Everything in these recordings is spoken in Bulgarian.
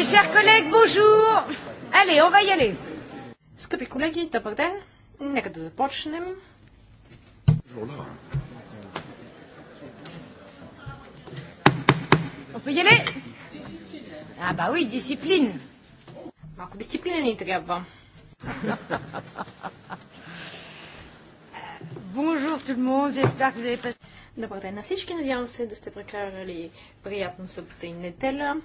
Mes chers collègues, bonjour. Allez, on va y aller. Скъпи колеги, добър ден. Нека да започнем. On peut y aller Ah bah oui, discipline. Малко дисциплина ни трябва. Bonjour tout le monde, j'espère que vous avez passé... Добър ден на всички, надявам се да сте прекарали приятна събота и неделя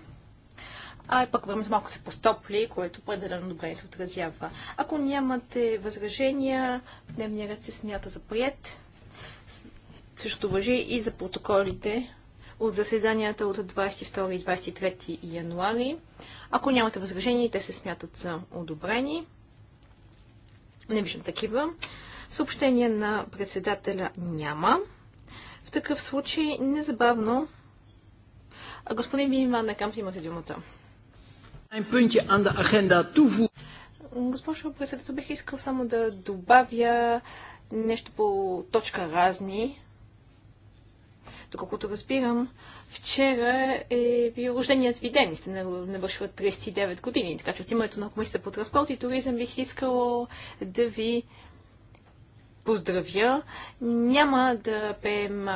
а пък времето малко се постопли, което определено добре се отразява. Ако нямате възражения, дневният ред се смята за прият. Също въжи и за протоколите от заседанията от 22 и 23 януари. Ако нямате възражения, те се смятат за одобрени. Не виждам такива. Съобщения на председателя няма. В такъв случай незабавно господин Виман Камп имате думата. Госпожо председател, бих искал само да добавя нещо по точка разни. Доколкото разбирам, вчера е бил рожденият ви ден сте навършва 39 години. Така че от името на Комисията по транспорт и туризъм бих искала да ви поздравя. Няма да пеем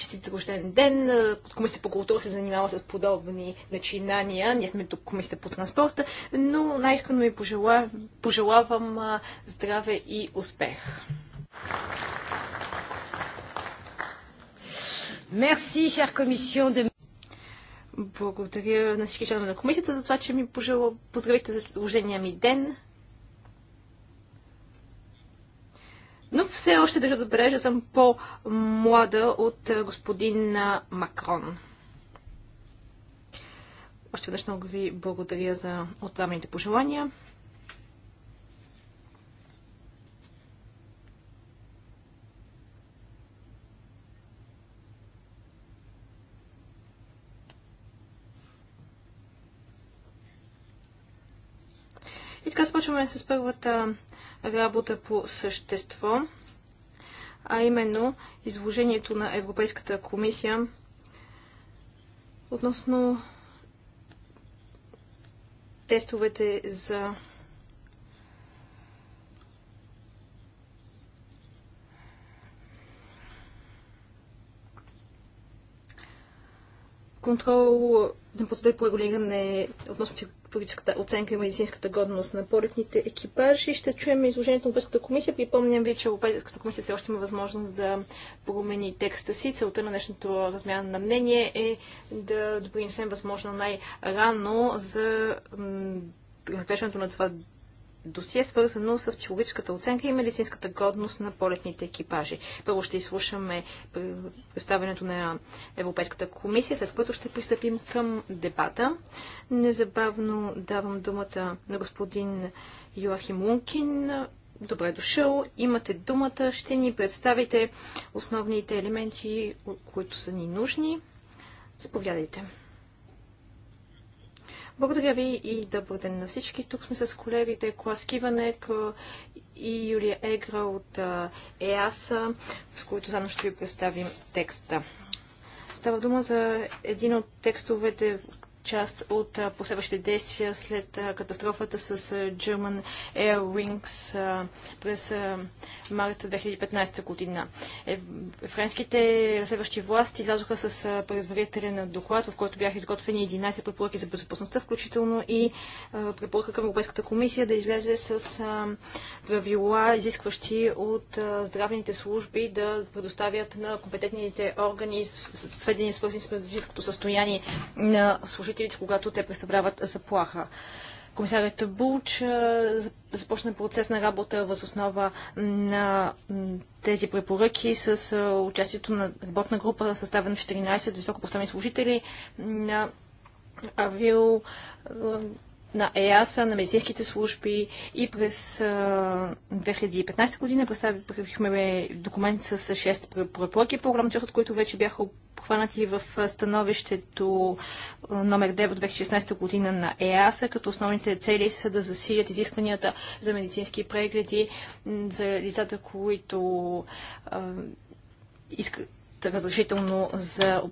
Честит рожден ден. Комисията по култура се занимава с подобни начинания. Ние сме тук Комисията по транспорта, но най-искрено ви пожелав... пожелавам здраве и успех. Мерси, шер комисион de... Благодаря на всички членове на комисията за това, че ми пожела... поздравихте за рождения ми ден. но все още държа да отбележа, съм по-млада от господин Макрон. Още веднъж много ви благодаря за отправените пожелания. И така започваме с първата работа по същество, а именно изложението на Европейската комисия относно тестовете за контрол на процедури по регулиране относно политическата оценка и медицинската годност на полетните екипажи. Ще чуем изложението на Европейската комисия. Припомням ви, че Европейската комисия все още има възможност да промени текста си. Целта на днешното размяна на мнение е да допринесем възможно най-рано за разглеждането на това досие, свързано с психологическата оценка и медицинската годност на полетните екипажи. Първо ще изслушаме представянето на Европейската комисия, след което ще пристъпим към дебата. Незабавно давам думата на господин Йоахим Лункин. Добре дошъл, имате думата, ще ни представите основните елементи, които са ни нужни. Заповядайте. Благодаря ви и добър ден на всички. Тук сме с колегите Клас Ванек и Юлия Егра от ЕАСА, с които заедно ще ви представим текста. Става дума за един от текстовете, част от последващите действия след катастрофата с German Airwings през март 2015 година. Е, френските разследващи власти излязоха с предварителен доклад, в който бяха изготвени 11 препоръки за безопасността, включително и препоръка към Европейската комисия да излезе с правила, изискващи от здравните служби да предоставят на компетентните органи сведения, свързани с медицинското състояние на служителите потребителите, когато те представляват заплаха. Комисарят Булч започна процес на работа въз основа на тези препоръки с участието на работна група, съставена 14 високопоставени служители на авио на ЕАСА, на медицинските служби и през 2015 година представихме документ с 6 препоръки, по-голяма от които вече бяха обхванати в становището номер 9 от 2016 година на ЕАСА, като основните цели са да засилят изискванията за медицински прегледи за лицата, които искат разрешително за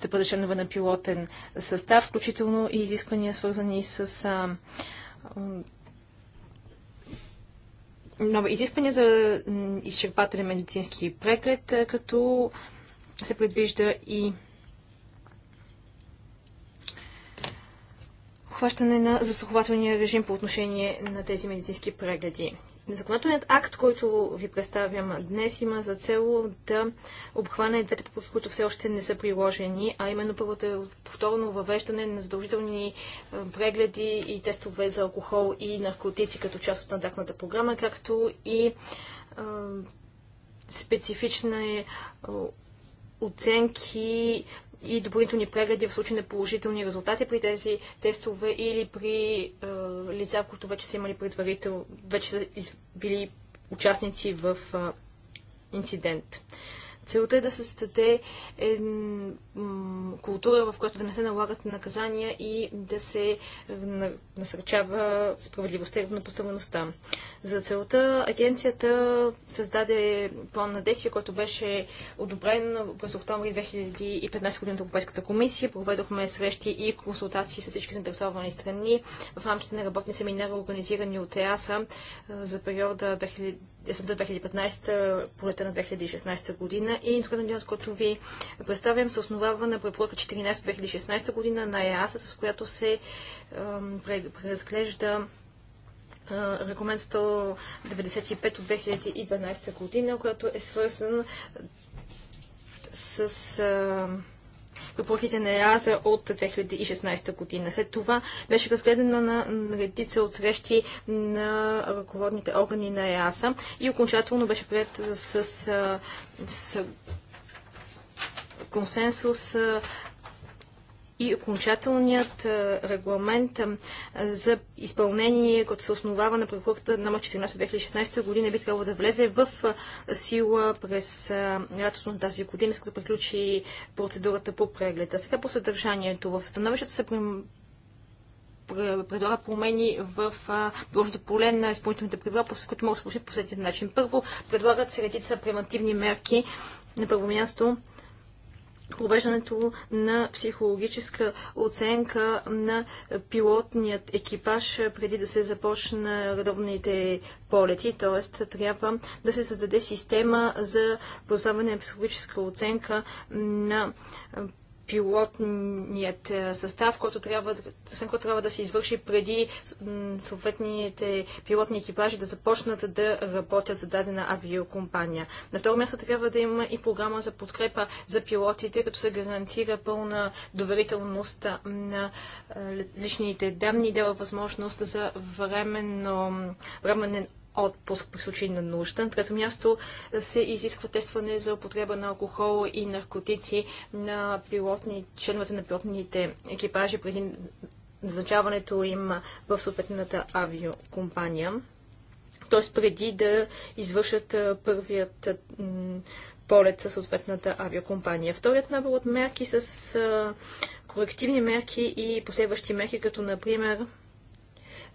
да бъде членове на пилотен състав, включително и изисквания свързани с а, нови изисквания за изчерпателен медицински преглед, като се предвижда и хващане на засухователния режим по отношение на тези медицински прегледи. Законодателният акт, който ви представям днес, има за цел да обхване двете препоръки, които все още не са приложени, а именно първото е повторно въвеждане на задължителни е, прегледи и тестове за алкохол и наркотици като част от стандартната програма, както и е, специфични е, оценки и допълнителни прегледи в случай на положителни резултати при тези тестове или при е, лица, които вече са имали предварител, вече са били участници в е, инцидент. Целта е да се създаде култура, в която да не се налагат наказания и да се е, насърчава справедливостта и равнопоставеността. За целта агенцията създаде план на действие, който беше одобрен през октомври 2015 година от Европейската комисия. Проведохме срещи и консултации с всички заинтересовани страни в рамките на работни семинари, организирани от ЕАСА е, за периода 2000 есента 2015, полета на 2016 година и инструментът, година, който ви представям, се основава на препоръка 14-2016 година на ЕАСА, с която се преразглежда регламент 195 от 2012 година, която е свързан с препоръките на ЕАЗа от 2016 година. След това беше разгледана на редица от срещи на ръководните органи на ЕАСА и окончателно беше прият с, с консенсус и окончателният регламент за изпълнение, който се основава на прокурата на 14 от 2016 година, би трябвало да влезе в сила през лятото на тази година, с като приключи процедурата по прегледа. Сега по съдържанието. В становището се предлага промени в приложното поле на изпълнителните правила, които могат да се получат по следния начин. Първо, предлагат се редица превентивни мерки. На първо място, провеждането на психологическа оценка на пилотният екипаж преди да се започна редовните полети, т.е. трябва да се създаде система за познаване на психологическа оценка на пилотният е, състав, който трябва, съвсем който трябва да се извърши преди съответните пилотни екипажи да започнат да работят за дадена авиокомпания. На второ място трябва да има и програма за подкрепа за пилотите, като се гарантира пълна доверителност на е, личните данни и дава възможност за временно, временен отпуск при случай на нужда. На трето място се изисква тестване за употреба на алкохол и наркотици на пилотни, членовете на пилотните екипажи преди назначаването им в съответната авиокомпания. Т.е. преди да извършат първият полет със съответната авиокомпания. Вторият набор от мерки с корективни мерки и последващи мерки, като например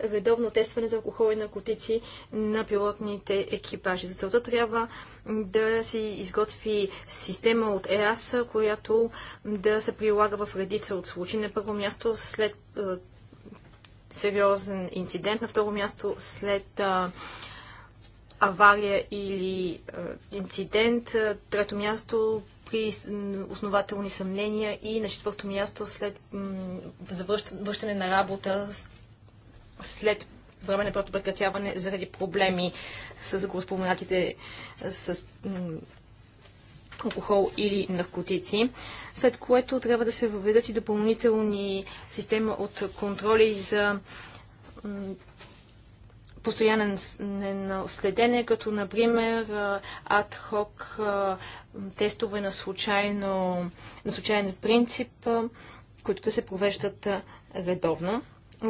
редовно тестване за алкохол и наркотици на пилотните екипажи. За целта трябва да се изготви система от ЕАС, която да се прилага в редица от случаи. На първо място след е, сериозен инцидент, на второ място след е, авария или е, инцидент, трето място при основателни съмнения и на четвърто място след завръщане на работа след време първото прекратяване заради проблеми с госпоменатите с алкохол или наркотици, след което трябва да се въведат и допълнителни системи от контроли за постоянен следене, като например адхок тестове на, случайно, на случайен принцип, които да се провеждат редовно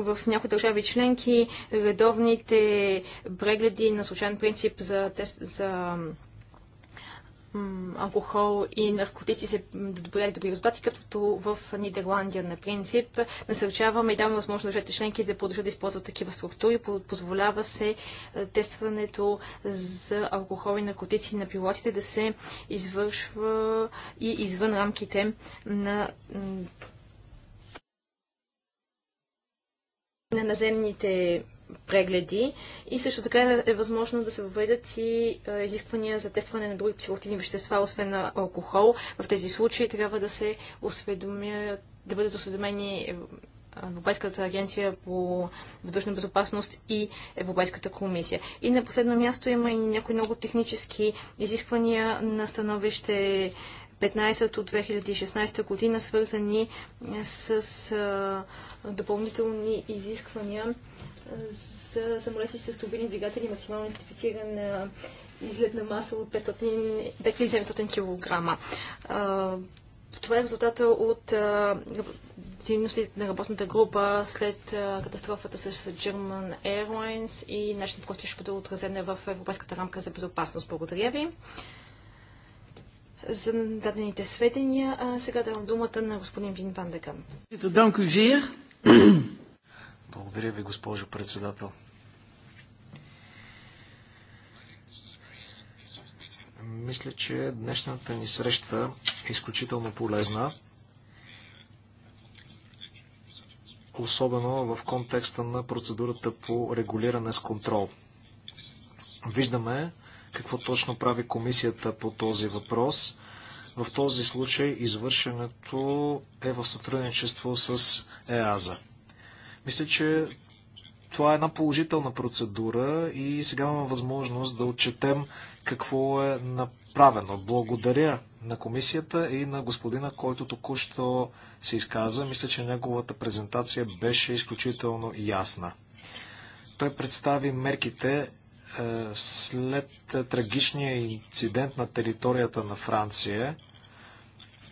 в някои държави членки редовните прегледи на случайен принцип за, тест, за алкохол и наркотици се добряли добри резултати, като в Нидерландия на принцип. Насърчаваме и даваме възможност държавите членки да продължат да използват такива структури. Позволява се е, тестването за алкохол и наркотици на пилотите да се извършва и извън рамките на на наземните прегледи и също така е възможно да се въведат и изисквания за тестване на други психоактивни вещества, освен на алкохол. В тези случаи трябва да се осведомят, да бъдат осведомени е, Европейската агенция по въздушна безопасност и Европейската комисия. И на последно място има и някои много технически изисквания на становище 15 от 2016 година, свързани с допълнителни изисквания за самолети с турбини двигатели максимално идентифицирана излетна маса от 500, 2700 кг. Това е резултата от дейностите на работната група след а, катастрофата с German Airlines и начинът, по който ще бъде отразена в Европейската рамка за безопасност. Благодаря ви за дадените сведения. А сега давам думата на господин Вин Вандагам. Благодаря ви, госпожо председател. Мисля, че днешната ни среща е изключително полезна, особено в контекста на процедурата по регулиране с контрол. Виждаме, какво точно прави комисията по този въпрос. В този случай извършенето е в сътрудничество с ЕАЗа. Мисля, че това е една положителна процедура и сега имаме възможност да отчетем какво е направено. Благодаря на комисията и на господина, който току-що се изказа. Мисля, че неговата презентация беше изключително ясна. Той представи мерките е, след е, трагичния инцидент на територията на Франция.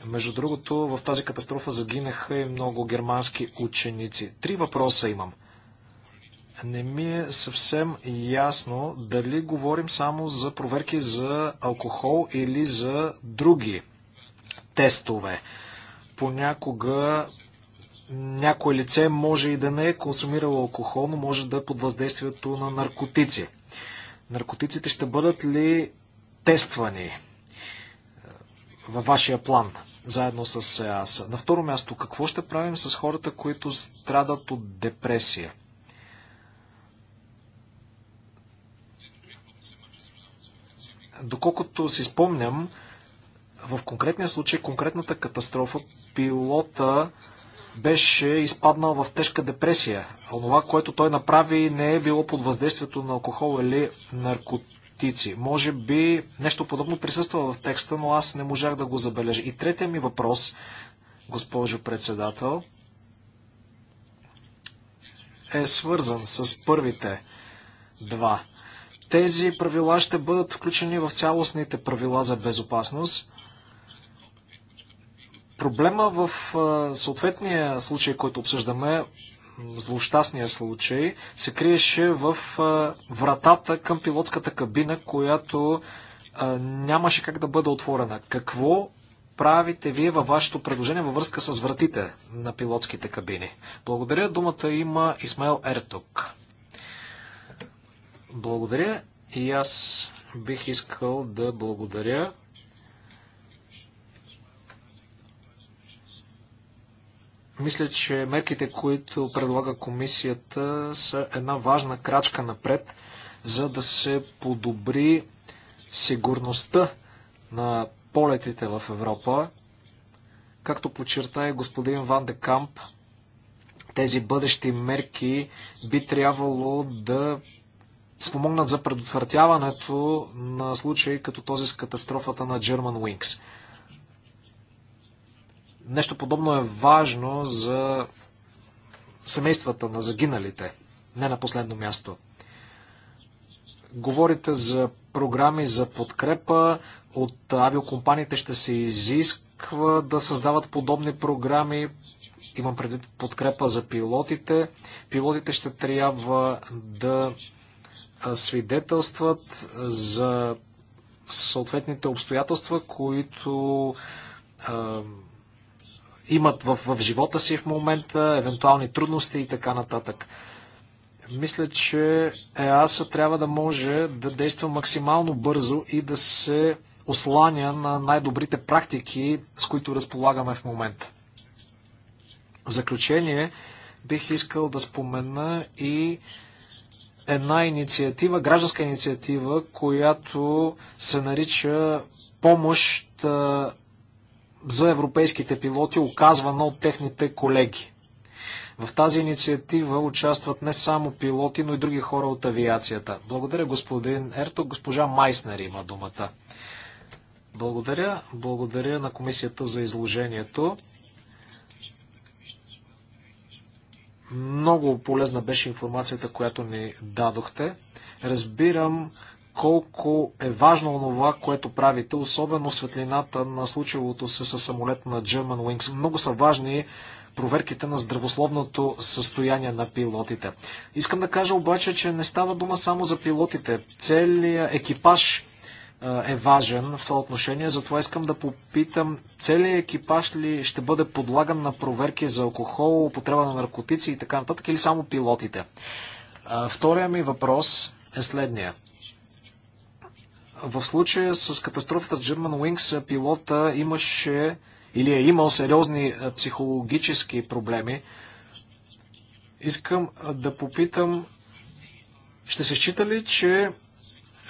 Между другото, в тази катастрофа загинаха и много германски ученици. Три въпроса имам. Не ми е съвсем ясно дали говорим само за проверки за алкохол или за други тестове. Понякога някое лице може и да не е консумирало алкохол, но може да е под въздействието на наркотици. Наркотиците ще бъдат ли тествани е, във вашия план, заедно с Аз. На второ място, какво ще правим с хората, които страдат от депресия? Доколкото си спомням, в конкретния случай, конкретната катастрофа, пилота беше изпаднал в тежка депресия. Онова, което той направи, не е било под въздействието на алкохол или наркотици. Може би нещо подобно присъства в текста, но аз не можах да го забележа. И третия ми въпрос, госпожо председател, е свързан с първите два. Тези правила ще бъдат включени в цялостните правила за безопасност. Проблема в съответния случай, който обсъждаме, злощастния случай, се криеше в вратата към пилотската кабина, която нямаше как да бъде отворена. Какво правите вие във вашето предложение във връзка с вратите на пилотските кабини? Благодаря. Думата има Исмаел Ертук. Благодаря и аз бих искал да благодаря Мисля, че мерките, които предлага комисията, са една важна крачка напред, за да се подобри сигурността на полетите в Европа. Както подчерта и господин Ван де Камп, тези бъдещи мерки би трябвало да спомогнат за предотвратяването на случаи като този с катастрофата на German Wings. Нещо подобно е важно за семействата на загиналите, не на последно място. Говорите за програми за подкрепа, от авиокомпаниите ще се изисква да създават подобни програми. Имам предвид подкрепа за пилотите. Пилотите ще трябва да свидетелстват за съответните обстоятелства, които имат в, в живота си в момента, евентуални трудности и така нататък. Мисля, че ЕАСА трябва да може да действа максимално бързо и да се осланя на най-добрите практики, с които разполагаме в момента. В заключение, бих искал да спомена и една инициатива, гражданска инициатива, която се нарича помощ за европейските пилоти, оказвана от техните колеги. В тази инициатива участват не само пилоти, но и други хора от авиацията. Благодаря, господин Ерто. Госпожа Майснер има думата. Благодаря. Благодаря на комисията за изложението. Много полезна беше информацията, която ни дадохте. Разбирам, колко е важно това, което правите, особено светлината на случилото се с самолет на German Wings. Много са важни проверките на здравословното състояние на пилотите. Искам да кажа обаче, че не става дума само за пилотите. Целият екипаж е важен в това отношение. Затова искам да попитам, целият екипаж ли ще бъде подлаган на проверки за алкохол, употреба на наркотици и така нататък, или само пилотите? Втория ми въпрос е следния. В случая с катастрофата German Wings е, пилота имаше или е имал сериозни е, психологически проблеми. Искам е, да попитам, ще се счита ли, че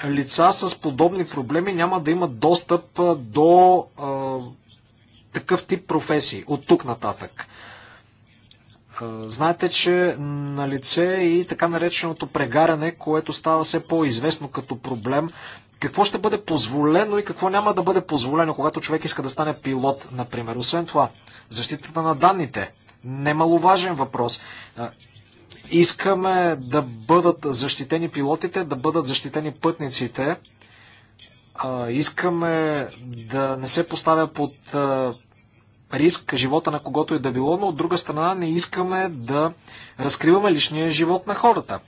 лица с подобни проблеми няма да имат достъп до а, такъв тип професии от тук нататък? Знаете, че на лице и така нареченото прегаряне, което става все по-известно като проблем, какво ще бъде позволено и какво няма да бъде позволено, когато човек иска да стане пилот, например. Освен това, защитата на данните. Немаловажен въпрос. Искаме да бъдат защитени пилотите, да бъдат защитени пътниците. Искаме да не се поставя под риск живота на когото и да било, но от друга страна не искаме да разкриваме личния живот на хората.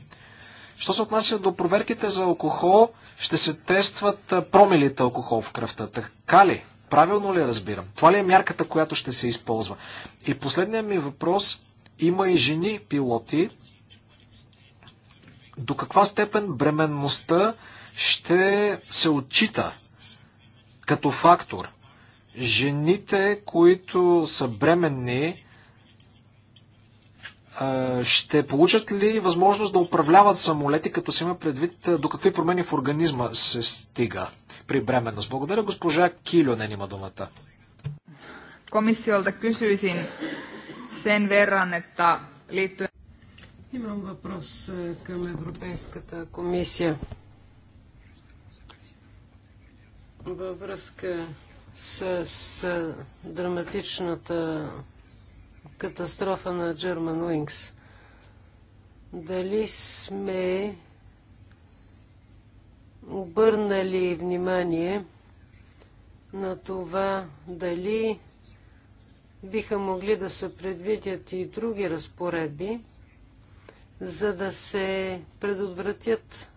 Що се отнася до проверките за алкохол, ще се тестват промилите алкохол в кръвта. Така ли? Правилно ли разбирам? Това ли е мярката, която ще се използва? И последният ми въпрос. Има и жени пилоти. До каква степен бременността ще се отчита като фактор? Жените, които са бременни, ще получат ли възможност да управляват самолети, като се има предвид до какви промени в организма се стига при бременност? Благодаря, госпожа Килюнен има думата. Комисиолта että liittyen... Имам въпрос към Европейската комисия. Във връзка с драматичната катастрофа на German Wings. Дали сме обърнали внимание на това дали биха могли да се предвидят и други разпоредби, за да се предотвратят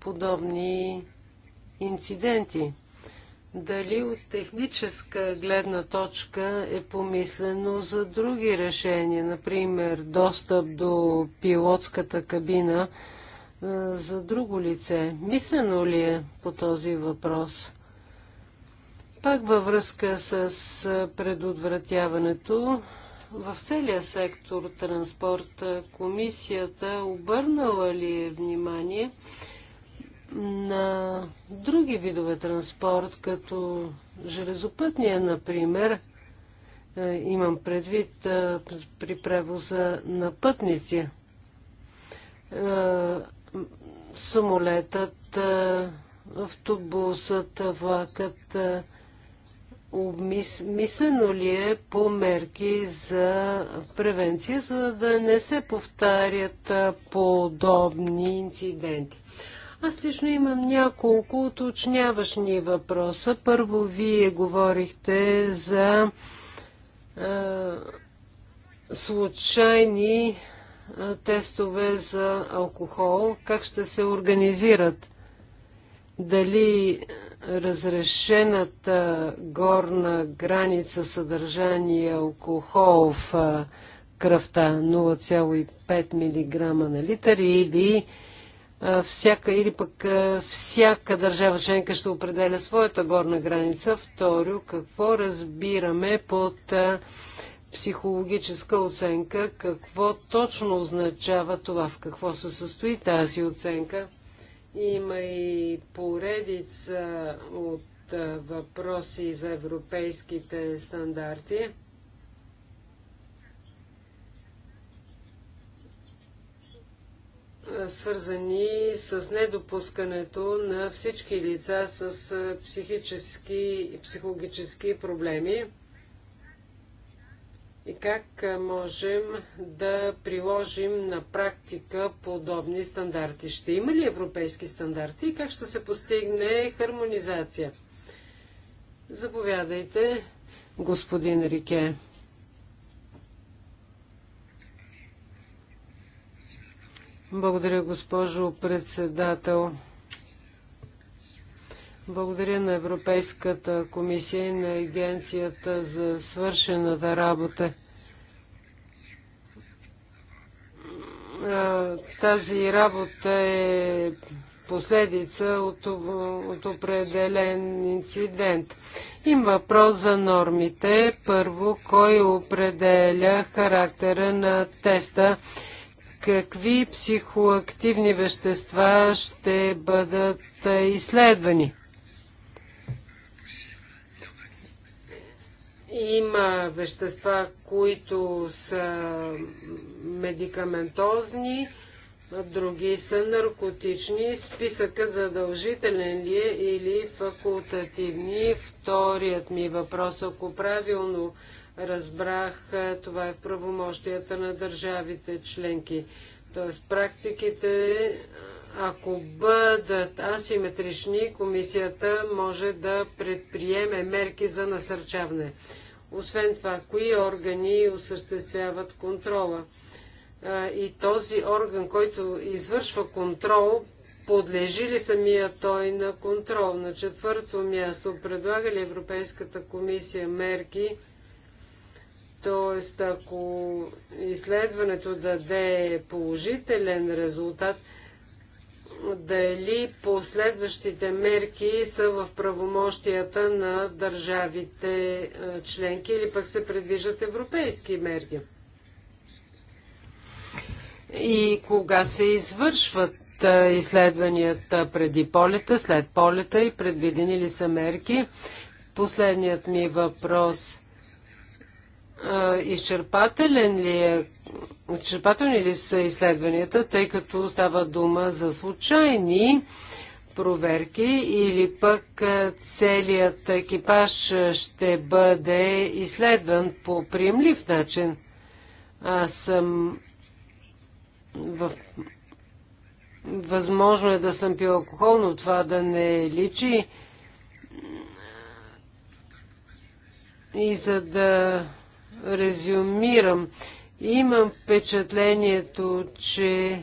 подобни инциденти. Дали от техническа гледна точка е помислено за други решения, например достъп до пилотската кабина за друго лице? Мислено ли е по този въпрос? Пак във връзка с предотвратяването, в целия сектор транспорт комисията обърнала ли е внимание? на други видове транспорт, като железопътния, например, е, имам предвид е, при превоза на пътници. Е, самолетът, автобусът, влакът, мислено ли е по мерки за превенция, за да не се повтарят подобни инциденти? Аз лично имам няколко уточняващни въпроса. Първо, вие говорихте за а, случайни а, тестове за алкохол. Как ще се организират? Дали разрешената горна граница съдържание алкохол в кръвта 0,5 мг на литър или всяка или пък всяка държава членка ще определя своята горна граница. Второ, какво разбираме под психологическа оценка, какво точно означава това, в какво се състои тази оценка. Има и поредица от въпроси за европейските стандарти. свързани с недопускането на всички лица с психически и психологически проблеми и как можем да приложим на практика подобни стандарти. Ще има ли европейски стандарти и как ще се постигне хармонизация? Заповядайте, господин Рике. Благодаря, госпожо председател. Благодаря на Европейската комисия и на Агенцията за свършената работа. Тази работа е последица от, от определен инцидент. Има въпрос за нормите. Първо, кой определя характера на теста? какви психоактивни вещества ще бъдат изследвани. Има вещества, които са медикаментозни, други са наркотични. Списъкът задължителен ли е или факултативни? Вторият ми въпрос, ако правилно разбрах, това е в правомощията на държавите членки. Тоест практиките, ако бъдат асиметрични, комисията може да предприеме мерки за насърчаване. Освен това, кои органи осъществяват контрола? И този орган, който извършва контрол, подлежи ли самия той на контрол? На четвърто място, предлага ли Европейската комисия мерки – Тоест, ако изследването даде положителен резултат, дали последващите мерки са в правомощията на държавите членки или пък се предвиждат европейски мерки. И кога се извършват изследванията преди полета, след полета и предвидени ли са мерки? Последният ми въпрос изчерпателен ли е, изчерпателни ли са изследванията, тъй като става дума за случайни проверки или пък целият екипаж ще бъде изследван по приемлив начин. Аз съм в... Възможно е да съм пил алкохол, но това да не личи. И за да резюмирам. Имам впечатлението, че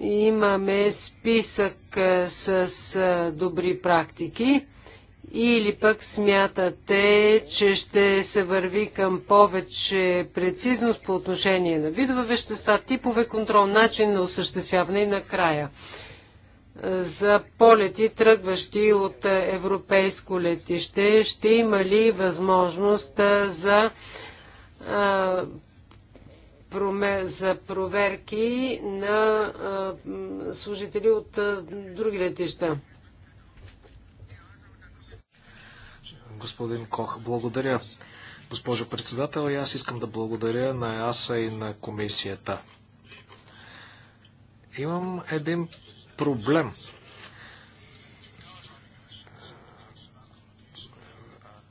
имаме списък с добри практики или пък смятате, че ще се върви към повече прецизност по отношение на видове вещества, типове контрол, начин на осъществяване и накрая. края за полети, тръгващи от европейско летище? Ще има ли възможност за, за проверки на служители от други летища? Господин Кох, благодаря. Госпожо председател, и аз искам да благодаря на ЕАСА и на комисията. Имам един проблем.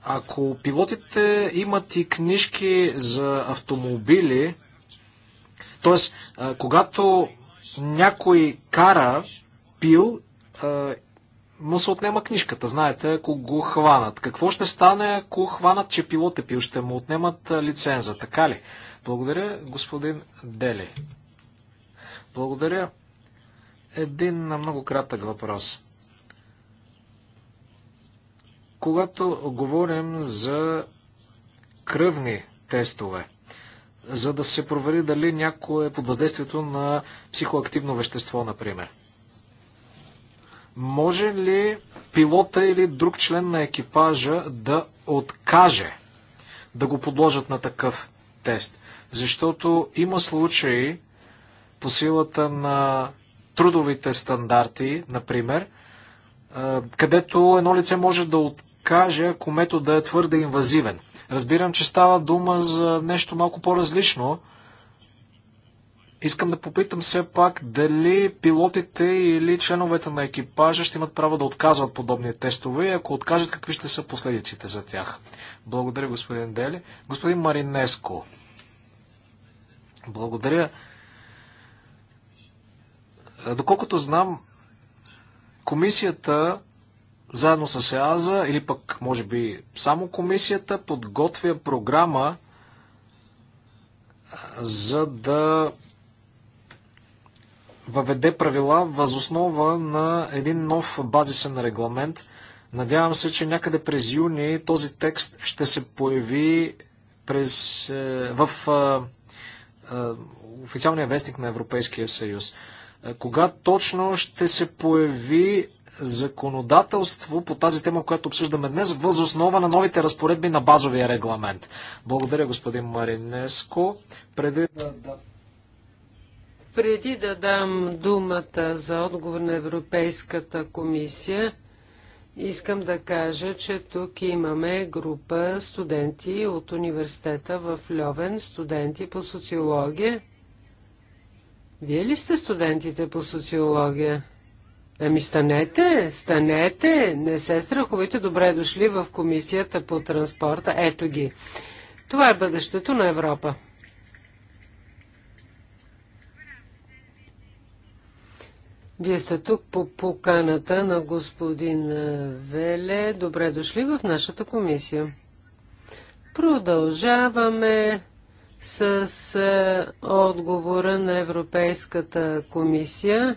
Ако пилотите имат и книжки за автомобили, т.е. когато някой кара пил, му се отнема книжката. Знаете, ако го хванат. Какво ще стане, ако хванат, че пилот е пил? Ще му отнемат лиценза, така ли? Благодаря, господин Дели. Благодаря, един много кратък въпрос. Когато говорим за кръвни тестове, за да се провери дали някой е под въздействието на психоактивно вещество, например. Може ли пилота или друг член на екипажа да откаже да го подложат на такъв тест? Защото има случаи по силата на трудовите стандарти, например, където едно лице може да откаже, ако метода е твърде инвазивен. Разбирам, че става дума за нещо малко по-различно. Искам да попитам все пак дали пилотите или членовете на екипажа ще имат право да отказват подобни тестове и ако откажат, какви ще са последиците за тях. Благодаря, господин Дели. Господин Маринеско. Благодаря, Доколкото знам, комисията заедно с ЕАЗа или пък може би само комисията подготвя програма за да въведе правила възоснова на един нов базисен регламент. Надявам се, че някъде през юни този текст ще се появи през, е, в е, е, официалния вестник на Европейския съюз. Е, кога точно ще се появи законодателство по тази тема, която обсъждаме днес, въз основа на новите разпоредби на базовия регламент? Благодаря, господин Маринеско. Преди да, да... Преди да дам думата за отговор на Европейската комисия, Искам да кажа, че тук имаме група студенти от университета в Льовен, студенти по социология. Вие ли сте студентите по социология? Ами станете, станете, не се страхувайте, добре дошли в комисията по транспорта, ето ги. Това е бъдещето на Европа. Вие сте тук по поканата на господин Веле. Добре дошли в нашата комисия. Продължаваме с отговора на Европейската комисия.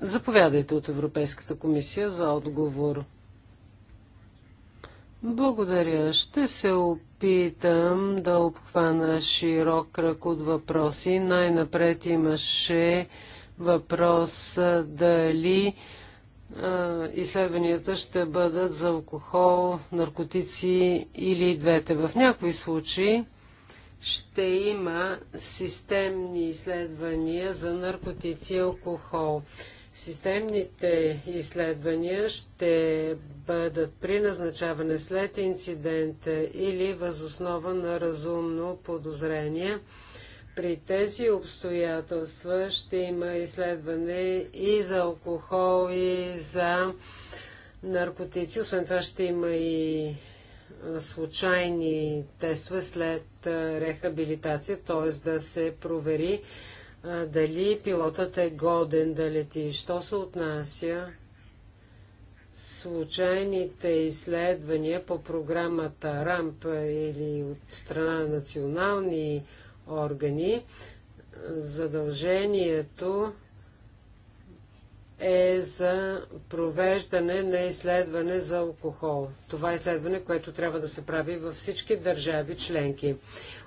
Заповядайте от Европейската комисия за отговор. Благодаря. Ще се опитам да обхвана широк кръг от въпроси. Най-напред имаше въпрос дали изследванията ще бъдат за алкохол, наркотици или двете. В някои случаи ще има системни изследвания за наркотици и алкохол. Системните изследвания ще бъдат при назначаване след инцидента или възоснова на разумно подозрение – при тези обстоятелства ще има изследване и за алкохол, и за наркотици. Освен това ще има и случайни тестове след рехабилитация, т.е. да се провери дали пилотът е годен да лети. Що се отнася случайните изследвания по програмата РАМП или от страна на национални органи. Задължението е за провеждане на изследване за алкохол. Това е изследване, което трябва да се прави във всички държави членки.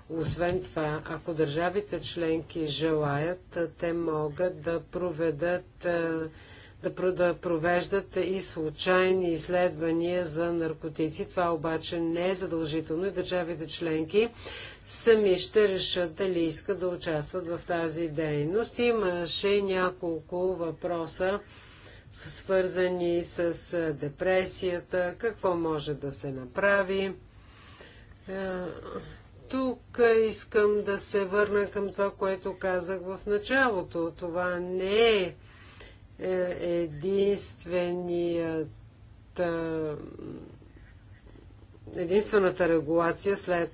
Освен това, ако държавите членки желаят, те могат да проведат е, да, да провеждат и случайни изследвания за наркотици. Това обаче не е задължително и държавите членки сами ще решат дали искат да участват в тази дейност. Имаше няколко въпроса свързани с депресията, какво може да се направи. Тук искам да се върна към това, което казах в началото. Това не е е единственият единствената регулация след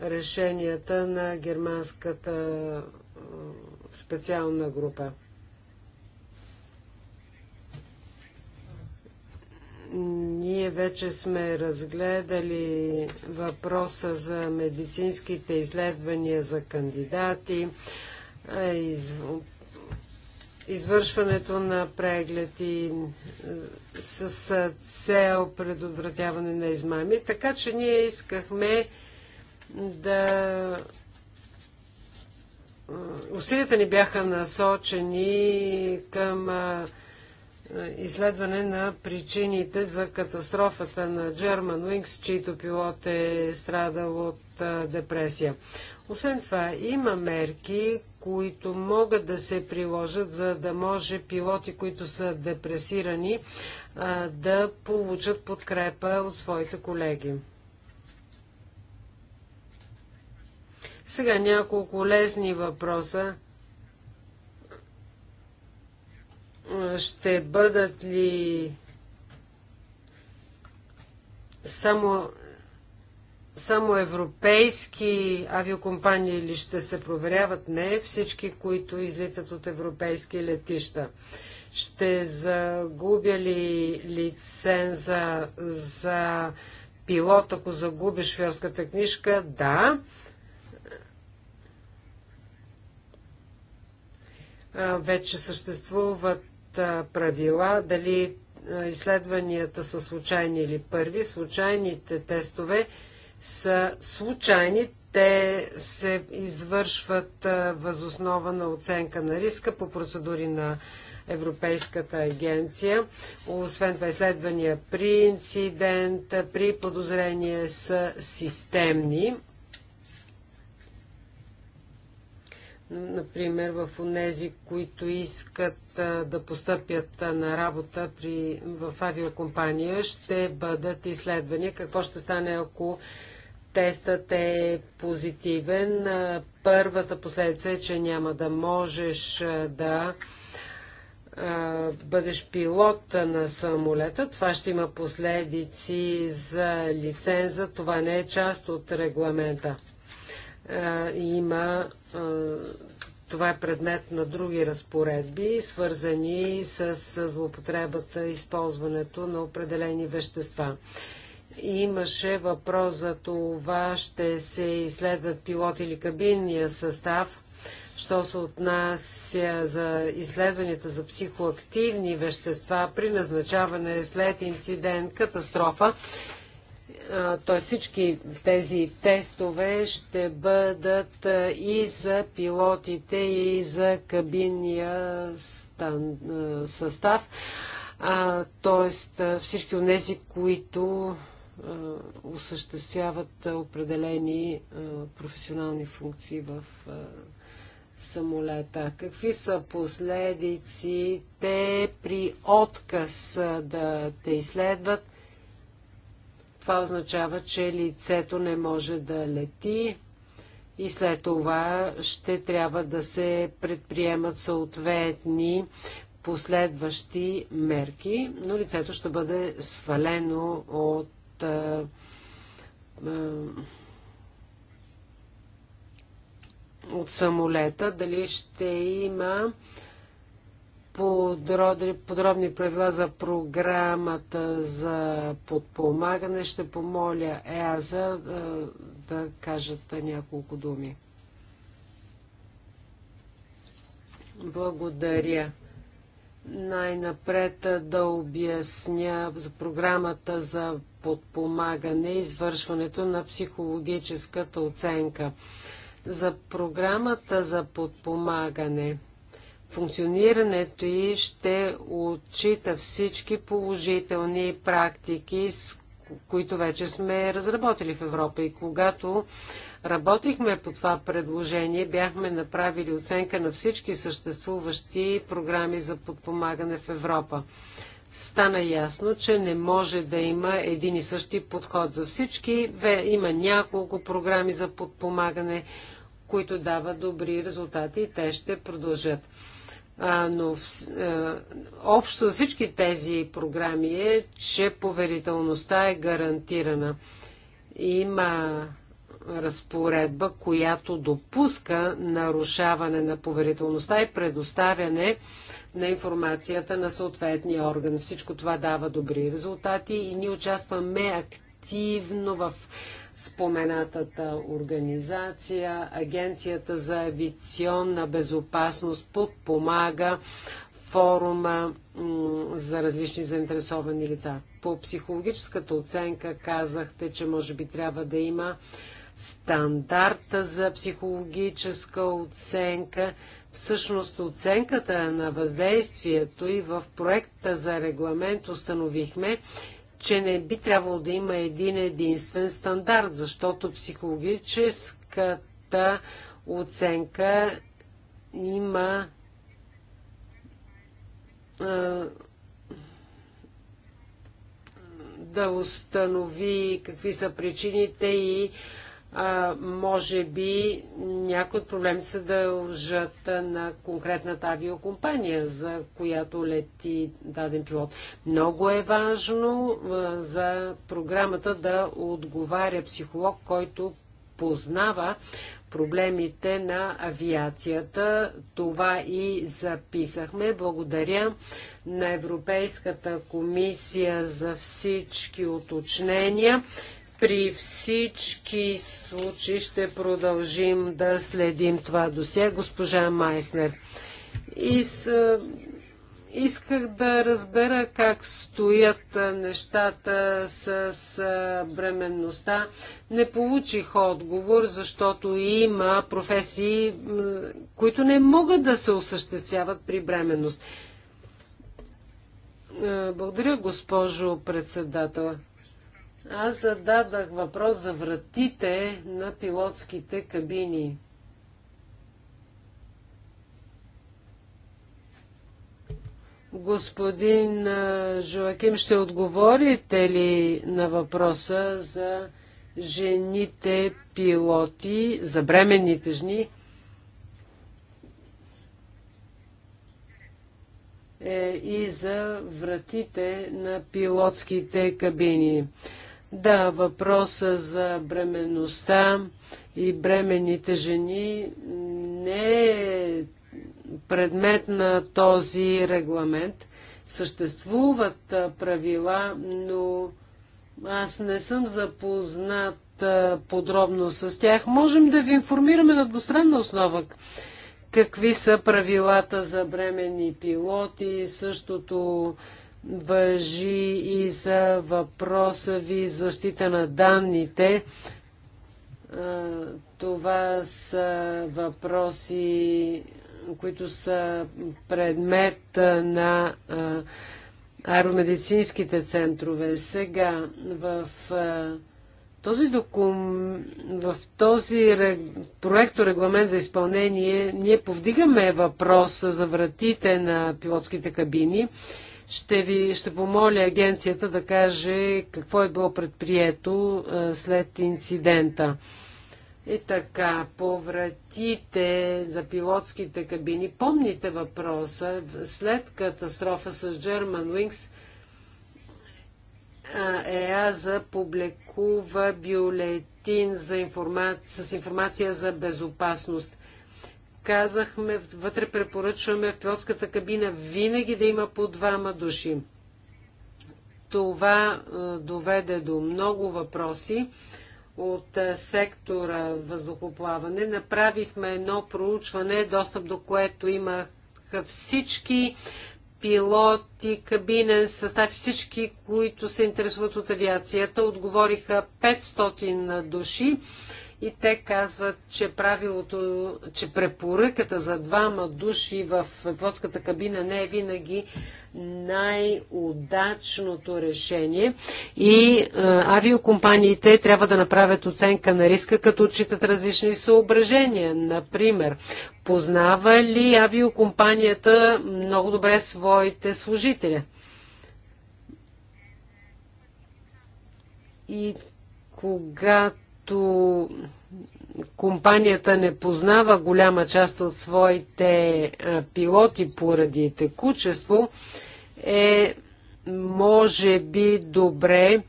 решенията на германската специална група. Ние вече сме разгледали въпроса за медицинските изследвания за кандидати, извършването на преглед и е, с е, цел предотвратяване на измами. Така че ние искахме да. Е, усилията ни бяха насочени към изследване на причините за катастрофата на Wings, чийто пилот е страдал от депресия. Освен това, има мерки, които могат да се приложат, за да може пилоти, които са депресирани, да получат подкрепа от своите колеги. Сега няколко лесни въпроса. Ще бъдат ли само само европейски авиокомпании ли ще се проверяват? Не, всички, които излитат от европейски летища. Ще загубя ли лиценза за пилот, ако загубиш шофьорската книжка? Да. Вече съществуват правила, дали изследванията са случайни или първи. Случайните тестове са случайни. Те се извършват възоснова на оценка на риска по процедури на Европейската агенция. Освен това, изследвания при инцидент, при подозрение са системни. Например, в онези, които искат да постъпят на работа при, в авиокомпания, ще бъдат изследвания. Какво ще стане, ако тестът е позитивен, първата последица е, че няма да можеш да бъдеш пилот на самолета. Това ще има последици за лиценза. Това не е част от регламента. Има това е предмет на други разпоредби, свързани с злоупотребата и използването на определени вещества. Имаше въпрос за това, ще се изследват пилот или кабинния състав. Що се отнася за изследванията за психоактивни вещества при назначаване след инцидент, катастрофа, т.е. всички тези тестове ще бъдат и за пилотите, и за кабинния стан, състав, т.е. всички от тези, които е, осъществяват е, определени е, професионални функции в самолета. Какви са последиците при отказ да те изследват? Това означава, че лицето не може да лети и след това ще трябва да се предприемат съответни последващи мерки, но лицето ще бъде свалено от от а, от самолета, дали ще има подробни правила за програмата за подпомагане. Ще помоля ЕАЗа да, да кажат няколко думи. Благодаря. Най-напред да обясня за програмата за подпомагане извършването на психологическата оценка. За програмата за подпомагане функционирането и ще отчита всички положителни практики, които вече сме разработили в Европа. И когато работихме по това предложение, бяхме направили оценка на всички съществуващи програми за подпомагане в Европа стана ясно, че не може да има един и същи подход за всички. Има няколко програми за подпомагане, които дават добри резултати и те ще продължат. но в, общо за всички тези програми е, че поверителността е гарантирана. Има разпоредба, която допуска нарушаване на поверителността и предоставяне на информацията на съответния орган. Всичко това дава добри резултати и ние участваме активно в споменатата организация. Агенцията за авиационна безопасност подпомага форума за различни заинтересовани лица. По психологическата оценка казахте, че може би трябва да има стандарта за психологическа оценка. Всъщност оценката на въздействието и в проекта за регламент установихме, че не би трябвало да има един единствен стандарт, защото психологическата оценка има а, да установи какви са причините и а, може би някои от проблемите се дължат на конкретната авиокомпания, за която лети даден пилот. Много е важно а, за програмата да отговаря психолог, който познава проблемите на авиацията. Това и записахме. Благодаря на Европейската комисия за всички уточнения. При всички случаи ще продължим да следим това досие. Госпожа Майснер, из, исках да разбера как стоят нещата с бременността. Не получих отговор, защото има професии, които не могат да се осъществяват при бременност. Благодаря, госпожо председател. Аз зададах въпрос за вратите на пилотските кабини. Господин Жоаким, ще отговорите ли на въпроса за жените пилоти, за бременните жени? Е, и за вратите на пилотските кабини. Да, въпроса за бременността и бременните жени не е предмет на този регламент. Съществуват правила, но аз не съм запознат подробно с тях. Можем да ви информираме на двустранна основа какви са правилата за бремени пилоти, същото Въжи и за въпроса ви защита на данните. Това са въпроси, които са предмет на аеромедицинските центрове. Сега в този докум, в този рег... проекто регламент за изпълнение ние повдигаме въпроса за вратите на пилотските кабини ще ви ще помоля агенцията да каже какво е било предприето след инцидента. И така, по вратите за пилотските кабини, помните въпроса, след катастрофа с Wings, ЕАЗа публикува бюлетин за информация, с информация за безопасност казахме, вътре препоръчваме в пилотската кабина винаги да има по двама души. Това е, доведе до много въпроси от е, сектора въздухоплаване. Направихме едно проучване, достъп до което имаха всички пилоти, кабинен състав, всички, които се интересуват от авиацията. Отговориха 500 души и те казват, че правилото, че препоръката за двама души в плотската кабина не е винаги най-удачното решение и а, авиокомпаниите трябва да направят оценка на риска, като отчитат различни съображения. Например, познава ли авиокомпанията много добре своите служители? И когато когато компанията не познава голяма част от своите пилоти поради текучество, е може би добре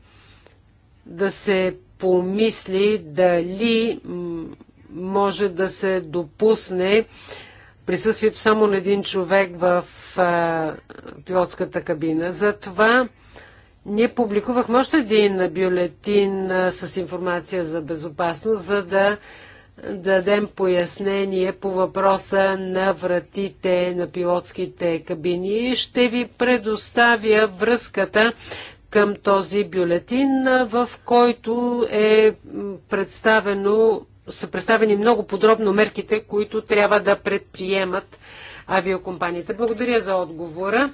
да се помисли дали може да се допусне присъствието само на един човек в пилотската кабина. Затова ние публикувахме още един бюлетин с информация за безопасност, за да дадем пояснение по въпроса на вратите на пилотските кабини. Ще ви предоставя връзката към този бюлетин, в който е представено, са представени много подробно мерките, които трябва да предприемат авиокомпаниите. Благодаря за отговора.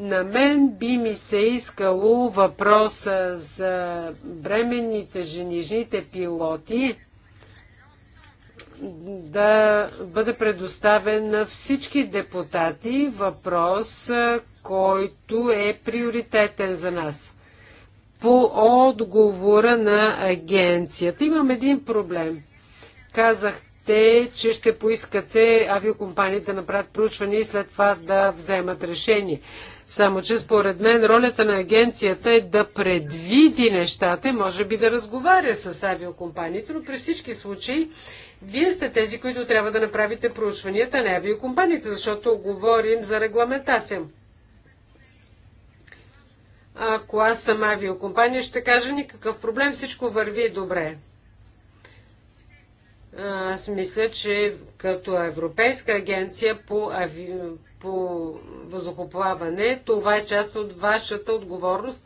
На мен би ми се искало въпроса за бременните женижните пилоти да бъде предоставен на всички депутати въпрос, който е приоритетен за нас. По отговора на агенцията имам един проблем. Казахте, че ще поискате авиокомпаниите да направят проучване и след това да вземат решение. Само, че според мен ролята на агенцията е да предвиди нещата, може би да разговаря с авиокомпаниите, но при всички случаи вие сте тези, които трябва да направите проучванията на авиокомпаниите, защото говорим за регламентация. Ако аз съм авиокомпания, ще кажа никакъв проблем, всичко върви добре аз мисля, че като Европейска агенция по, ави... по въздухоплаване, това е част от вашата отговорност.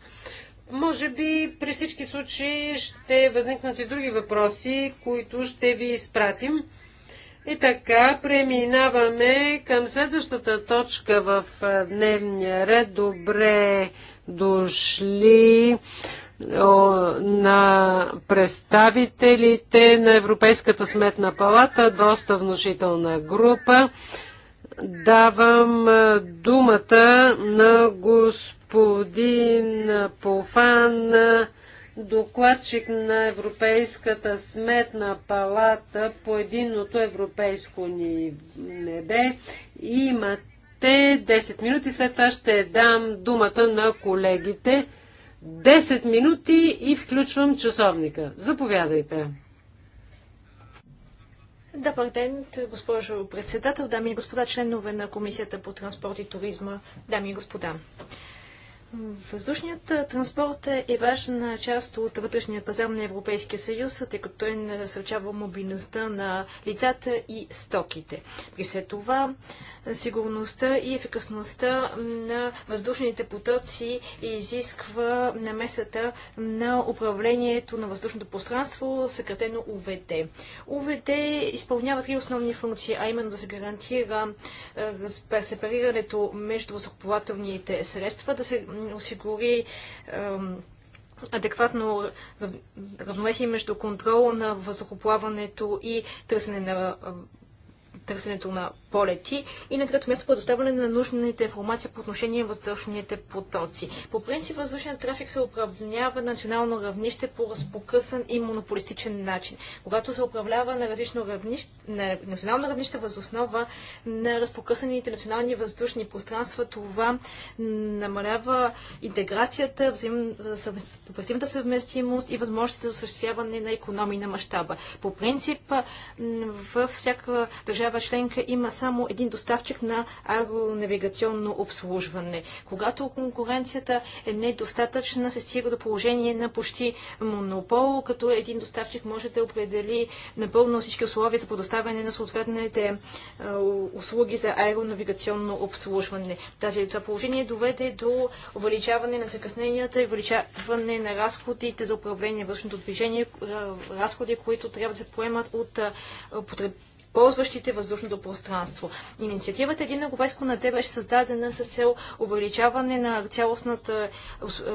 Може би при всички случаи ще възникнат и други въпроси, които ще ви изпратим. И така, преминаваме към следващата точка в дневния ред. Добре дошли на представителите на Европейската сметна палата, доста внушителна група. Давам е, думата на господин Пофан, докладчик на Европейската сметна палата по единното европейско ни небе. Имате 10 минути, след това ще дам думата на колегите. 10 минути и включвам часовника. Заповядайте. Добър ден, госпожо председател, дами и господа, членове на Комисията по транспорт и туризма, дами и господа. Въздушният транспорт е, е важна част от вътрешния пазар на Европейския съюз, тъй като той насърчава мобилността на лицата и стоките. При след това сигурността и ефикасността на въздушните потоци и изисква намесата на управлението на въздушното пространство, съкратено УВД. УВД изпълнява три основни функции, а именно да се гарантира е, сепарирането между въздухоплавателните средства, да се осигури адекватно равновесие между контрол на въздухоплаването и търсене на търсенето на полети и на трето място предоставяне на нужните информация по отношение на въздушните потоци. По принцип въздушният трафик се управлява на национално равнище по разпокъсан и монополистичен начин. Когато се управлява на, равнище, на национално равнище възоснова на разпокъсаните национални въздушни пространства, това намалява интеграцията, взаим... оперативната съвместимост и възможностите за осъществяване на економии на мащаба. По принцип, във всяка държава членка има само един доставчик на аеронавигационно обслужване. Когато конкуренцията е недостатъчна, се стига до положение на почти монопол, като един доставчик може да определи напълно всички условия за предоставяне на съответните услуги за аеронавигационно обслужване. Тази това положение доведе до увеличаване на закъсненията и увеличаване на разходите за управление външното движение, разходи, които трябва да се поемат от потребителите ползващите въздушното пространство. Инициативата Един европейско на те беше създадена с цел увеличаване на цялостната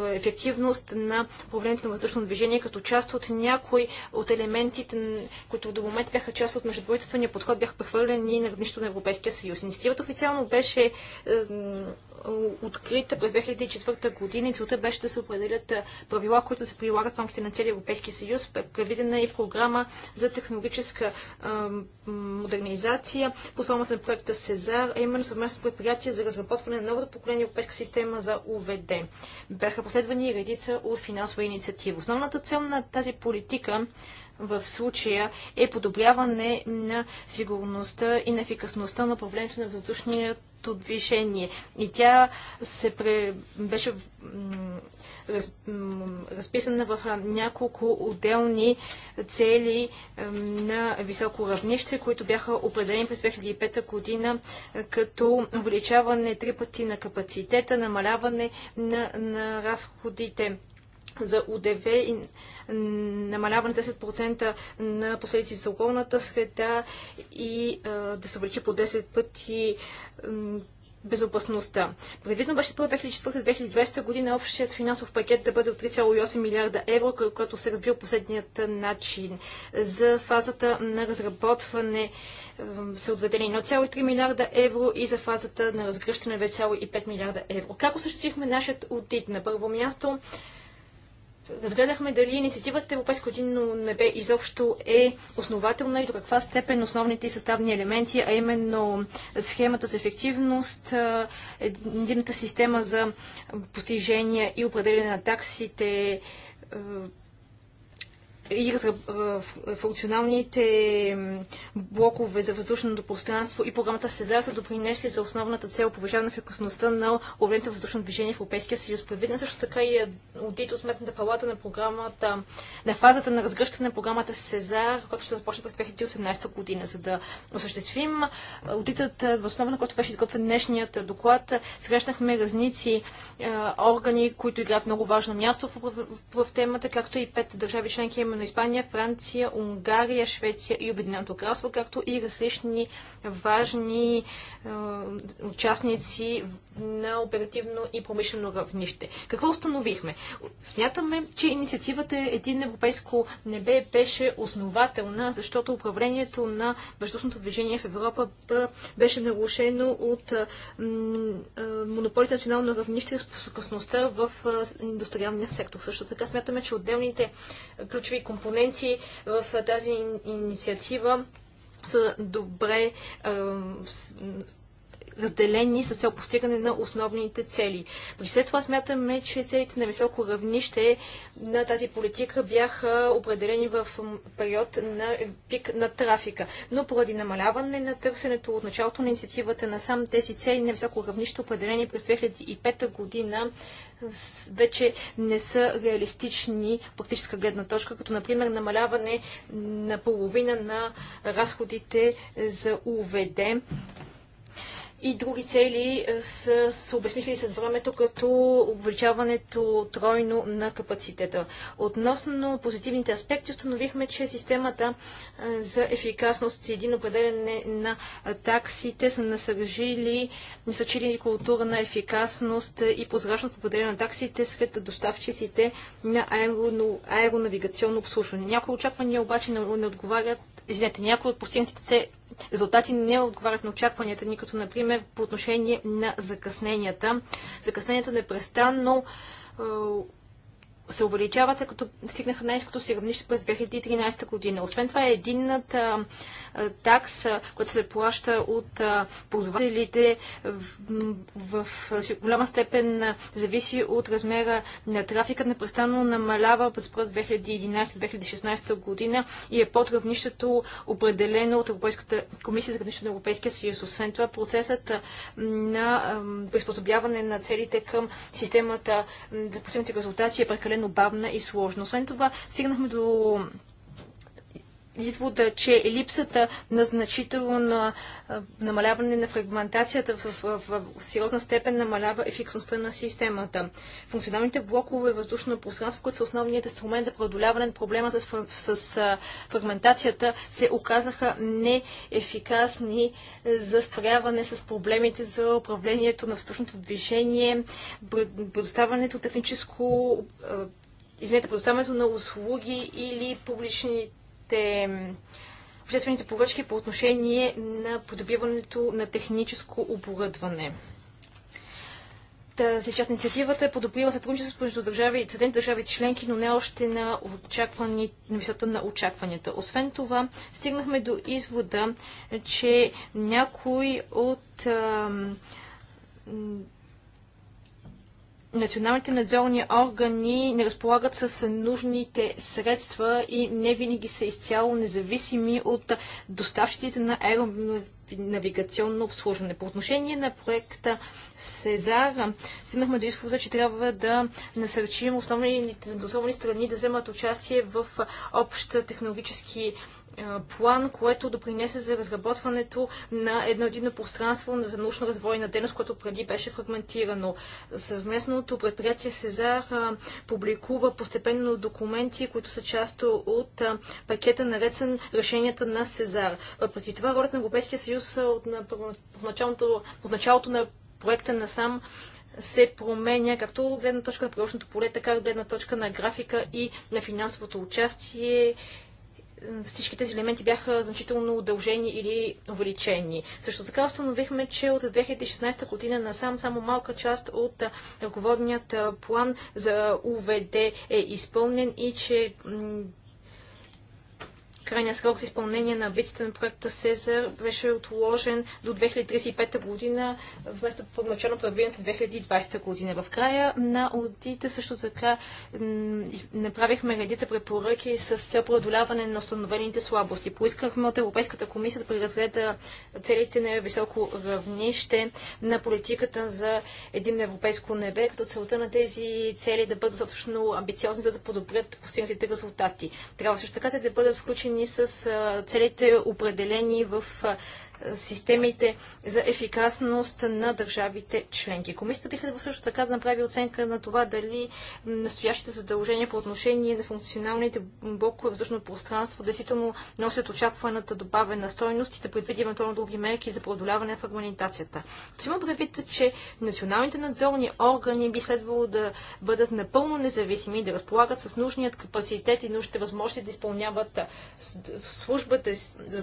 е, ефективност на управлението на въздушно движение, като част от някои от елементите, които до момента бяха част от междуправителствения подход, бяха прехвърлени на равнището на Европейския съюз. Инициативата официално беше е, е, открита през 2004 година и целта беше да се определят е, правила, които се прилагат в рамките на целия Европейски съюз. Предвидена и в програма за технологическа е, модернизация по формата на проекта СЕЗАР, а именно съвместно предприятие за разработване на новото поколение европейска система за УВД. Бяха последвани и редица от финансова инициатива. Основната цел на тази политика в случая е подобряване на сигурността и на ефикасността на управлението на въздушният движение. И тя се пре... беше раз... разписана в няколко отделни цели на високо равнище, които бяха определени през 2005 година като увеличаване три пъти на капацитета, намаляване на, на разходите за УДВ и намаляване 10% на последици за околната среда и а, да се увеличи по 10 пъти безопасността. Предвидно беше по 2004-2020 година общият финансов пакет да бъде от 3,8 милиарда евро, което се развил последният начин. За фазата на разработване са отведени 1,3 милиарда евро и за фазата на разгръщане 2,5 милиарда евро. Как осъществихме нашият аудит? На първо място разгледахме дали инициативата Европейско единно небе изобщо е основателна и до каква степен основните и съставни елементи, а именно схемата за ефективност, единната система за постижения и определение на таксите, и функционалните блокове за въздушното пространство и програмата СЕЗАР са допринесли за основната цел повишаване ефикасността на увереното въздушно движение в Европейския съюз. Предвиден също така и аудит от сметната палата на програмата, на фазата на разгръщане на програмата СЕЗАР, която ще започне през 2018 година. За да осъществим аудитът, в основа на който беше изготвен днешният доклад, срещнахме разници органи, които играят много важно място в, в, в, в темата, както и пет държави членки, именно Испания, Франция, Унгария, Швеция и Обединеното кралство, както и различни важни е, участници на оперативно и промишлено равнище. Какво установихме? Смятаме, че инициативата е Един европейско небе беше основателна, защото управлението на въздушното движение в Европа беше нарушено от е, е, монополите национално равнище и способността в индустриалния сектор. Също така смятаме, че отделните ключови компоненти в тази инициатива са добре разделени с цел постигане на основните цели. При след това смятаме, че целите на високо равнище на тази политика бяха определени в период на пик на трафика. Но поради намаляване на търсенето от началото на инициативата на сам тези цели на високо равнище, определени през 2005 година, вече не са реалистични практическа гледна точка, като например намаляване на половина на разходите за УВД и други цели е, са се обезмислили с времето, като увеличаването тройно на капацитета. Относно позитивните аспекти, установихме, че системата е, за ефикасност и един определене на таксите са насържили, насърчили култура на ефикасност и по определене на таксите сред доставчиците на аеронавигационно обслужване. Някои очаквания обаче не отговарят извинете, някои от постигнатите резултати не отговарят на очакванията ни, като например по отношение на закъсненията. Закъсненията непрестанно е, се увеличават, след като стигнаха най-ниското си равнище през 2013 година. Освен това е единната такса, която се плаща от ползвателите в, в голяма степен зависи от размера на трафика, непрестанно намалява през 2011-2016 година и е под равнището определено от Европейската комисия за равнището на Европейския съюз. Освен това процесът на приспособяване на целите към системата за постигнати резултати е прекалено прекалено бавна и сложна. Освен това, стигнахме до извода, че липсата на значително намаляване на фрагментацията в, в, в, в сериозна степен намалява ефикасността на системата. Функционалните блокове въздушно пространство, които са основният инструмент за преодоляване на проблема с, с, с фрагментацията, се оказаха неефикасни за спряване с проблемите за управлението на въздушното движение, предоставянето техническо извинете, предоставянето на услуги или публични обществените обществените поръчки по отношение на подобиването на техническо оборудване. Тази част инициативата е подобрила сътрудничество между държави и съдени държави членки, но не още на, очаквани, на висота на очакванията. Освен това, стигнахме до извода, че някои от националните надзорни органи не разполагат с нужните средства и не винаги са изцяло независими от доставчиците на аеронавигационно обслужване. По отношение на проекта Сезар, стигнахме до извода, че трябва да насърчим основните заинтересовани страни да вземат участие в общ технологически е, план, което допринесе за разработването на едно единно пространство за научно-развойна дейност, което преди беше фрагментирано. Съвместното предприятие Сезар е, публикува постепенно документи, които са част от е, пакета наречен решенията на Сезар. Въпреки това, ролята на Европейския съюз от, на, от, началото, от началото на проекта на сам се променя както гледна точка на приложното поле, така и гледна точка на графика и на финансовото участие всички тези елементи бяха значително удължени или увеличени. Също така установихме, че от 2016 година насам само малка част от ръководният план за УВД е изпълнен и че Крайния срок за изпълнение на амбицията на проекта Сезар беше отложен до 2035 година, вместо първоначално предвидената 2020 година. В края на аудита също така направихме редица препоръки с цел преодоляване на установените слабости. Поискахме от Европейската комисия да преразгледа целите на високо равнище на политиката за един европейско небе, като целта на тези цели е да бъдат достатъчно амбициозни, за да подобрят постигнатите резултати. Трябва също така да бъдат включени свързани с целите определени в системите за ефикасност на държавите членки. Комисията би следва също така да направи оценка на това дали настоящите задължения по отношение на функционалните блокове въздушно пространство действително носят очакваната добавена стойност и да предвиди евентуално други мерки за преодоляване на фрагментацията. Има предвид, че националните надзорни органи би следвало да бъдат напълно независими и да разполагат с нужният капацитет и нужните възможности да изпълняват службата,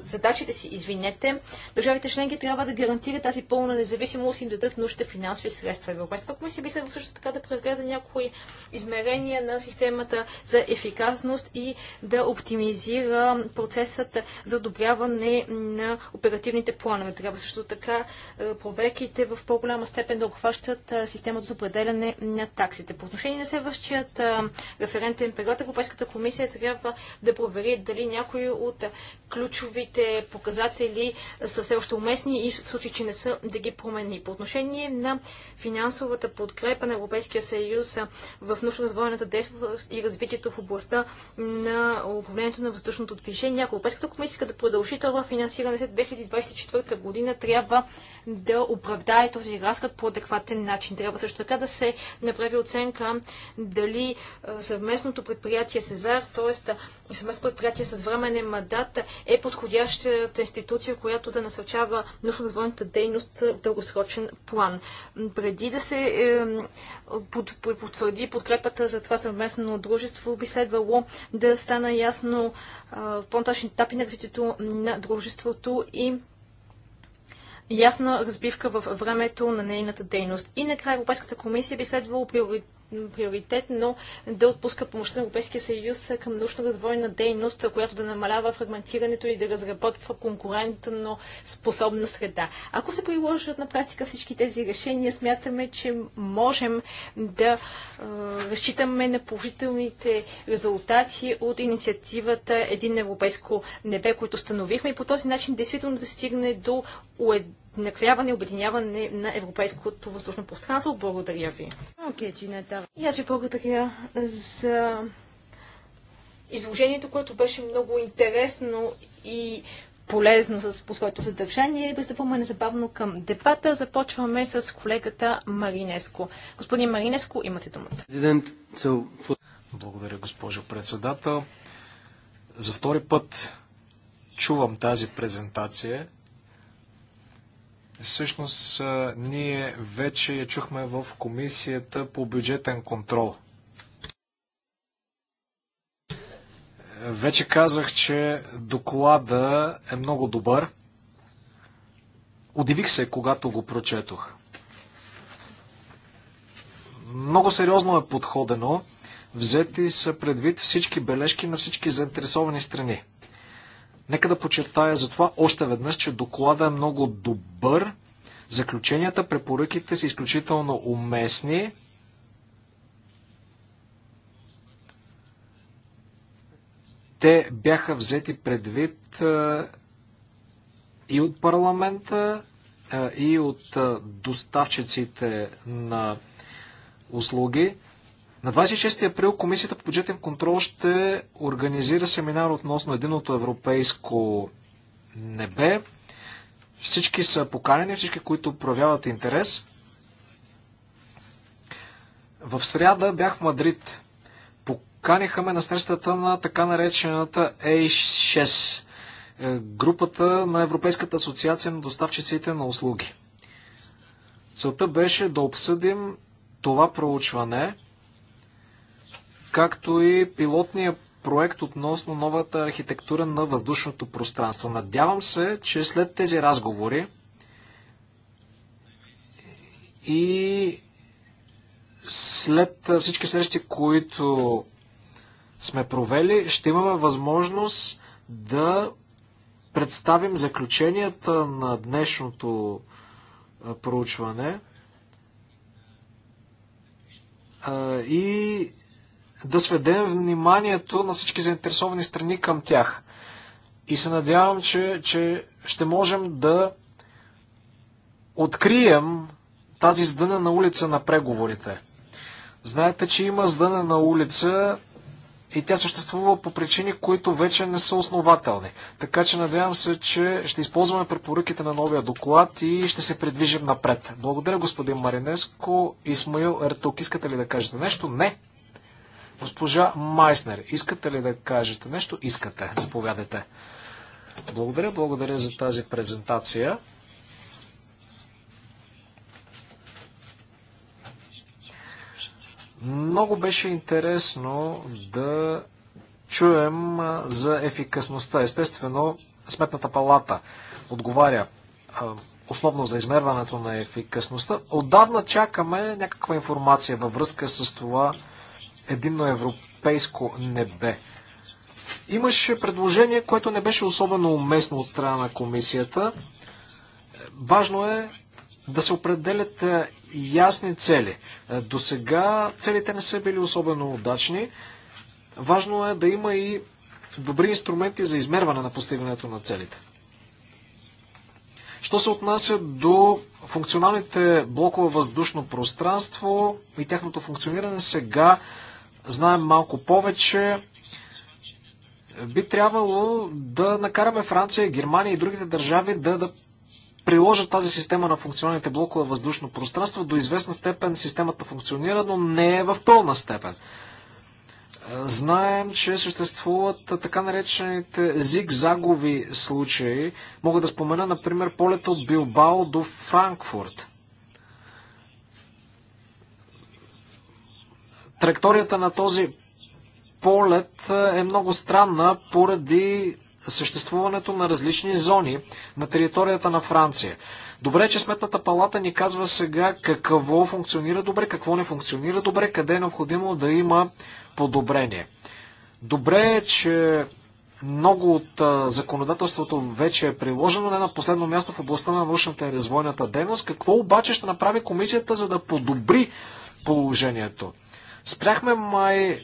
задачите си, извинете, държавите членки трябва да гарантират тази пълна независимост и дадат нужните финансови средства. Европейската комисия би следва също така да преразгледа някои измерения на системата за ефикасност и да оптимизира процесът за одобряване на оперативните планове. Трябва също така е, проверките в по-голяма степен да обхващат е, системата за определяне на таксите. По отношение на следващият е, референтен период, Европейската комисия трябва да провери дали някои от ключовите показатели са все още уместни и в случай, че не са, да ги промени. По отношение на финансовата подкрепа на Европейския съюз в научно-развойната дейност и развитието в областта на управлението на въздушното движение, ако Европейската комисия да продължи това финансиране след 2024 година, трябва да оправдае този разход по адекватен начин. Трябва също така да се направи оценка дали съвместното предприятие Сезар, т.е. съвместното предприятие с временен мандат е подходящата институция, която да насърчава научно-развойната дейност в дългосрочен план. Преди да се е, потвърди подкрепата за това съвместно дружество, би следвало да стана ясно в по-нататъчни етапи на развитието на дружеството и ясна разбивка в времето на нейната дейност. И накрая Европейската комисия би следвало приоритетно да отпуска помощта на Европейския съюз към научно-развойна дейност, която да намалява фрагментирането и да разработва конкурентно способна среда. Ако се приложат на практика всички тези решения, смятаме, че можем да е, разчитаме на положителните резултати от инициативата Един европейско небе, което установихме и по този начин действително да стигне до уед накряване и обединяване на европейското въздушно пространство. Благодаря ви. Okay, и аз ви благодаря за изложението, което беше много интересно и полезно с, по своето съдържание. И пристъпваме незабавно към дебата. Започваме с колегата Маринеско. Господин Маринеско, имате думата. Благодаря, госпожо председател. За втори път чувам тази презентация Всъщност, ние вече я чухме в комисията по бюджетен контрол. Вече казах, че доклада е много добър. Удивих се, когато го прочетох. Много сериозно е подходено. Взети са предвид всички бележки на всички заинтересовани страни. Нека да подчертая за това още веднъж, че доклада е много добър. Заключенията, препоръките са изключително уместни. Те бяха взети предвид е, и от парламента, е, и от е, доставчиците на услуги. На 26 април Комисията по бюджетен контрол ще организира семинар относно единото европейско небе. Всички са поканени, всички, които проявяват интерес. В сряда бях в Мадрид. поканихаме на срещата на така наречената A6, е, групата на Европейската асоциация на доставчиците на услуги. Целта беше да обсъдим това проучване – както и пилотния проект относно новата архитектура на въздушното пространство. Надявам се, че след тези разговори и след всички срещи, които сме провели, ще имаме възможност да представим заключенията на днешното проучване и да сведем вниманието на всички заинтересовани страни към тях. И се надявам, че, че ще можем да открием тази здъна на улица на преговорите. Знаете, че има здъна на улица и тя съществува по причини, които вече не са основателни. Така че надявам се, че ще използваме препоръките на новия доклад и ще се придвижим напред. Благодаря, господин Маринеско. Исмаил Ертук, искате ли да кажете нещо? Не. Госпожа Майснер, искате ли да кажете нещо? Искате. Заповядайте. Благодаря, благодаря за тази презентация. Много беше интересно да чуем за ефикасността. Естествено, Сметната палата отговаря основно за измерването на ефикасността. Отдавна чакаме някаква информация във връзка с това единно европейско небе. Имаше предложение, което не беше особено уместно от страна на комисията. Важно е да се определят е, ясни цели. Е, до сега целите не са били особено удачни. Важно е да има и добри инструменти за измерване на постигането на целите. Що се отнася до функционалните блокове въздушно пространство и тяхното функциониране, сега знаем малко повече, би трябвало да накараме Франция, Германия и другите държави да, да приложат тази система на функционалните блокове въздушно пространство. До известна степен системата функционира, но не е в пълна степен. Знаем, че съществуват така наречените зигзагови случаи. Мога да спомена, например, полета от Билбао до Франкфурт. Траекторията на този полет е, е много странна поради съществуването на различни зони на територията на Франция. Добре, е, че Сметната палата ни казва сега какво функционира добре, какво не функционира добре, къде е необходимо да има подобрение. Добре е, че много от законодателството вече е приложено, не на последно място в областта на научната и развойната дейност. Какво обаче ще направи комисията, за да подобри положението? Спряхме май е,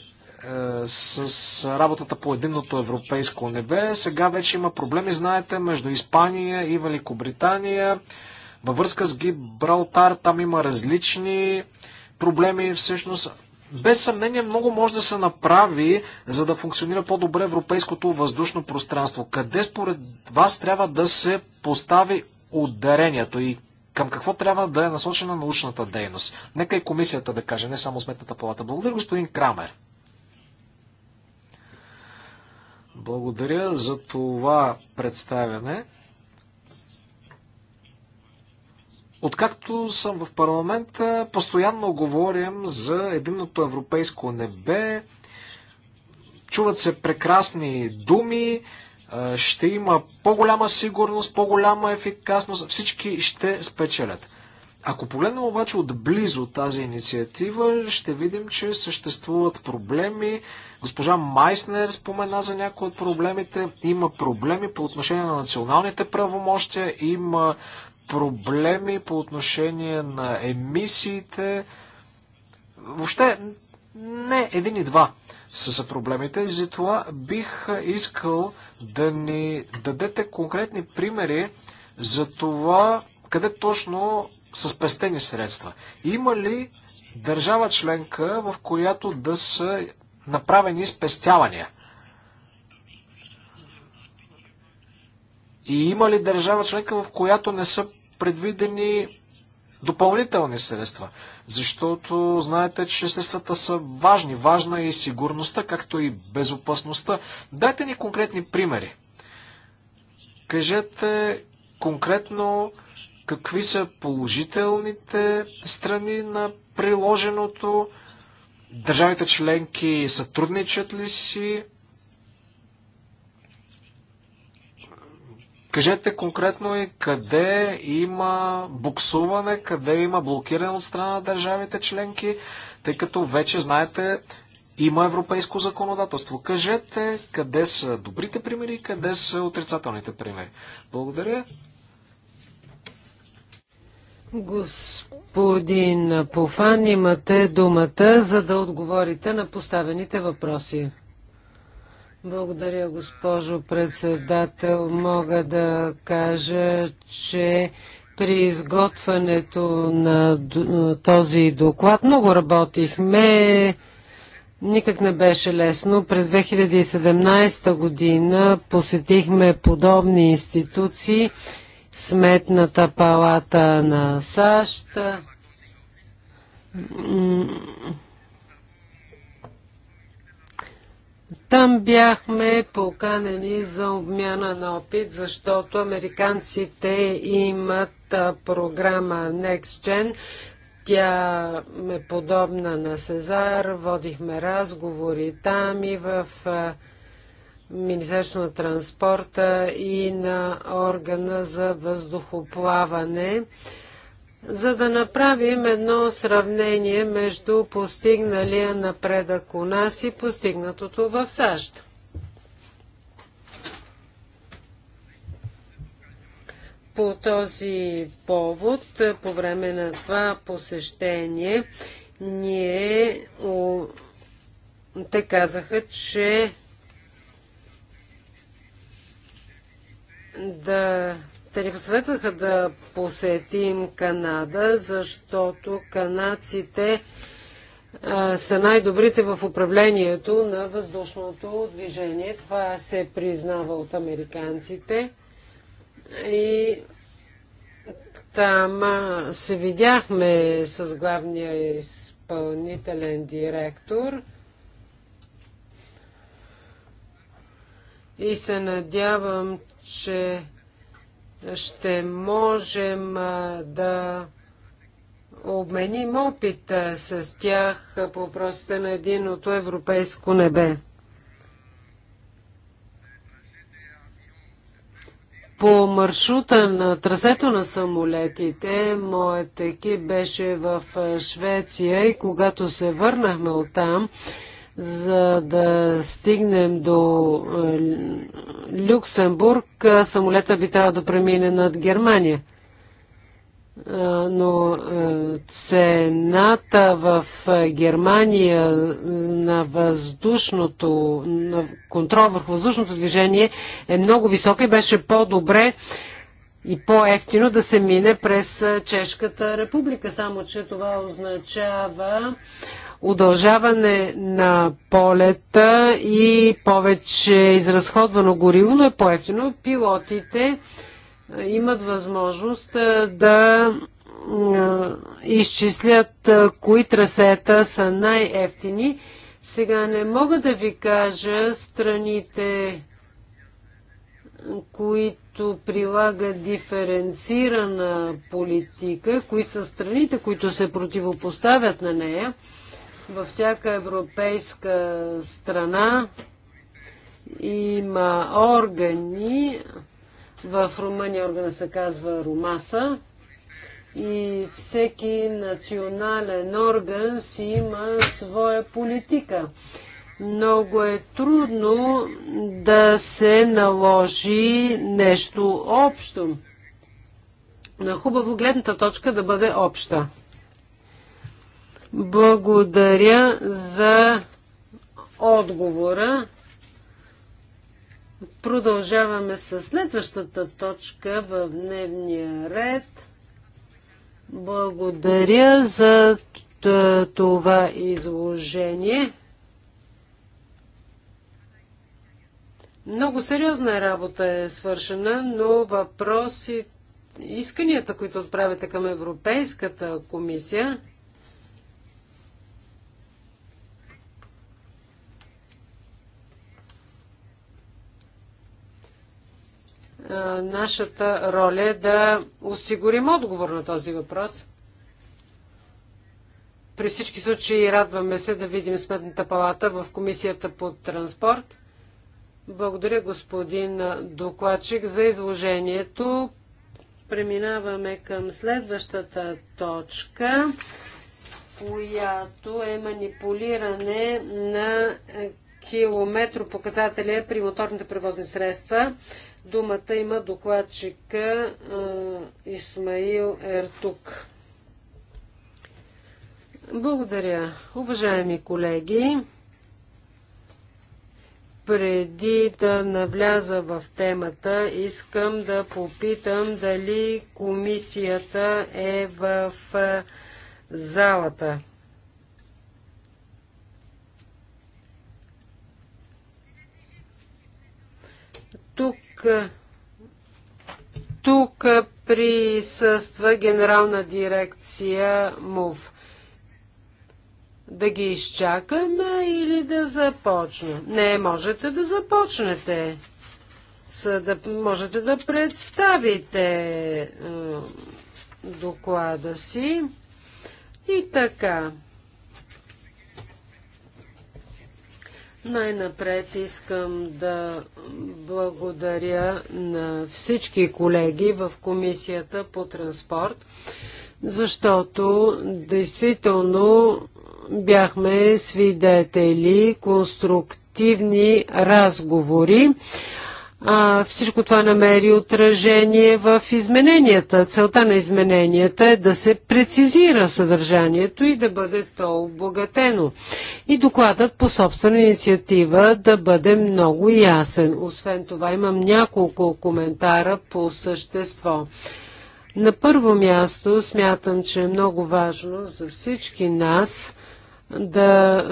с работата по единното европейско небе. Сега вече има проблеми, знаете, между Испания и Великобритания. Във връзка с Гибралтар там има различни проблеми. Всъщност, без съмнение, много може да се направи, за да функционира по-добре европейското въздушно пространство. Къде според вас трябва да се постави ударението и към какво трябва да е насочена научната дейност. Нека и комисията да каже, не само сметната палата. Благодаря, господин Крамер. Благодаря за това представяне. Откакто съм в парламента, постоянно говорим за единното европейско небе. Чуват се прекрасни думи, ще има по-голяма сигурност, по-голяма ефикасност, всички ще спечелят. Ако погледнем обаче отблизо тази инициатива, ще видим, че съществуват проблеми. Госпожа Майснер спомена за някои от проблемите. Има проблеми по отношение на националните правомощия, има проблеми по отношение на емисиите. Въобще не един и два са, са проблемите. Затова бих искал да ни дадете конкретни примери за това, къде точно са спестени средства. Има ли държава членка, в която да са направени спестявания? И има ли държава членка, в която не са предвидени допълнителни средства. Защото знаете, че средствата са важни. Важна е и сигурността, както и безопасността. Дайте ни конкретни примери. Кажете конкретно какви са положителните страни на приложеното. Държавите членки сътрудничат ли си? Кажете конкретно и къде има буксуване, къде има блокиране от страна на държавите членки, тъй като вече знаете, има европейско законодателство. Кажете къде са добрите примери и къде са отрицателните примери. Благодаря. Господин Пофан, имате думата, за да отговорите на поставените въпроси. Благодаря, госпожо председател. Мога да кажа, че при изготвянето на този доклад много работихме. Никак не беше лесно. През 2017 година посетихме подобни институции, Сметната палата на САЩ, Там бяхме поканени за обмяна на опит, защото американците имат програма NextGen. Тя ме подобна на Сезар. Водихме разговори там и в Министерство на транспорта и на органа за въздухоплаване за да направим едно сравнение между постигналия напредък у нас и постигнатото в САЩ. По този повод, по време на това посещение, ние о, те казаха, че да те ни посветваха да посетим Канада, защото канадците са най-добрите в управлението на въздушното движение. Това се признава от американците. И там се видяхме с главния изпълнителен директор и се надявам, че ще можем да обменим опит с тях по въпросите на единото европейско небе. По маршрута на трасето на самолетите, моят екип беше в Швеция и когато се върнахме оттам, там, за да стигнем до е, Люксембург, е, самолета би трябвало да премине над Германия. Е, но цената в Германия на въздушното, на контрол върху въздушното движение е много висока и беше по-добре и по-ефтино да се мине през Чешката република. Само, че това означава удължаване на полета и повече изразходвано гориво, но е по-ефтино. Пилотите имат възможност да изчислят кои трасета са най-ефтини. Сега не мога да ви кажа страните, които прилага диференцирана политика, кои са страните, които се противопоставят на нея. Във всяка европейска страна има органи. В Румъния органа се казва Румаса. И всеки национален орган си има своя политика. Много е трудно да се наложи нещо общо. На хубаво гледната точка да бъде обща. Благодаря за отговора. Продължаваме с следващата точка в дневния ред. Благодаря за това изложение. Много сериозна работа е свършена, но въпроси, исканията, които отправяте към Европейската комисия, Е, нашата роля е да осигурим отговор на този въпрос. При всички случаи радваме се да видим Сметната палата в Комисията по транспорт. Благодаря господин докладчик за изложението. Преминаваме към следващата точка, която е манипулиране на километропоказателя при моторните превозни средства. Думата има докладчика Исмаил Ертук. Благодаря, уважаеми колеги. Преди да навляза в темата, искам да попитам дали комисията е в залата. Тук, тук присъства генерална дирекция МУВ. Да ги изчакаме или да започна? Не, можете да започнете. Са да, можете да представите е, доклада си. И така. Най-напред искам да благодаря на всички колеги в Комисията по транспорт, защото действително бяхме свидетели конструктивни разговори а, всичко това намери отражение в измененията. Целта на измененията е да се прецизира съдържанието и да бъде то обогатено. И докладът по собствена инициатива да бъде много ясен. Освен това имам няколко коментара по същество. На първо място смятам, че е много важно за всички нас да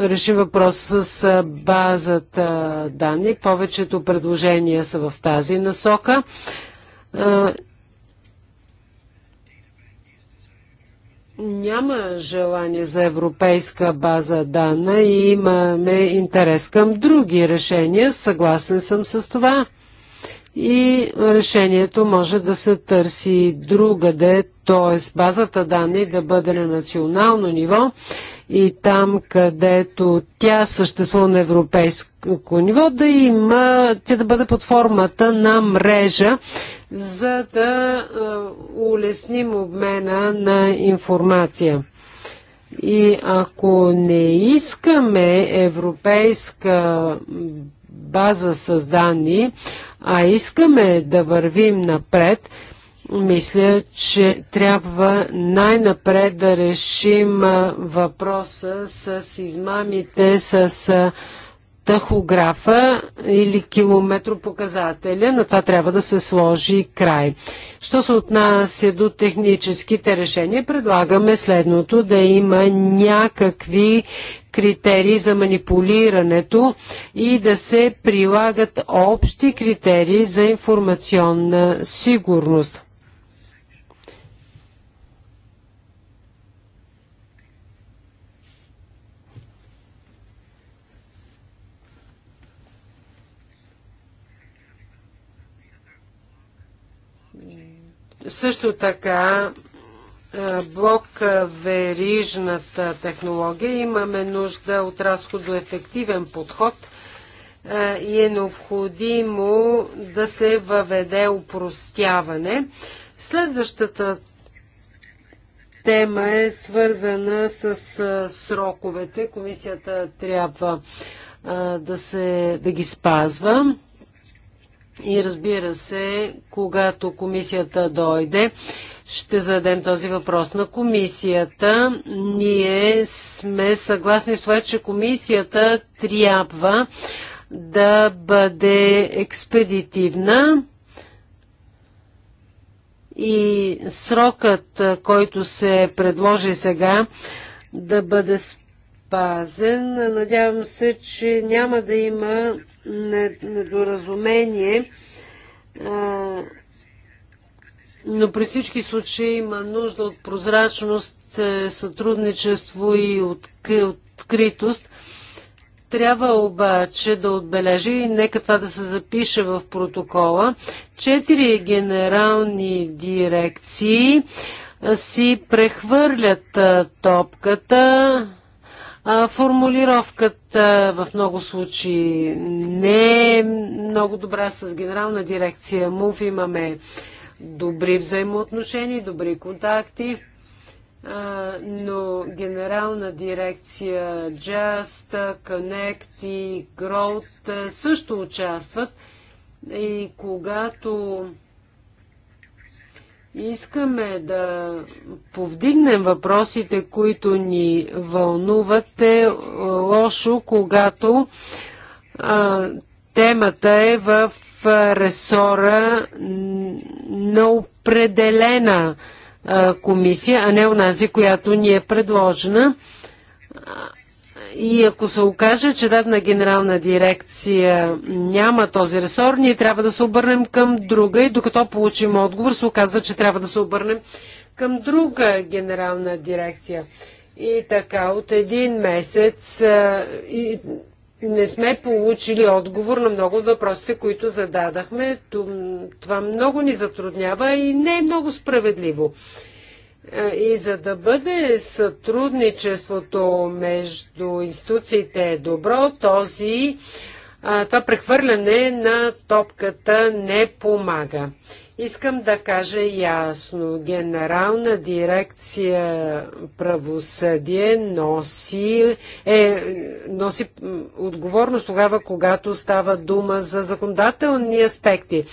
реши въпрос с базата данни. Повечето предложения са в тази насока. Няма желание за европейска база данна и имаме интерес към други решения. Съгласен съм с това. И решението може да се търси другаде, т.е. базата данни да бъде на национално ниво и там, където тя съществува на европейско ниво, да има, тя да бъде под формата на мрежа, за да улесним обмена на информация. И ако не искаме европейска база с данни, а искаме да вървим напред, мисля, че трябва най-напред да решим въпроса с измамите, с тахографа или километропоказателя. На това трябва да се сложи край. Що се отнася до техническите решения, предлагаме следното да има някакви критерии за манипулирането и да се прилагат общи критерии за информационна сигурност. Също така блок верижната технология имаме нужда от разходоефективен подход и е необходимо да се въведе упростяване. Следващата тема е свързана с сроковете. Комисията трябва да, се, да ги спазва. И разбира се, когато комисията дойде, ще зададем този въпрос на комисията. Ние сме съгласни с това, че комисията трябва да бъде експедитивна и срокът, който се предложи сега, да бъде спорен пазен. Надявам се, че няма да има недоразумение, но при всички случаи има нужда от прозрачност, е, сътрудничество и откритост. Трябва обаче да отбележи, и нека това да се запише в протокола, четири генерални дирекции си прехвърлят топката Формулировката в много случаи не е много добра с генерална дирекция МУВ. Имаме добри взаимоотношения, добри контакти, но генерална дирекция Just, Connect и Growth също участват. И когато Искаме да повдигнем въпросите, които ни вълнуват. Е лошо, когато а, темата е в ресора на определена комисия, а не онази, която ни е предложена. И ако се окаже, че дадена генерална дирекция няма този ресор, ние трябва да се обърнем към друга и докато получим отговор, се оказва, че трябва да се обърнем към друга генерална дирекция. И така, от един месец и не сме получили отговор на много от въпросите, които зададахме. Това много ни затруднява и не е много справедливо. Е, и за да бъде сътрудничеството между институциите добро, този, това прехвърляне на топката не помага. Искам да кажа ясно. Генерална дирекция правосъдие носи, е, носи отговорност тогава, когато става дума за законодателни аспекти.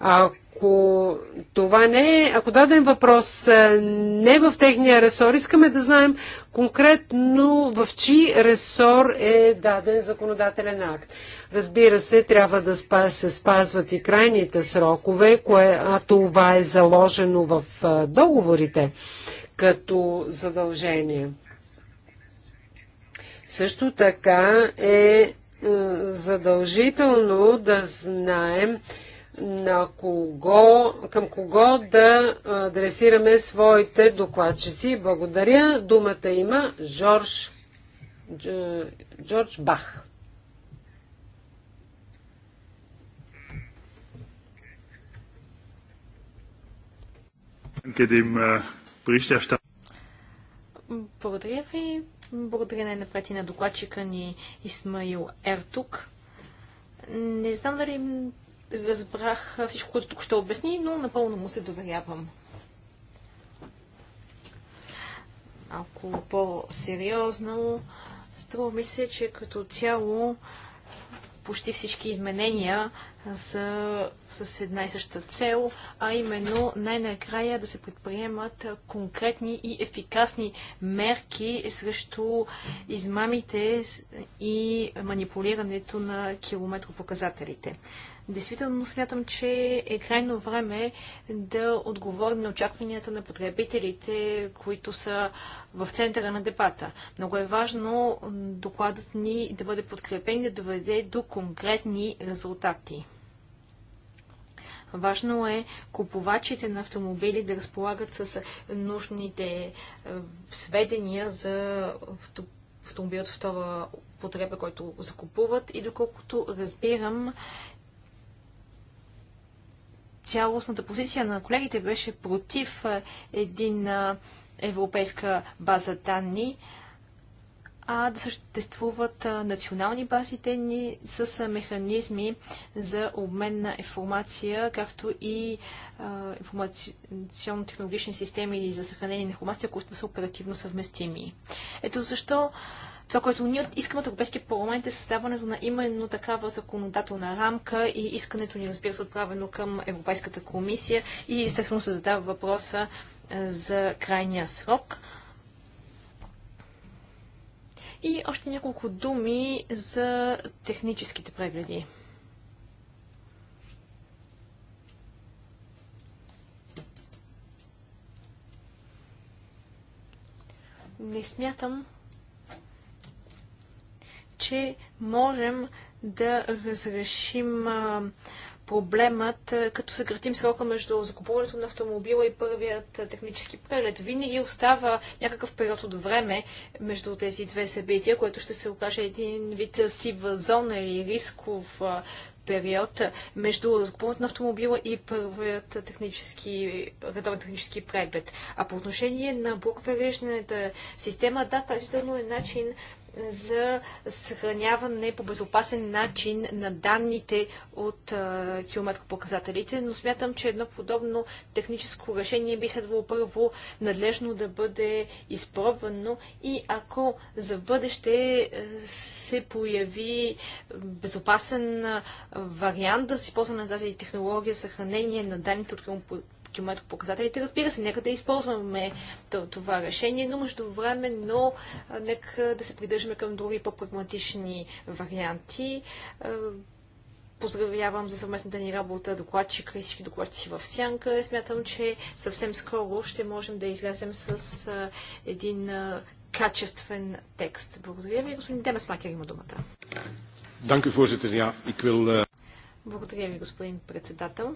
Ако ако това не е, ако даден въпрос не е в техния ресор, искаме да знаем конкретно в чий ресор е даден законодателен акт. Разбира се, трябва да се спазват и крайните срокове, кое, а това е заложено в договорите като задължение. Също така е задължително да знаем, на кого, към кого да адресираме своите докладчици. Благодаря. Думата има Жорж, Джордж Бах. Äh, Благодаря ви. Благодаря най-напред и на докладчика ни Исмаил Ертук. Не знам дали разбрах всичко, което тук ще обясни, но напълно му се доверявам. Малко по-сериозно, струва ми се, че като цяло почти всички изменения са с една и съща цел, а именно най-накрая да се предприемат конкретни и ефикасни мерки срещу измамите и манипулирането на километропоказателите. Действително смятам, че е крайно време да отговорим на очакванията на потребителите, които са в центъра на дебата. Много е важно докладът ни да бъде подкрепен и да доведе до конкретни резултати. Важно е купувачите на автомобили да разполагат с нужните е, сведения за автомобилът втора потреба, който закупуват и доколкото разбирам, цялостната позиция на колегите беше против един европейска база данни, а да съществуват национални бази данни с механизми за обмен на информация, както и информационно-технологични системи за съхранение на информация, които са оперативно съвместими. Ето защо това, което ние искаме от Европейския парламент е създаването на именно такава законодателна рамка и искането ни, разбира се, отправено към Европейската комисия и естествено се задава въпроса за крайния срок. И още няколко думи за техническите прегледи. Не смятам, че можем да разрешим проблемът, като съкратим срока между закупуването на автомобила и първият технически прелет. Винаги остава някакъв период от време между тези две събития, което ще се окаже един вид сива зона или рисков период между закупуването на автомобила и първият технически, редовен технически преглед. А по отношение на блоквережната система, да, действително е начин за съхраняване по безопасен начин на данните от километропоказателите, но смятам, че едно подобно техническо решение би следвало първо надлежно да бъде изпробвано и ако за бъдеще се появи безопасен вариант да се използва на тази технология за съхранение на данните от километров показателите. Разбира се, нека да използваме това решение, но между време, но нека да се придържаме към други по-прагматични варианти. Поздравявам за съвместната ни работа докладчик и всички докладчици в Сянка. Смятам, че съвсем скоро ще можем да излезем с един качествен текст. Благодаря ви, господин Демес Макер има думата. Благодаря ви, господин председател.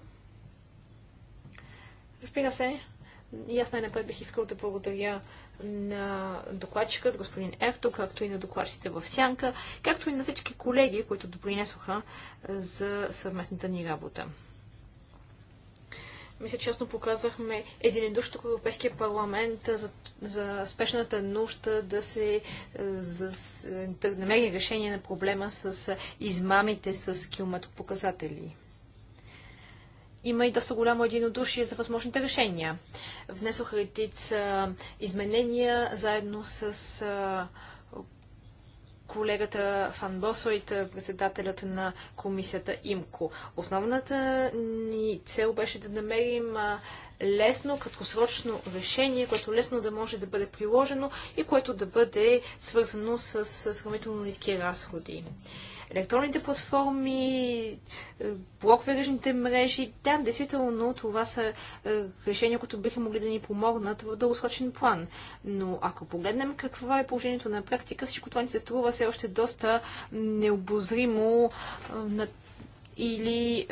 Разбира се, и аз най-напред бих искал да благодаря на докладчикът, господин Ерто, както и на докладчите в Сянка, както и на всички колеги, които допринесоха за съвместната ни работа. Мисля, честно показахме един единодушно в Европейския парламент за, за спешната нужда да се за, да намери решение на проблема с измамите с километропоказатели. показатели има и доста голямо единодушие за възможните решения. Внесох редица изменения заедно с колегата Фан Босойт, председателят на комисията ИМКО. Основната ни цел беше да намерим лесно, краткосрочно решение, което лесно да може да бъде приложено и което да бъде свързано с сравнително ниски разходи електронните платформи, е, блок мрежи. Да, действително това са е, решения, които биха могли да ни помогнат в дългосрочен план. Но ако погледнем какво е положението на практика, всичко това ни се струва все още доста необозримо е, или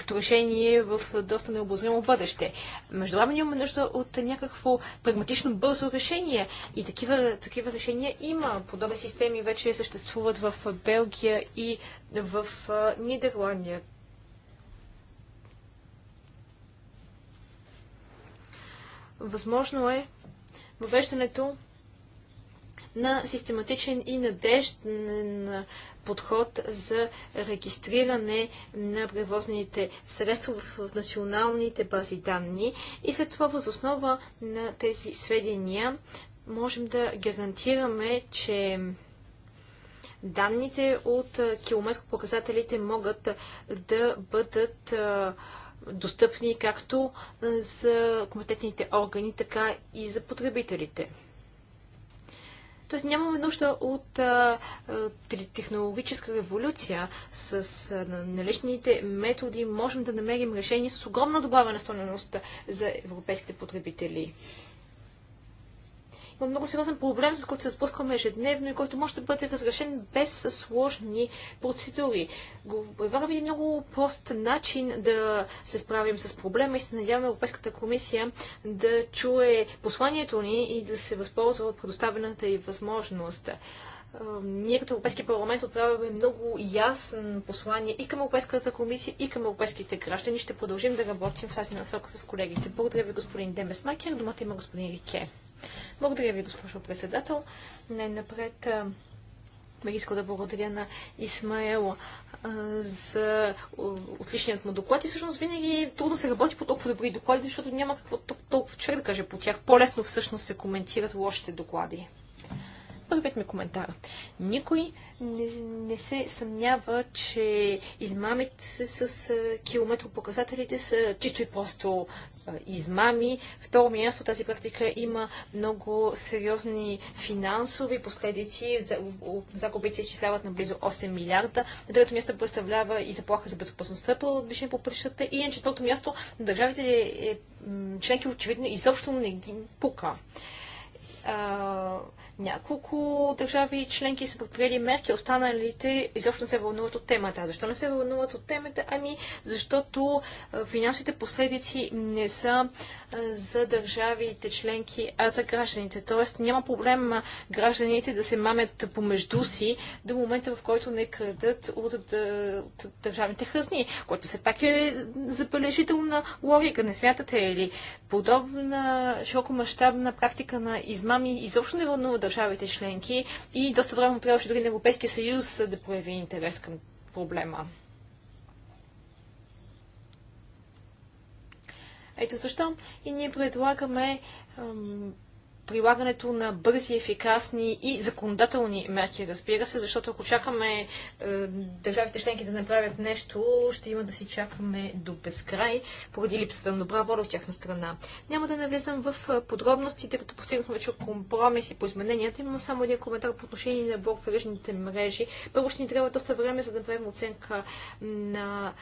като решение в доста необозримо бъдеще. Между време имаме нужда от някакво прагматично бързо решение. И такива, такива решения има. Подобни системи вече съществуват в Белгия и в Нидерландия. Възможно е въвеждането на систематичен и надежден подход за регистриране на превозните средства в националните бази данни и след това възоснова на тези сведения можем да гарантираме, че данните от километропоказателите могат да бъдат достъпни както за компетентните органи, така и за потребителите. Тоест нямаме нужда от а, технологическа революция. С а, наличните методи можем да намерим решение с огромна добавена стойност за европейските потребители има много сериозен проблем, с който се спускаме ежедневно и който може да бъде разрешен без сложни процедури. Говорим и много прост начин да се справим с проблема и се надяваме Европейската комисия да чуе посланието ни и да се възползва от предоставената и възможност е, ние като Европейски парламент отправяме много ясно послание и към Европейската комисия, и към европейските граждани. Ще продължим да работим в тази насока с колегите. Благодаря ви, господин Демесмакер. Думата има господин Рике. Благодаря ви, госпожо председател. Най-напред ме искал да благодаря на Исмаел за отличният му доклад и всъщност винаги трудно се работи по толкова добри доклади, защото няма какво толкова човек да каже по тях. По-лесно всъщност се коментират лошите доклади. Първият ми коментар. Никой не, не се съмнява, че измамите се с километропоказателите са чисто и просто а, измами. Второ място тази практика има много сериозни финансови последици. Загубите се изчисляват на близо 8 милиарда. На трето място представлява и заплаха за безопасността по движение по пътищата. И на четвърто място държавите е, членки очевидно изобщо не ги пука. А, няколко държави и членки са предприели мерки, останалите изобщо не се вълнуват от темата. Защо не се вълнуват от темата? Ами, защото финансовите последици не са за държавите членки, а за гражданите. Тоест няма проблем гражданите да се мамят помежду си до момента, в който не крадат от, държавните хъзни, което се пак е забележителна логика. Не смятате ли? Подобна широкомащабна практика на измами изобщо не вълнува държавите членки и доста време трябваше дори на Европейския съюз да прояви интерес към проблема. Ето защо и ние предлагаме прилагането на бързи, ефикасни и законодателни мерки, разбира се, защото ако чакаме е, държавите членки да направят нещо, ще има да си чакаме до безкрай, поради липсата на добра воля от тяхна страна. Няма да навлизам в е, подробности, тъй като постигнахме вече компромиси по измененията. Имам само един коментар по отношение на блок мрежи. Първо ще ни трябва доста време, за да направим оценка на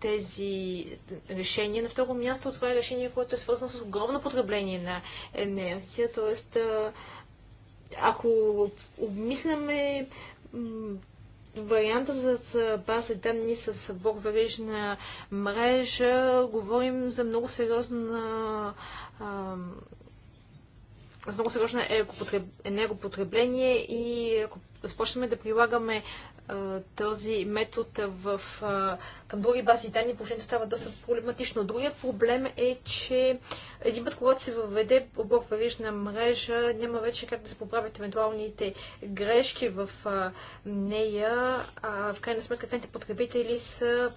тези решения. На второ място това е решение, което е свързано с огромно потребление на енергия. Тоест, ако обмисляме варианта за база данни с блок мрежа, говорим за много сериозна за много сериозно енергопотребление и ако започнем да прилагаме този метод в, към други бази данни, положението става доста проблематично. Другият проблем е, че един път, когато се въведе блок верижна мрежа, няма вече как да се поправят евентуалните грешки в нея. А в крайна сметка, крайните потребители са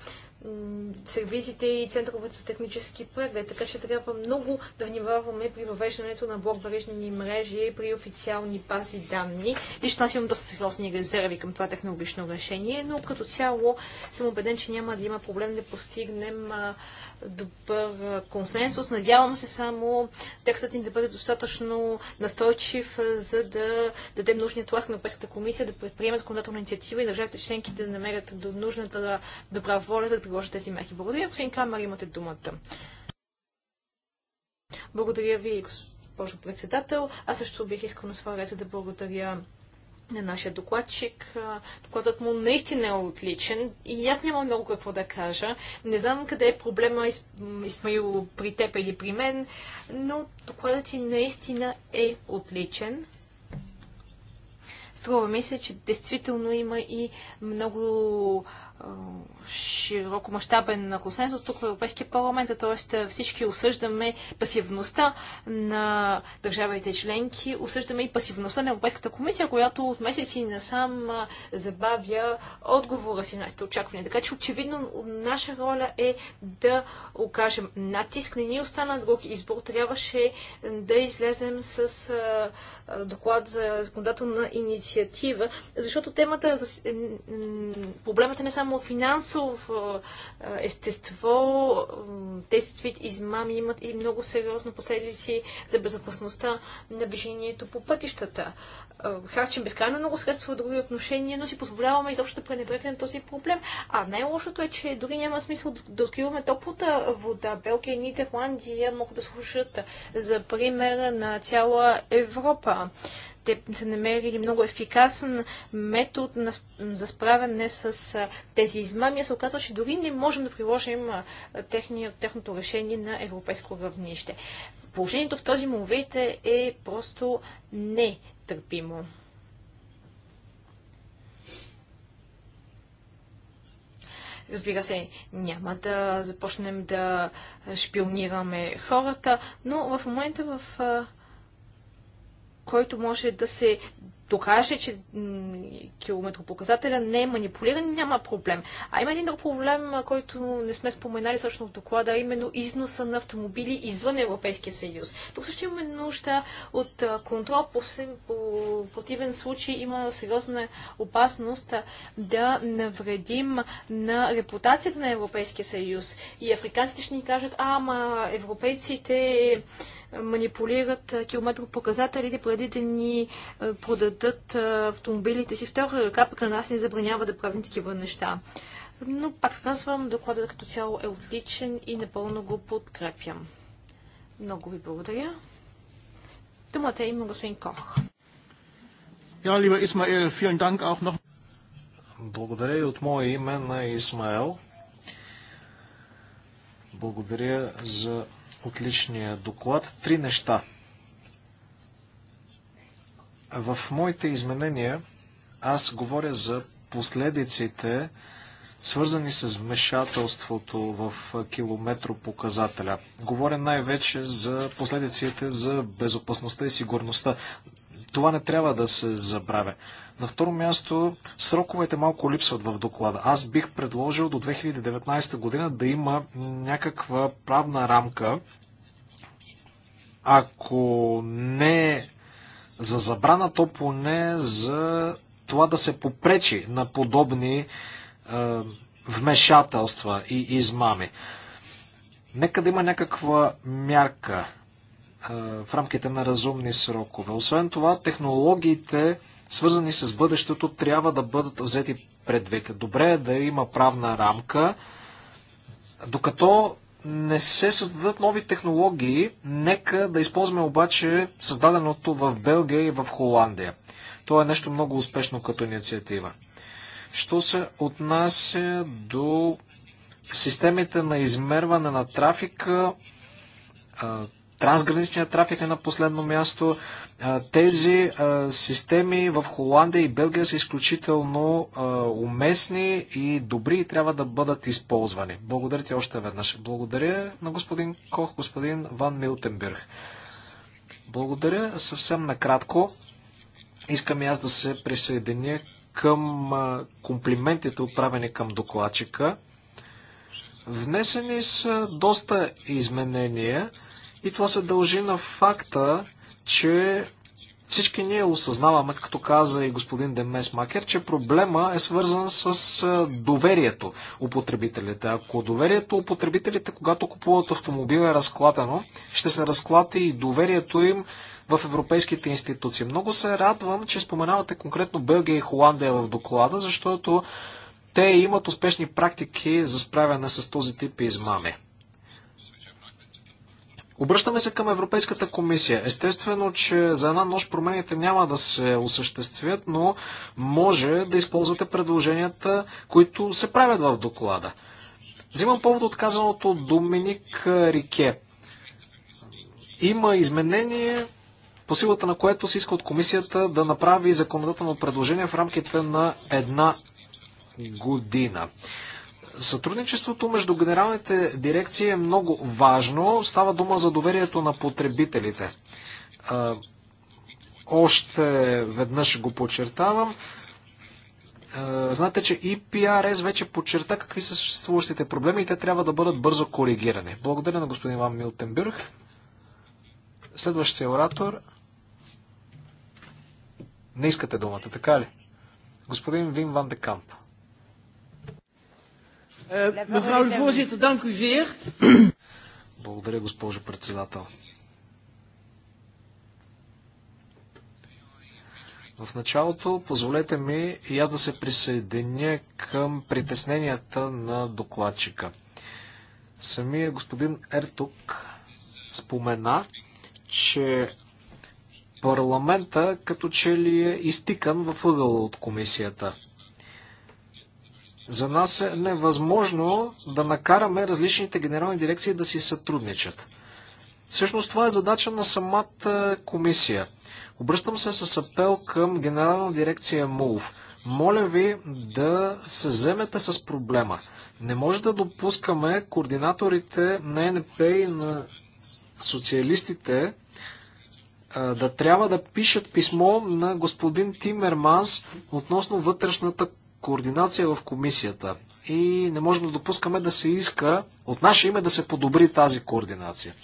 сервизите и центровете за технически преглед, така че трябва много да внимаваме при въвеждането на блокбрежни мрежи при официални бази данни. Лично аз имам доста сериозни резерви към това технологично решение, но като цяло съм убеден, че няма да има проблем да постигнем добър консенсус. Надявам се само текстът ни да бъде достатъчно настойчив, за да дадем нужния тласк на Европейската комисия да предприеме законодателна инициатива и държавите членки да намерят до нужната добра воля, за да приложат тези мерки. Благодаря, господин Крамер, имате думата. Благодаря ви, госпожо председател. Аз също бих искал на своя ред да благодаря на нашия докладчик. Докладът му наистина е отличен и аз нямам много какво да кажа. Не знам къде е проблема Исмаил при теб или при мен, но докладът ти наистина е отличен. Струва ми се, че действително има и много широкомащабен консенсус тук в Европейския парламент, т.е. всички осъждаме пасивността на държавите членки, осъждаме и пасивността на Европейската комисия, която от месеци насам забавя отговора си на нашите очаквания. Така че очевидно наша роля е да окажем натиск. Не ни остана друг избор. Трябваше да излезем с доклад за законодателна инициатива, защото темата, за... проблемата не само само финансово естество, тези вид измами имат и много сериозни последици за безопасността на движението по пътищата. Харчим безкрайно много средства в други отношения, но си позволяваме изобщо да пренебрегнем този проблем. А най-лошото е, че дори няма смисъл да откриваме топлата вода. Белгия и Нидерландия могат да служат за пример на цяла Европа те са намерили много ефикасен метод на, за справяне с а, тези измами, се оказва, че дори не можем да приложим а, техния, техното решение на европейско равнище. Положението в този момент е просто нетърпимо. Разбира се, няма да започнем да шпионираме хората, но в момента в който може да се докаже, че километропоказателя не е манипулиран, няма проблем. А има един друг проблем, който не сме споменали точно в доклада, а именно износа на автомобили извън Европейския съюз. Тук също имаме нужда от контрол, по, по противен случай има сериозна опасност да навредим на репутацията на Европейския съюз. И африканците ще ни кажат, ама европейците манипулират километропоказателите преди да ни продадат автомобилите си втора ръка, пък на нас не забранява да правим такива неща. Но пак казвам, докладът като цяло е отличен и напълно го подкрепям. Много ви благодаря. Думата има господин Кох. Ja, lieber Ismael, vielen Dank auch noch. Благодаря и от мое име на Исмаел. Благодаря за отличния доклад. Три неща. В моите изменения аз говоря за последиците, свързани с вмешателството в километропоказателя. Говоря най-вече за последиците за безопасността и сигурността. Това не трябва да се забравя. На второ място, сроковете малко липсват в доклада. Аз бих предложил до 2019 година да има някаква правна рамка, ако не за забрана, то поне за това да се попречи на подобни е, вмешателства и измами. Нека да има някаква мярка в рамките на разумни срокове. Освен това, технологиите, свързани с бъдещето, трябва да бъдат взети предвид. Добре е да има правна рамка, докато не се създадат нови технологии, нека да използваме обаче създаденото в Белгия и в Холандия. То е нещо много успешно като инициатива. Що се отнася до системите на измерване на трафика, трансграничния трафик е на последно място. Тези системи в Холандия и Белгия са изключително уместни и добри и трябва да бъдат използвани. Благодаря ти още веднъж. Благодаря на господин Кох, господин Ван Милтенберг. Благодаря съвсем накратко. Искам и аз да се присъединя към комплиментите, отправени към докладчика. Внесени са доста изменения и това се дължи на факта, че всички ние осъзнаваме, както каза и господин Демес Макер, че проблема е свързан с доверието у потребителите. Ако доверието у потребителите, когато купуват автомобил е разклатено, ще се разклати и доверието им в европейските институции. Много се радвам, че споменавате конкретно Белгия и Холандия в доклада, защото те имат успешни практики за справяне с този тип измами. Обръщаме се към Европейската комисия. Естествено, че за една нощ промените няма да се осъществят, но може да използвате предложенията, които се правят в доклада. Взимам повод от казаното Доминик Рике. Има изменение, по силата на което се иска от комисията да направи законодателно предложение в рамките на една година. Сътрудничеството между генералните дирекции е много важно. Става дума за доверието на потребителите. Още веднъж го подчертавам. Знаете, че EPRS вече подчерта какви са съществуващите проблеми и те трябва да бъдат бързо коригирани. Благодаря на господин Иван Милтенбюрг. Следващия оратор. Не искате думата, така ли? Господин Вин Ван де Камп. Mevrouw е, de voorzitter, dank u zeer. Благодаря, госпожо председател. В началото позволете ми и аз да се присъединя към притесненията на докладчика. Самия господин Ертук спомена, че парламента като че ли е изтикан в ъгъла от комисията. За нас е невъзможно да накараме различните генерални дирекции да си сътрудничат. Всъщност това е задача на самата е, комисия. Обръщам се с апел към генерална дирекция МУВ. Моля ви да се вземете с проблема. Не може да допускаме координаторите на НП и на социалистите е, да трябва да пишат писмо на господин Тимерманс относно вътрешната координация в комисията и не можем да допускаме да се иска от наше име да се подобри тази координация.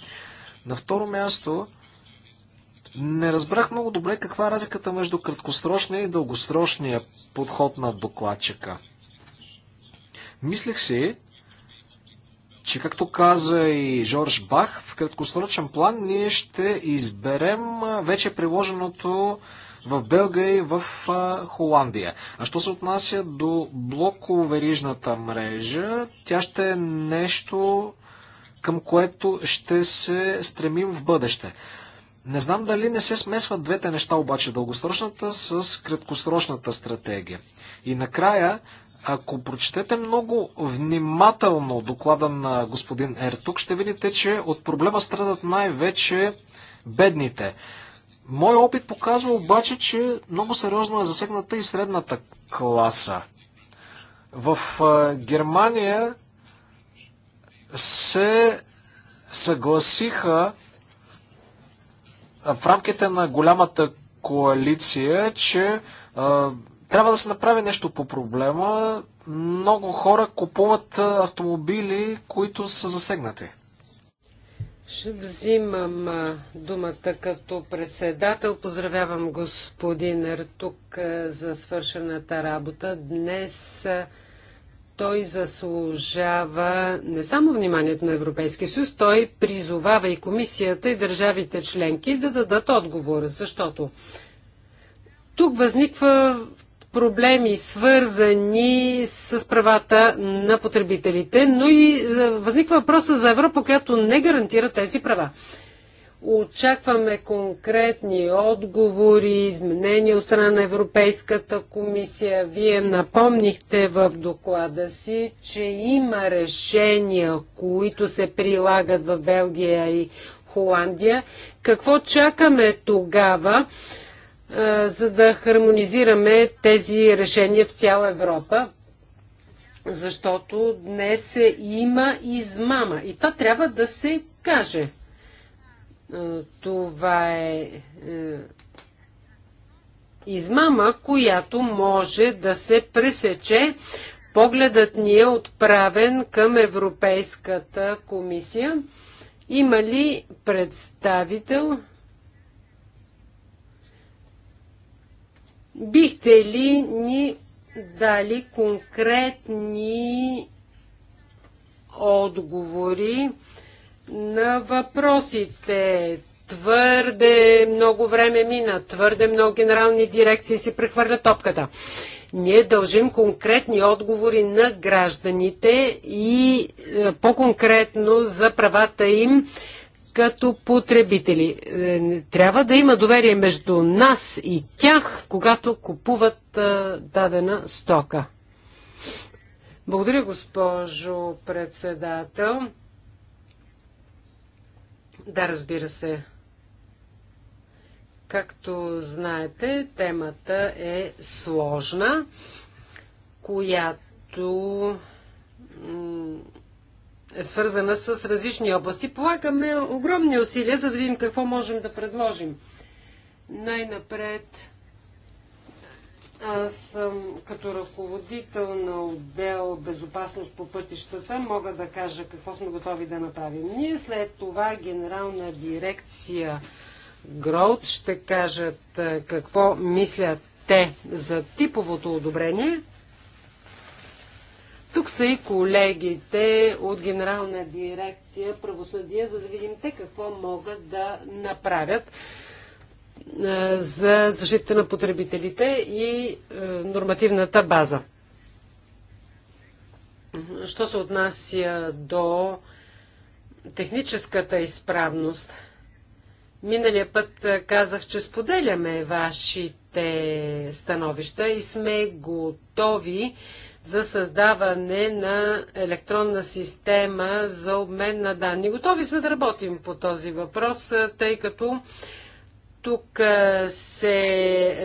На второ място, не разбрах много добре каква е разликата между краткосрочния и дългосрочния подход на докладчика. Мислех си, че както каза и Жорж Бах, в краткосрочен план ние ще изберем вече приложеното в Белгия и в Холандия. А що се отнася до блоковерижната мрежа, тя ще е нещо към което ще се стремим в бъдеще. Не знам дали не се смесват двете неща, обаче дългосрочната с краткосрочната стратегия. И накрая, ако прочетете много внимателно доклада на господин Ертук, ще видите, че от проблема страдат най-вече бедните. Моя опит показва обаче, че много сериозно е засегната и средната класа. В Германия се съгласиха в рамките на голямата коалиция, че а, трябва да се направи нещо по проблема. Много хора купуват автомобили, които са засегнати. Ще взимам думата като председател. Поздравявам господин Ертук за свършената работа. Днес той заслужава не само вниманието на Европейския съюз, той призовава и комисията и държавите членки да дадат отговор, защото тук възниква проблеми, свързани с правата на потребителите, но и е, възниква въпроса за Европа, която не гарантира тези права. Очакваме конкретни отговори, изменения от страна на Европейската комисия. Вие напомнихте в доклада си, че има решения, които се прилагат в Белгия и Холандия. Какво чакаме тогава? Е, за да хармонизираме тези решения в цяла Европа, защото днес има измама и това трябва да се каже. Е, това е, е измама, която може да се пресече. Погледът ни е отправен към Европейската комисия. Има ли представител? Бихте ли ни дали конкретни отговори на въпросите? Твърде много време мина, твърде много генерални дирекции си прехвърлят топката. Ние дължим конкретни отговори на гражданите и е, по-конкретно за правата им като потребители. Е, трябва да има доверие между нас и тях, когато купуват е, дадена стока. Благодаря, госпожо председател. Да, разбира се. Както знаете, темата е сложна, която е свързана с различни области. Полагаме огромни усилия, за да видим какво можем да предложим. Най-напред аз съм като ръководител на отдел Безопасност по пътищата. Мога да кажа какво сме готови да направим. Ние след това генерална дирекция Гроуд ще кажат е, какво мислят те за типовото одобрение тук са и колегите от Генерална дирекция правосъдие, за да видим те какво могат да направят за защита на потребителите и нормативната база. Що се отнася до техническата изправност, миналия път казах, че споделяме вашите становища и сме готови за създаване на електронна система за обмен на данни. Готови сме да работим по този въпрос, тъй като тук се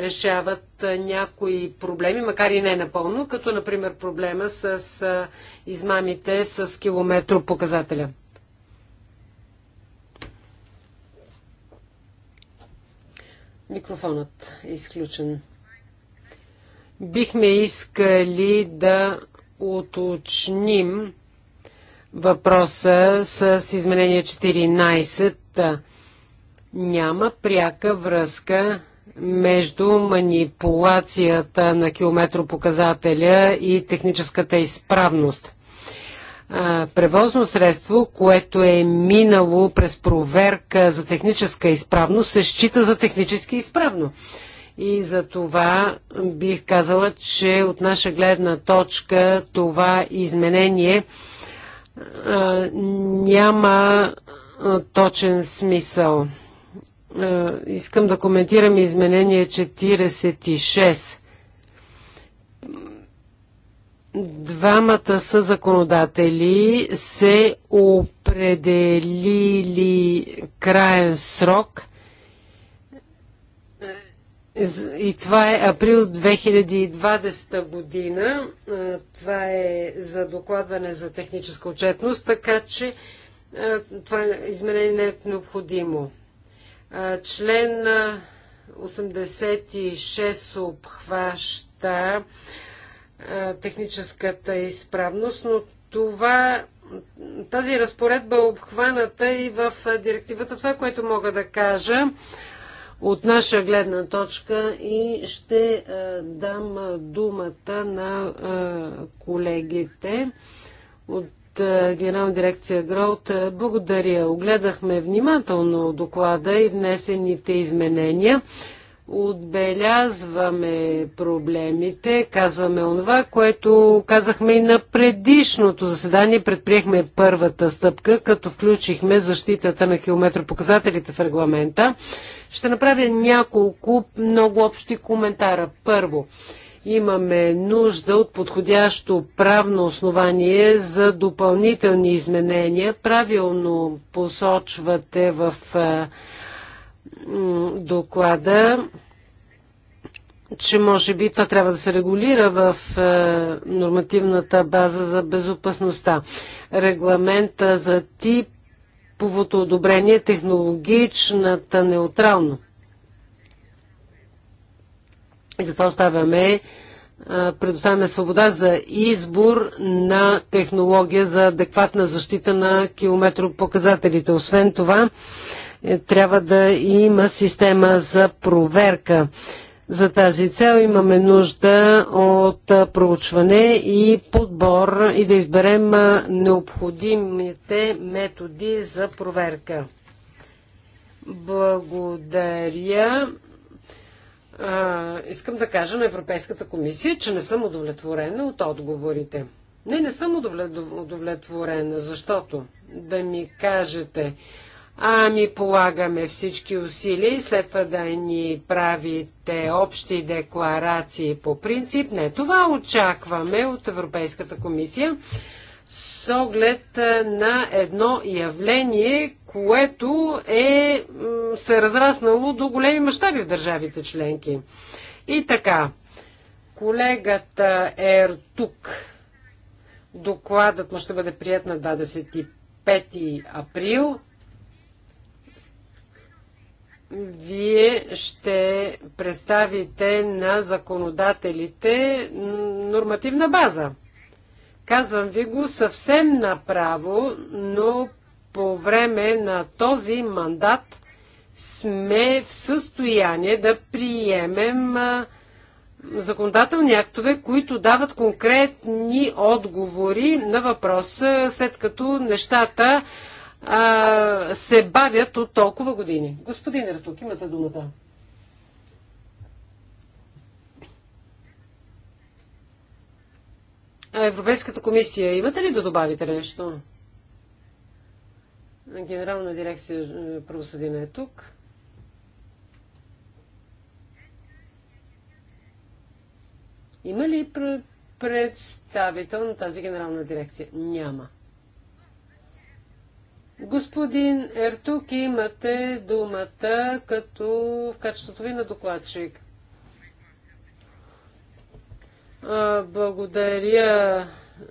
решават някои проблеми, макар и не напълно, като например проблема с измамите с километропоказателя. Микрофонът е изключен. Бихме искали да уточним въпроса с изменение 14. Няма пряка връзка между манипулацията на километропоказателя и техническата изправност. Превозно средство, което е минало през проверка за техническа изправност, се счита за технически изправно. И за това бих казала, че от наша гледна точка това изменение а, няма а, точен смисъл. А, искам да коментирам изменение 46. Двамата са законодатели се определили краен срок – и това е април 2020 година. Това е за докладване за техническа отчетност, така че това изменение не е необходимо. Член 86 обхваща техническата изправност, но това, тази разпоредба е обхваната и в директивата. Това, което мога да кажа, от наша гледна точка и ще е, дам е, думата на е, колегите от Генерална дирекция Гроут. Благодаря. Огледахме внимателно доклада и внесените изменения отбелязваме проблемите, казваме онова, което казахме и на предишното заседание. Предприехме първата стъпка, като включихме защитата на километропоказателите в регламента. Ще направя няколко много общи коментара. Първо, имаме нужда от подходящо правно основание за допълнителни изменения. Правилно посочвате в е, доклада, че може би това трябва да се регулира в е, нормативната база за безопасността. Регламента за типовото одобрение, е технологичната неутрално. И затова оставяме, е, предоставяме свобода за избор на технология за адекватна защита на километропоказателите. Освен това, е, трябва да има система за проверка. За тази цел имаме нужда от проучване и подбор и да изберем необходимите методи за проверка. Благодаря. А, искам да кажа на Европейската комисия, че не съм удовлетворена от отговорите. Не, не съм удовлетворена, защото да ми кажете, Ами полагаме всички усилия и след това да ни правите общи декларации по принцип. Не, това очакваме от Европейската комисия с оглед на едно явление, което е, се е разраснало до големи мащаби в държавите членки. И така, колегата е тук. Докладът му ще бъде прият на 25 април вие ще представите на законодателите нормативна база. Казвам ви го съвсем направо, но по време на този мандат сме в състояние да приемем законодателни актове, които дават конкретни отговори на въпроса, след като нещата а, се бавят от толкова години. Господин Ратук, имате думата. А Европейската комисия, имате ли да добавите нещо? Генерална дирекция е, правосъдина е тук. Има ли представител на тази генерална дирекция? Няма. Господин Ертук, имате думата като в качеството ви на докладчик. Благодаря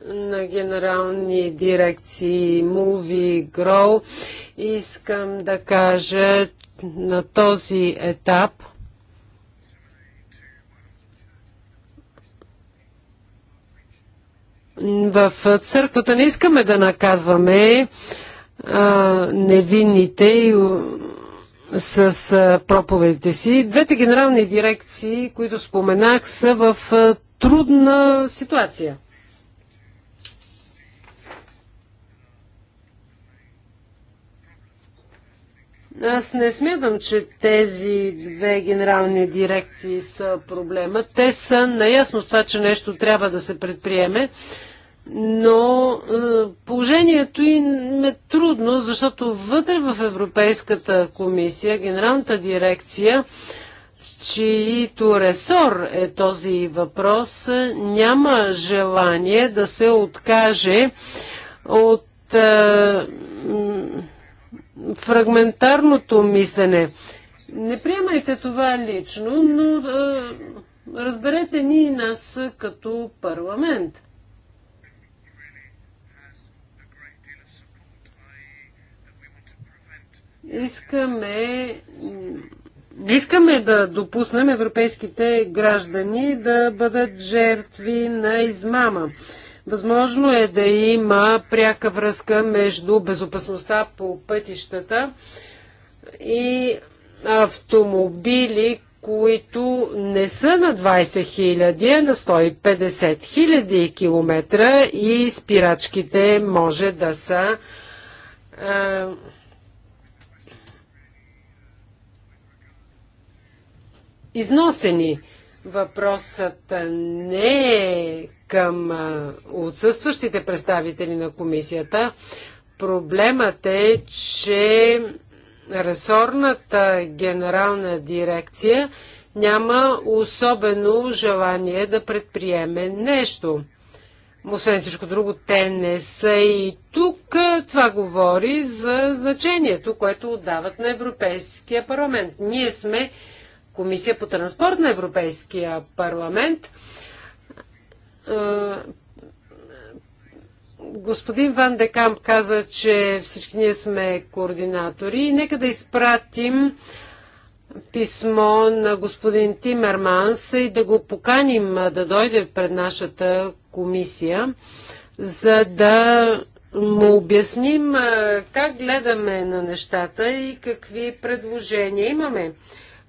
на генерални дирекции Муви Grow. Искам да кажа на този етап, в църквата не искаме да наказваме, невинните и с проповедите си. Двете генерални дирекции, които споменах, са в трудна ситуация. Аз не смятам, че тези две генерални дирекции са проблема. Те са наясно с това, че нещо трябва да се предприеме, но е, положението им е трудно, защото вътре в Европейската комисия, генералната дирекция, чието ресор е този въпрос, няма желание да се откаже от е, фрагментарното мислене. Не приемайте това лично, но е, разберете ни и нас като парламент. Искаме, не искаме да допуснем европейските граждани да бъдат жертви на измама. Възможно е да има пряка връзка между безопасността по пътищата и автомобили, които не са на 20 000, а на 150 000 километра и спирачките може да са а, износени. Въпросът не е към отсъстващите представители на комисията. Проблемът е, че ресорната генерална дирекция няма особено желание да предприеме нещо. Освен всичко друго, те не са и тук. Това говори за значението, което отдават на Европейския парламент. Ние сме комисия по транспорт на Европейския парламент. Господин Ван Декамп каза, че всички ние сме координатори и нека да изпратим писмо на господин Тимерманс и да го поканим да дойде пред нашата комисия, за да му обясним как гледаме на нещата и какви предложения имаме.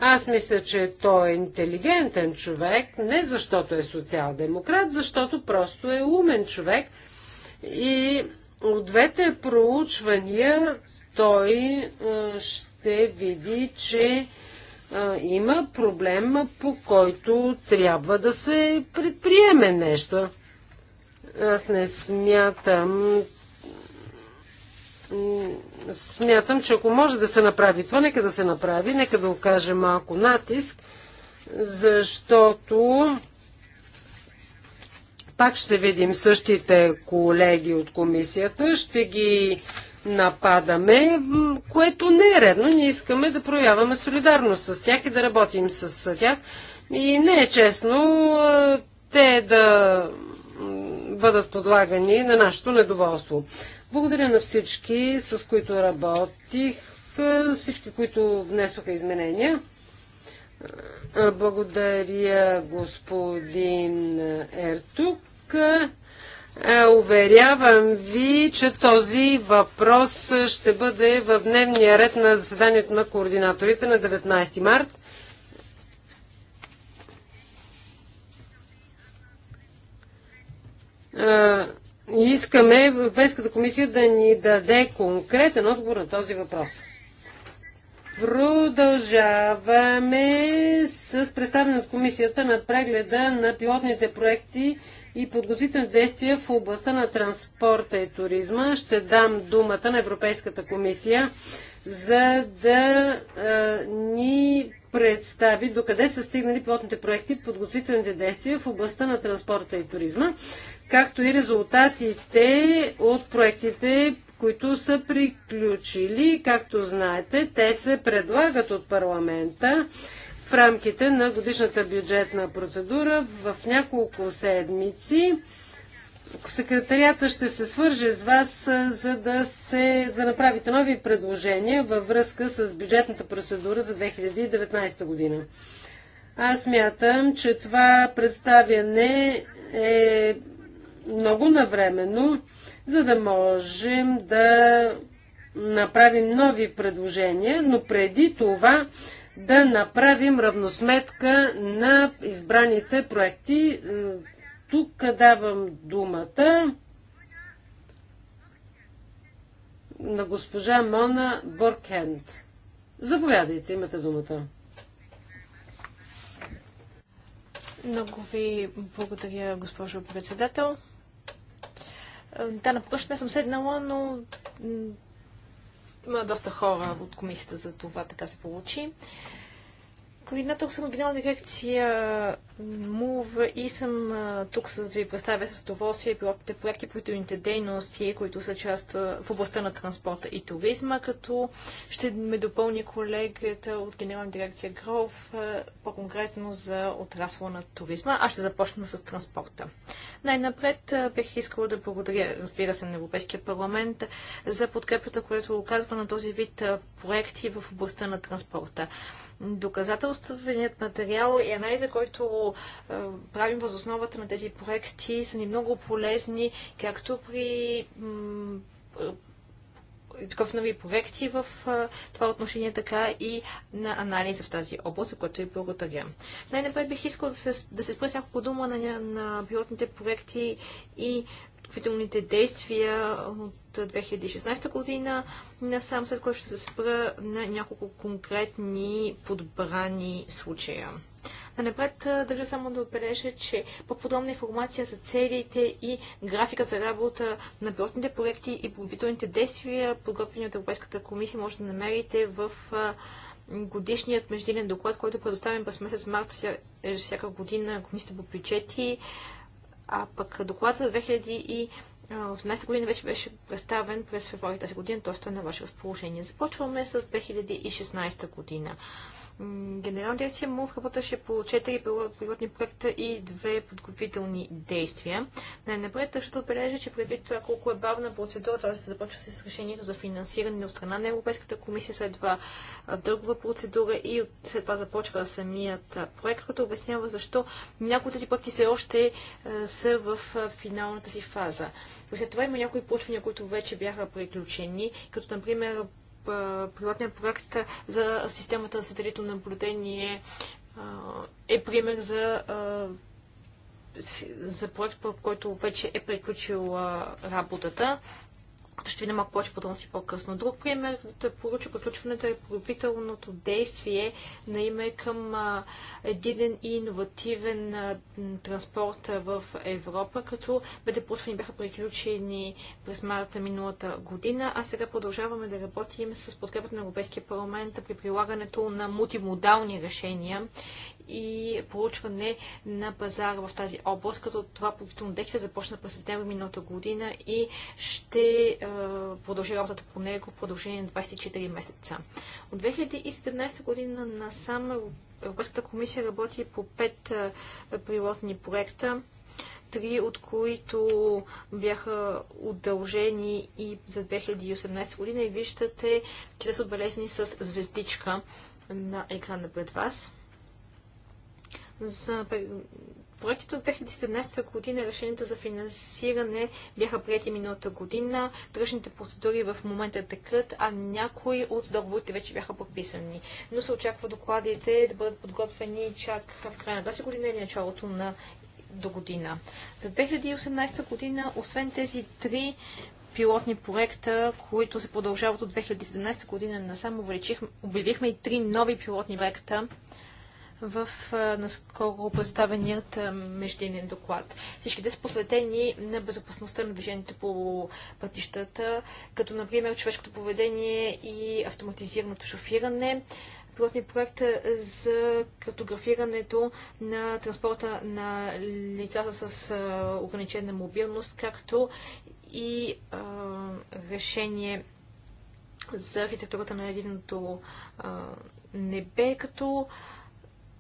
Аз мисля, че той е интелигентен човек, не защото е социал-демократ, защото просто е умен човек. И от двете проучвания той е, ще види, че е, има проблем, по който трябва да се предприеме нещо. Аз не смятам, смятам, че ако може да се направи това, нека да се направи, нека да окаже малко натиск, защото пак ще видим същите колеги от комисията, ще ги нападаме, което не е редно. Ние искаме да проявяваме солидарност с тях и да работим с тях. И не е честно те да бъдат подлагани на нашето недоволство. Благодаря на всички, с които работих, всички, които внесоха изменения. Благодаря господин Ертук. Уверявам ви, че този въпрос ще бъде в дневния ред на заседанието на координаторите на 19 март. Искаме Европейската комисия да ни даде конкретен отговор на този въпрос. Продължаваме с представяне от комисията на прегледа на пилотните проекти и подготвителни действия в областта на транспорта и туризма. Ще дам думата на Европейската комисия, за да е, ни представи докъде са стигнали пилотните проекти и подготвителните действия в областта на транспорта и туризма както и резултатите от проектите, които са приключили. Както знаете, те се предлагат от парламента в рамките на годишната бюджетна процедура в няколко седмици. Секретарията ще се свърже с вас, за да, се, за да направите нови предложения във връзка с бюджетната процедура за 2019 година. Аз мятам, че това представяне е много навременно, за да можем да направим нови предложения, но преди това да направим равносметка на избраните проекти. Е, тук давам думата на госпожа Мона Боркенд. Заповядайте, имате думата. Много ви благодаря, госпожо председател. Е, да, на не съм седнала, но има доста хора от комисията за това, така се получи. Координатор съм от генерална дирекция Мув и съм а, тук с да ви представя с удоволствие пилотните проекти, противните дейности, които са част в областта на транспорта и туризма, като ще ме допълни колегата от Генерална дирекция Гров по-конкретно за отрасла на туризма. Аз ще започна с транспорта. Най-напред бих искала да благодаря, разбира се, на Европейския парламент за подкрепата, която оказва на този вид проекти в областта на транспорта. Доказателственият материал и анализа, който е, правим възосновата на тези проекти, са ни много полезни, както при е, такъв нови проекти в е, това отношение, така и на анализа в тази област, за което ви благодаря. Най-напред бих искал да се, да спра няколко дума на, на пилотните проекти и подготвителните действия от 2016 година, насам след което ще се спра на няколко конкретни подбрани случая. На напред държа само да отбележа, че по подобна информация за целите и графика за работа на бюротните проекти и подготвителните действия, подготвени от Европейската комисия, може да намерите в годишният междинен доклад, който е предоставен през месец март е, всяка година Комисията по бюджети, а пък доклад за 2018 година вече беше представен през февруари тази година, т.е. той е на ваше разположение. Започваме с 2016 година. Генерална дирекция МУВ работеше по 4 пилотни проекта и 2 подготвителни действия. Най-напред ще отбележа, че предвид това колко е бавна процедура, т.е. да започва с решението за финансиране от страна на Европейската комисия, след това дългова процедура и след това започва самият проект, който обяснява защо някои от тези проекти все още са в финалната си фаза. След това има някои проучвания, които вече бяха приключени, като например пилотният проект за системата за сателитно наблюдение е пример за, за проект, по който вече е приключил работата като ще видим малко повече подробности по-късно. Друг пример да поруча отключването е подготвителното действие на име към единен и иновативен транспорт в Европа, като двете проучвания бяха приключени през марта миналата година, а сега продължаваме да работим с подкрепата на Европейския парламент при прилагането на мултимодални решения и получване на пазара в тази област, като това повително действие започна през септември миналата година и ще продължи работата по него в продължение на 24 месеца. От 2017 година насам Европейската комисия работи по 5 пилотни проекта три от които бяха удължени и за 2018 година и виждате, че са отбелезени с звездичка на екрана пред вас за проектите от 2017 година решенията за финансиране бяха прияти миналата година. Тръжните процедури в момента текат, а някои от договорите вече бяха подписани. Но се очаква докладите да бъдат подготвени чак в края на тази година или началото на до година. За 2018 година, освен тези три пилотни проекта, които се продължават от 2017 година насам, увеличихме, обявихме и три нови пилотни проекта в наскоро представеният междинен доклад. Всичките са посветени на безопасността на движението по пътищата, като например човешкото поведение и автоматизираното шофиране, пилотни проект за картографирането на транспорта на лицата с ограничена мобилност, както и а, решение за архитектурата на а, небе, като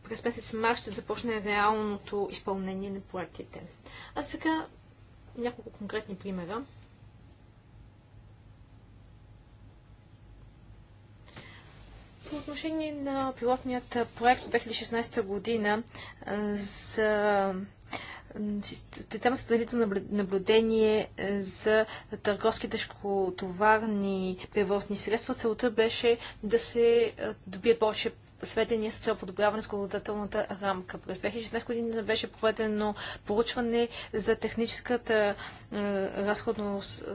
през месец март ще започне реалното изпълнение на проектите. А сега няколко конкретни примера. По отношение на пилотният проект 2016 година за система сателитно наблюдение за търговски тежкотоварни превозни средства. Целта беше да се добият повече сведения с цел подобряване на законодателната рамка. През 2016 година беше проведено поручване за техническата е, разходност. Е,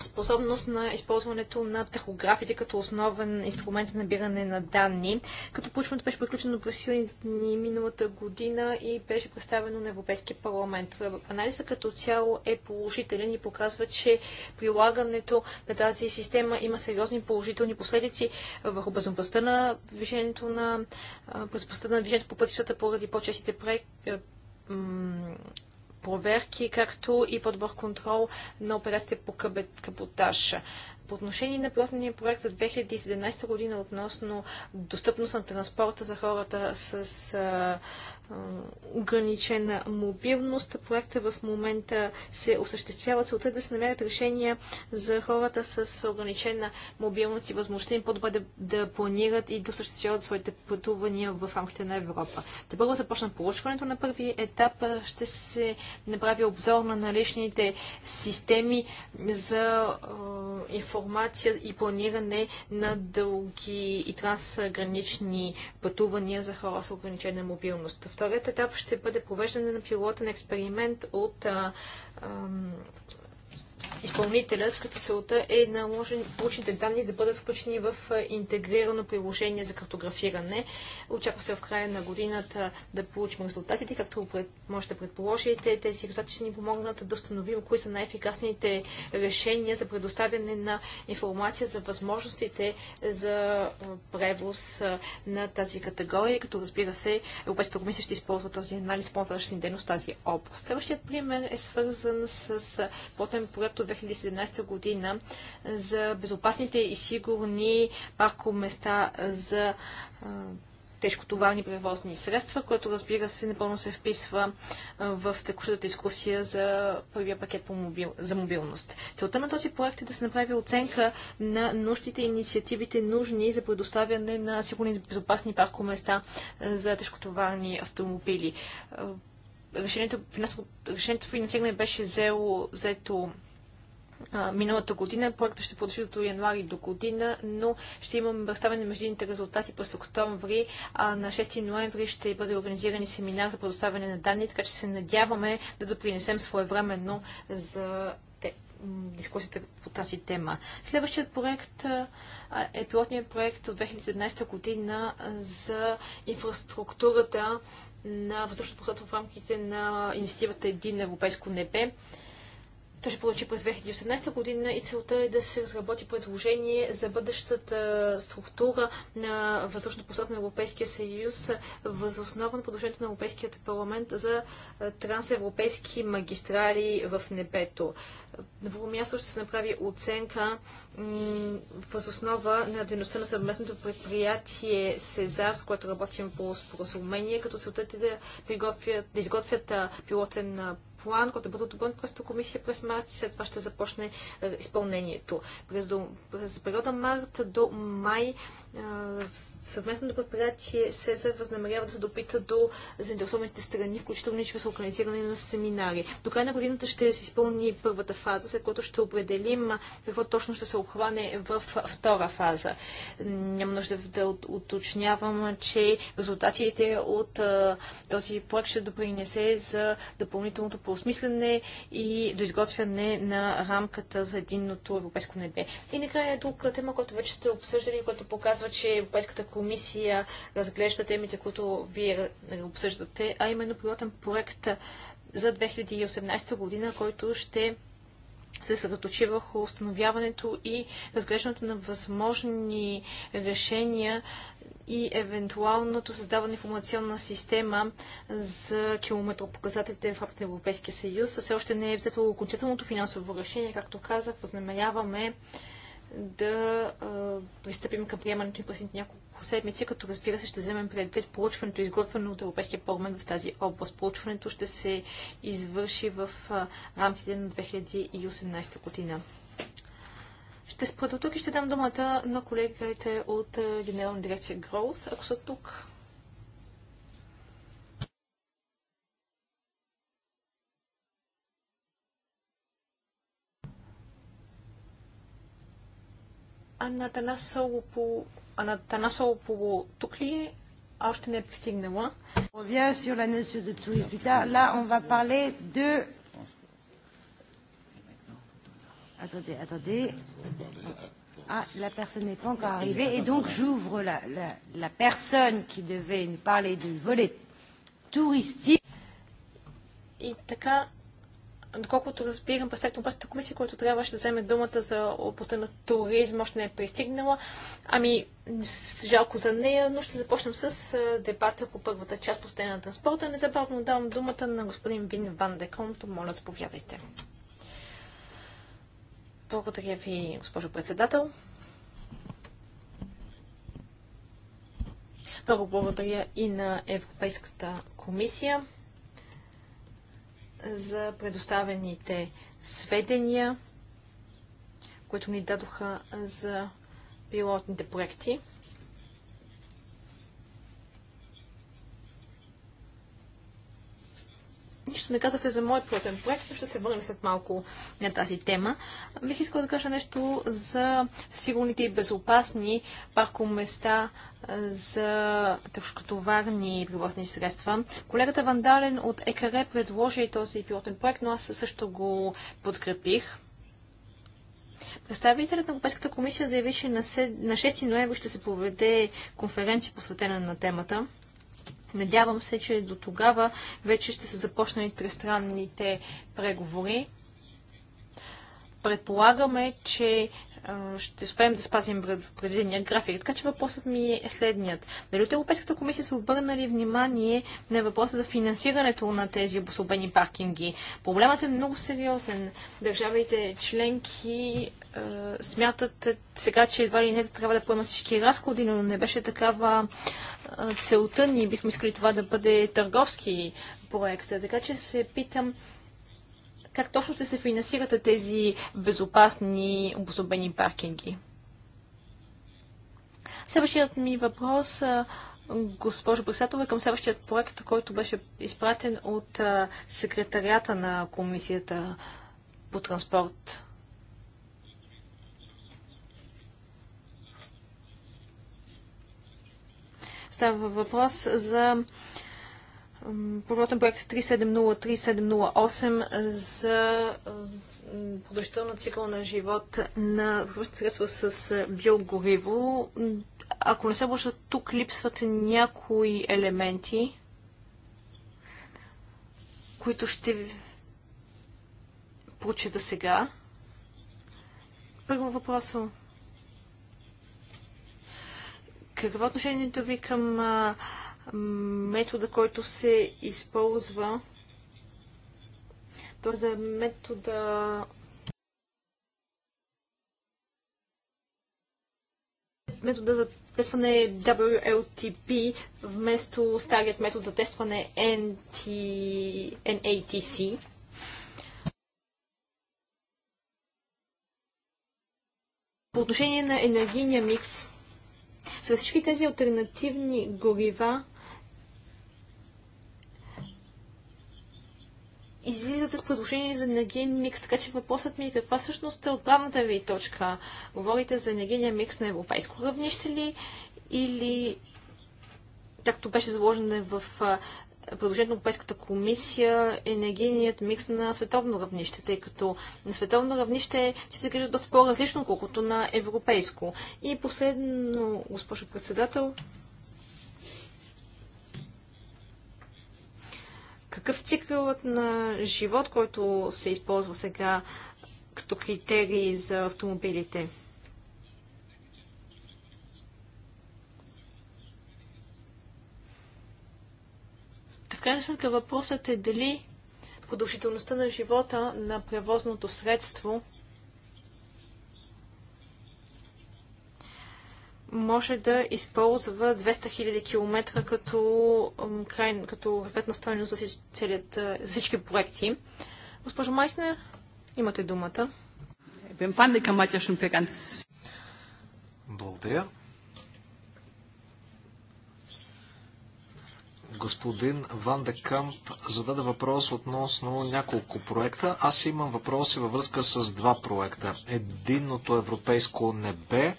способност на използването на тахографите като основен инструмент за набиране на данни, като проучването беше приключено през юни миналата година и беше представено на Европейския парламент. Е анализа като цяло е положителен и показва, че прилагането на тази система има сериозни положителни последици върху безопасността на движението на, на движението по пътищата поради по-честите проекти проверки, както и подбор контрол на операциите по каботаж. По отношение на пилотния проект за 2017 година относно достъпност на транспорта за хората с а, ограничена мобилност. Проекта в момента се осъществява. Целта е да се намерят решения за хората с ограничена мобилност и възможността им по-добре да, да планират и да осъществяват своите пътувания в рамките на Европа. Те първо започна получването на първи етап. Ще се направи обзор на наличните системи за е, информация и планиране на дълги и трансгранични пътувания за хора с ограничена мобилност. Вторият етап ще бъде провеждане на пилотен експеримент от а, а, изпълнителят, като целта е на получените данни да бъдат включени в интегрирано приложение за картографиране. Очаква се в края на годината да получим резултатите. Както можете да предположите, тези резултати ще ни помогнат да установим кои са най-ефикасните решения за предоставяне на информация за възможностите за превоз на тази категория, като разбира се, Европейската комисия ще използва този анализ по-нататъчни дейност в тази област. Следващият пример е свързан с потен проект проект от 2017 година за безопасните и сигурни паркоместа за тежкотоварни превозни средства, което разбира се напълно се вписва в текущата дискусия за първия пакет по мобил... за мобилност. Целта на този проект е да се направи оценка на нуждите и инициативите нужни за предоставяне на сигурни и безопасни паркоместа за тежкотоварни автомобили. Решението, финансово, решението финансиране беше взело, взето миналата година. Проектът ще продължи до януари до година, но ще имаме представяне на междинните резултати през октомври, а на 6 ноември ще бъде организиран и семинар за предоставяне на данни, така че се надяваме да допринесем своевременно за дискусията по тази тема. Следващият проект е пилотният проект от 2017 година за инфраструктурата на въздушното пространство в рамките на инициативата Един европейско небе. Той ще получи през 2018 година и целта е да се разработи предложение за бъдещата структура на въздушно посолство на Европейския съюз възоснова на предложението на Европейският парламент за трансевропейски магистрали в небето. На първо място ще се направи оценка възоснова на дейността на съвместното предприятие Сезар, с което работим по споразумение, като целта е да, да изготвят пилотен план, който бъде одобрен през комисия през март и след това ще започне е, изпълнението. През, до, през периода март до май съвместното предприятие СЕЗА възнамерява да се допита до заинтересованите страни, включително и чрез организиране на семинари. До края на годината ще се изпълни първата фаза, след което ще определим какво точно ще се обхване в втора фаза. Няма нужда да уточнявам, че резултатите от този проект ще допринесе за допълнителното поосмислене и до изготвяне на рамката за единното европейско небе. И накрая е друг тема, която вече сте обсъждали, която показва казва, че Европейската комисия разглежда темите, които вие е, обсъждате, а именно пилотен проект за 2018 година, който ще се съсредоточи върху установяването и разглеждането на възможни решения и евентуалното създаване информационна система за километропоказателите в рамките на Европейския съюз. Все още не е взето окончателното финансово решение. Както казах, възнамеряваме да а, пристъпим към приемането и през няколко седмици, като разбира се ще вземем предвид проучването, изготвено от Европейския парламент в тази област. Получването ще се извърши в а, рамките на 2018 година. Ще спра до тук и ще дам думата на колегите от Генерална дирекция Growth. Ако са тук, Анна тук ли е? Още не е пристигнала. la Ah, la personne n'est pas encore arrivée. Et donc, j'ouvre la, la, la personne qui devait nous parler du volet touristique. Et така, доколкото разбирам, представител на комисия, която трябваше да вземе думата за областта на туризма, още не е пристигнала. Ами, жалко за нея, но ще започнем с дебата по първата част по на транспорта. Незабавно давам думата на господин Вин Ван Деконто. Моля, заповядайте. Благодаря ви, госпожо председател. Много благодаря и на Европейската комисия за предоставените сведения, които ни дадоха за пилотните проекти. Нищо не казахте за моят платен проект, но ще се върнем след малко на тази тема. Бих искала да кажа нещо за сигурните и безопасни паркоместа за тъжкотоварни превозни средства. Колегата Вандален от ЕКР предложи този пилотен проект, но аз също го подкрепих. Представителят на Европейската комисия заяви, че на 6 ноември ще се проведе конференция посветена на темата. Надявам се, че до тогава вече ще са започнали тристранните преговори. Предполагаме, че ще успеем да спазим предвидения график. Така че въпросът ми е следният. Дали от Европейската комисия са обърнали внимание на въпроса за финансирането на тези обособени паркинги? Проблемът е много сериозен. Държавите членки е, смятат сега, че едва ли не трябва да поемат всички разходи, но не беше такава целта ни. Бихме искали това да бъде търговски проект. Така че се питам как точно ще се финансират тези безопасни обособени паркинги? Следващият ми въпрос, госпожо председател, е към следващият проект, който беше изпратен от секретарията на комисията по транспорт. Става въпрос за пилотен проект 370-3708 за продължителна цикъл на живот на средства с биогориво. Ако не се лъжа, тук липсват някои елементи, които ще прочета сега. Първо въпросо. Какво е отношението ви към метода, който се използва, т.е. за метода метода за тестване WLTP вместо старият метод за тестване NT... NATC. По отношение на енергийния микс, с всички тези альтернативни горива излизате с предложение за енергиен микс, така че въпросът ми е каква всъщност е отправната ви точка. Говорите за енергийния микс на европейско равнище ли или както беше заложено в предложението на Европейската комисия енергийният микс на световно равнище, тъй като на световно равнище ще се кажа доста по-различно, колкото на европейско. И последно, госпожо председател, Какъв цикълът на живот, който се използва сега като критерии за автомобилите? Така, крайна сметка въпросът е дали продължителността на живота на превозното средство може да използва 200 000 км като, край, като ответна стойност за, целият, за всички проекти. Госпожо Майсне, имате думата. Благодаря. господин Ван де Камп зададе въпрос относно няколко проекта. Аз имам въпроси във връзка с два проекта. Единното европейско небе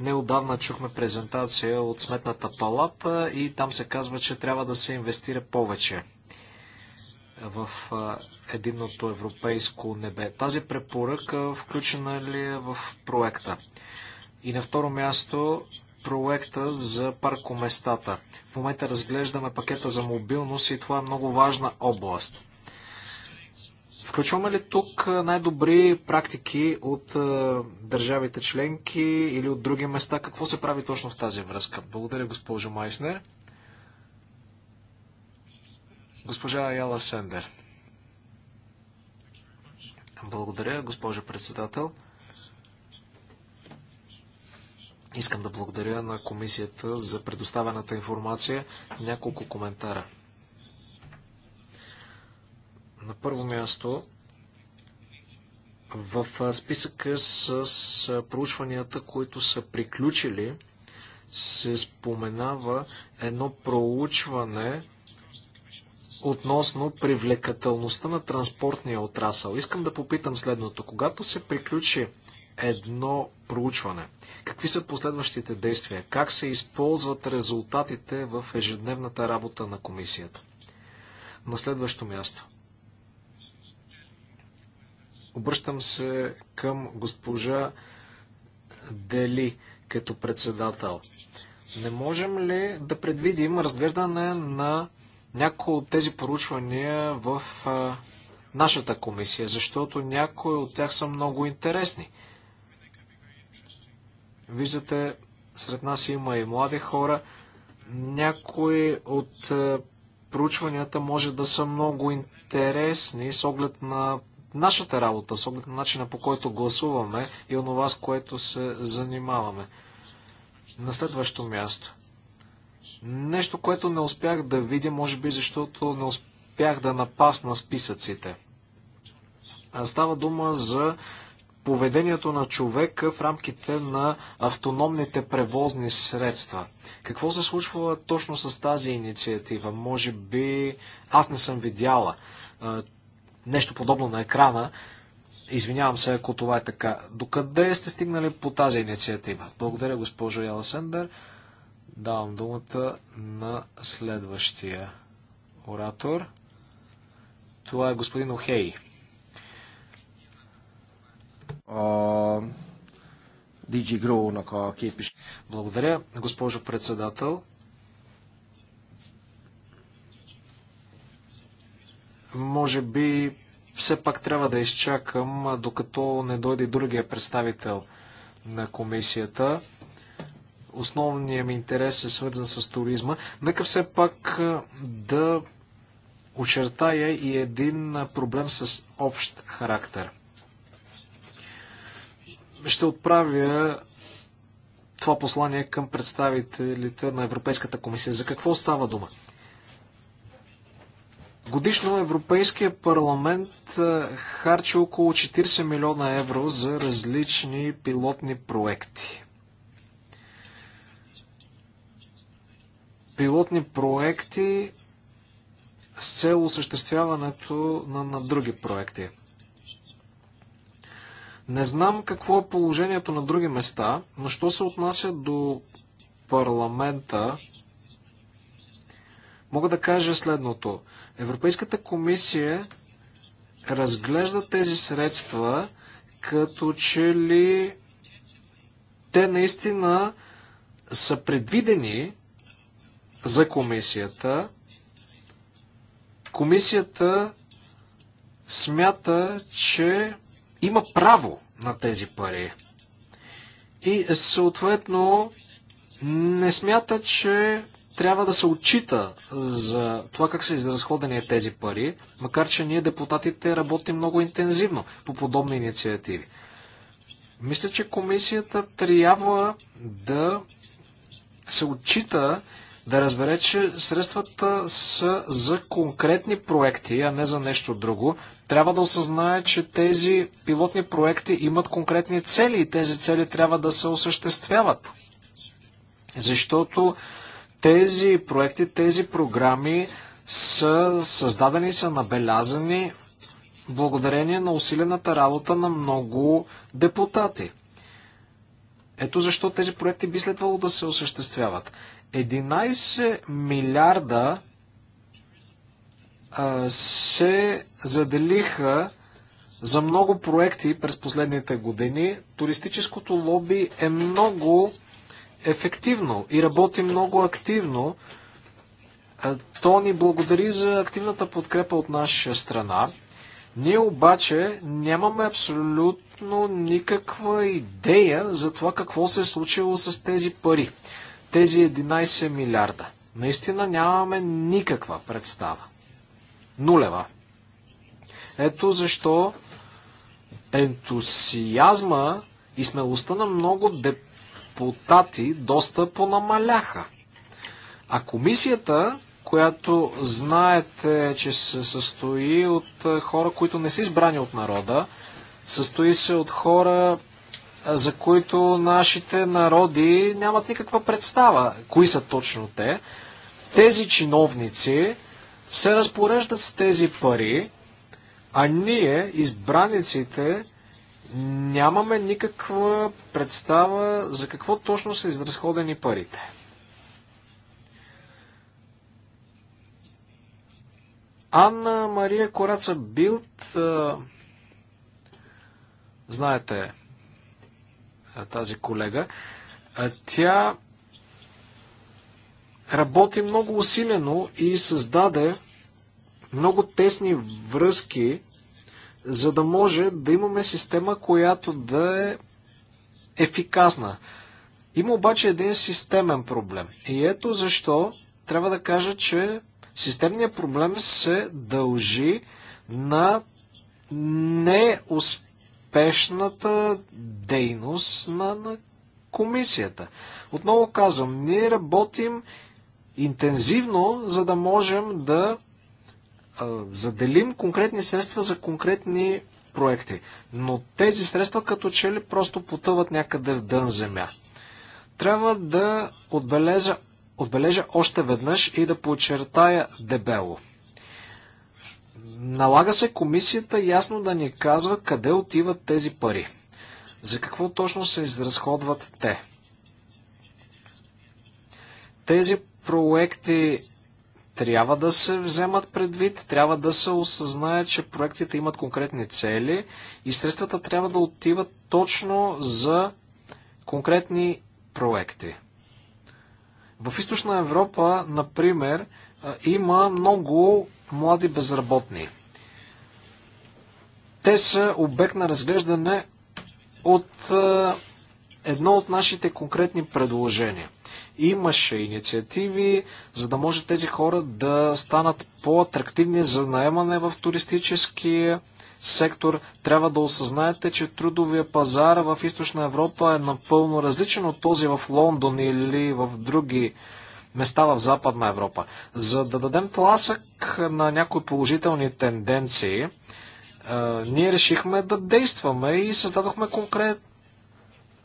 Неодавна чухме презентация от Сметната палата и там се казва, че трябва да се инвестира повече в единното европейско небе. Тази препоръка включена ли е в проекта? И на второ място проекта за паркоместата. В момента разглеждаме пакета за мобилност и това е много важна област. Включваме ли тук най-добри практики от държавите членки или от други места? Какво се прави точно в тази връзка? Благодаря, госпожо Майснер. Госпожа Яла Сендер. Благодаря, госпожо председател. Искам да благодаря на комисията за предоставената информация. Няколко коментара. На първо място, в списъка с проучванията, които са приключили, се споменава едно проучване относно привлекателността на транспортния отрасъл. Искам да попитам следното. Когато се приключи едно проучване, какви са последващите действия? Как се използват резултатите в ежедневната работа на комисията? На следващо място. Обръщам се към госпожа Дели като председател. Не можем ли да предвидим разглеждане на някои от тези поручвания в а, нашата комисия, защото някои от тях са много интересни. Виждате, сред нас има и млади хора. Някои от а, проучванията може да са много интересни с оглед на нашата работа, с оглед на начина по който гласуваме и онова, с което се занимаваме. На следващо място. Нещо, което не успях да видя, може би защото не успях да напасна списъците. Става дума за поведението на човека в рамките на автономните превозни средства. Какво се случва точно с тази инициатива? Може би аз не съм видяла нещо подобно на екрана. Извинявам се, ако това е така. Докъде сте стигнали по тази инициатива? Благодаря, госпожо Яласендер. Давам думата на следващия оратор. Това е господин Охей. Диджи Благодаря, госпожо председател. Може би все пак трябва да изчакам, докато не дойде другия представител на комисията. Основният ми интерес е свързан с туризма. Нека все пак да очертая и един проблем с общ характер. Ще отправя това послание към представителите на Европейската комисия. За какво става дума? Годишно Европейския парламент е, харчи около 40 милиона евро за различни пилотни проекти. Пилотни проекти с цел осъществяването на, на други проекти. Не знам какво е положението на други места, но що се отнася до парламента, мога да кажа следното. Европейската комисия разглежда тези средства като че ли те наистина са предвидени за комисията. Комисията смята, че има право на тези пари. И съответно не смята, че трябва да се отчита за това как са изразходени тези пари, макар че ние депутатите работим много интензивно по подобни инициативи. Мисля, че комисията трябва да се отчита да разбере, че средствата са за конкретни проекти, а не за нещо друго. Трябва да осъзнае, че тези пилотни проекти имат конкретни цели и тези цели трябва да се осъществяват. Защото тези проекти, тези програми са създадени са набелязани благодарение на усилената работа на много депутати. Ето защо тези проекти би следвало да се осъществяват. 11 милиарда а, се заделиха за много проекти през последните години. Туристическото лоби е много ефективно и работи много активно. То ни благодари за активната подкрепа от наша страна. Ние обаче нямаме абсолютно никаква идея за това какво се е случило с тези пари, тези 11 милиарда. Наистина нямаме никаква представа. Нулева. Ето защо ентусиазма и смелостта на много депутати депутати доста понамаляха. А комисията, която знаете, че се състои от хора, които не са избрани от народа, състои се от хора, за които нашите народи нямат никаква представа, кои са точно те. Тези чиновници се разпореждат с тези пари, а ние, избраниците, нямаме никаква представа за какво точно са изразходени парите. Анна Мария Кораца Билт, знаете тази колега, тя работи много усилено и създаде много тесни връзки за да може да имаме система, която да е ефикасна. Има обаче един системен проблем. И ето защо трябва да кажа, че системният проблем се дължи на неуспешната дейност на, на комисията. Отново казвам, ние работим интензивно, за да можем да заделим конкретни средства за конкретни проекти. Но тези средства като че ли просто потъват някъде в дън земя. Трябва да отбележа, отбележа още веднъж и да подчертая дебело. Налага се комисията ясно да ни казва къде отиват тези пари. За какво точно се изразходват те. Тези проекти трябва да се вземат предвид, трябва да се осъзнае, че проектите имат конкретни цели и средствата трябва да отиват точно за конкретни проекти. В Източна Европа, например, има много млади безработни. Те са обект на разглеждане от едно от нашите конкретни предложения. Имаше инициативи, за да може тези хора да станат по-атрактивни за наемане в туристическия сектор. Трябва да осъзнаете, че трудовия пазар в Източна Европа е напълно различен от този в Лондон или в други места в Западна Европа. За да дадем тласък на някои положителни тенденции, ние решихме да действаме и създадохме конкретен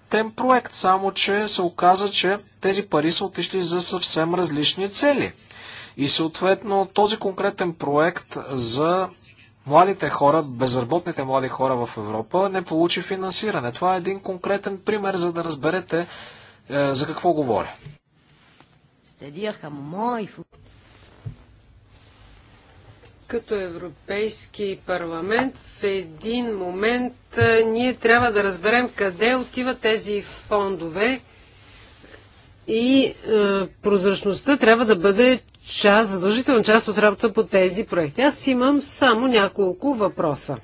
тем проект, само че се оказа, че тези пари са отишли за съвсем различни цели. И съответно този конкретен проект за младите хора, безработните млади хора в Европа не получи финансиране. Това е един конкретен пример, за да разберете е, за какво говоря като Европейски парламент в един момент ние трябва да разберем къде отиват тези фондове и е, прозрачността трябва да бъде част, задължителна част от работа по тези проекти. Аз имам само няколко въпроса.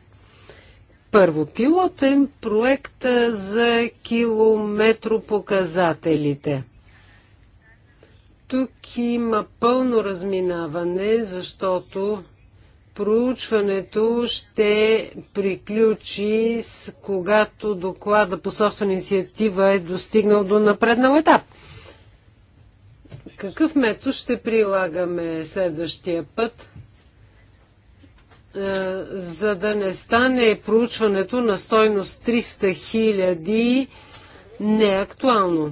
Първо, пилотен проект за километропоказателите. Тук има пълно разминаване, защото Проучването ще приключи, с когато доклада по собствена инициатива е достигнал до напреднал етап. Какъв метод ще прилагаме следващия път, е, за да не стане проучването на стойност 300 000 неактуално? Е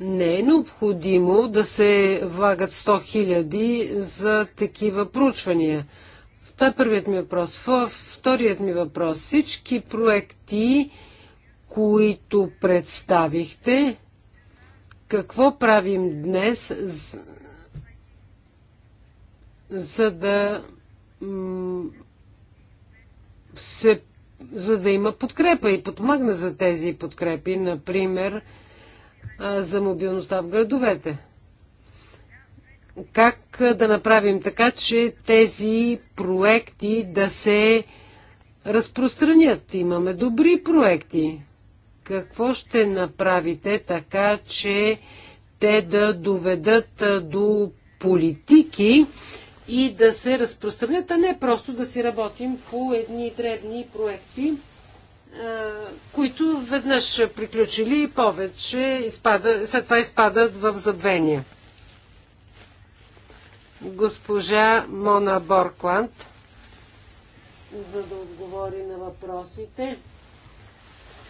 не е необходимо да се влагат 100 хиляди за такива проучвания. Това е първият ми въпрос. Вторият ми въпрос. Всички проекти, които представихте, какво правим днес, за да се, за да има подкрепа и подмагна за тези подкрепи. Например, за мобилността в градовете. Как да направим така, че тези проекти да се разпространят? Имаме добри проекти. Какво ще направите така, че те да доведат до политики и да се разпространят, а не просто да си работим по едни дребни проекти? Е, които веднъж приключили и повече изпада, след това изпадат в забвение. Госпожа Мона Боркланд, за да отговори на въпросите.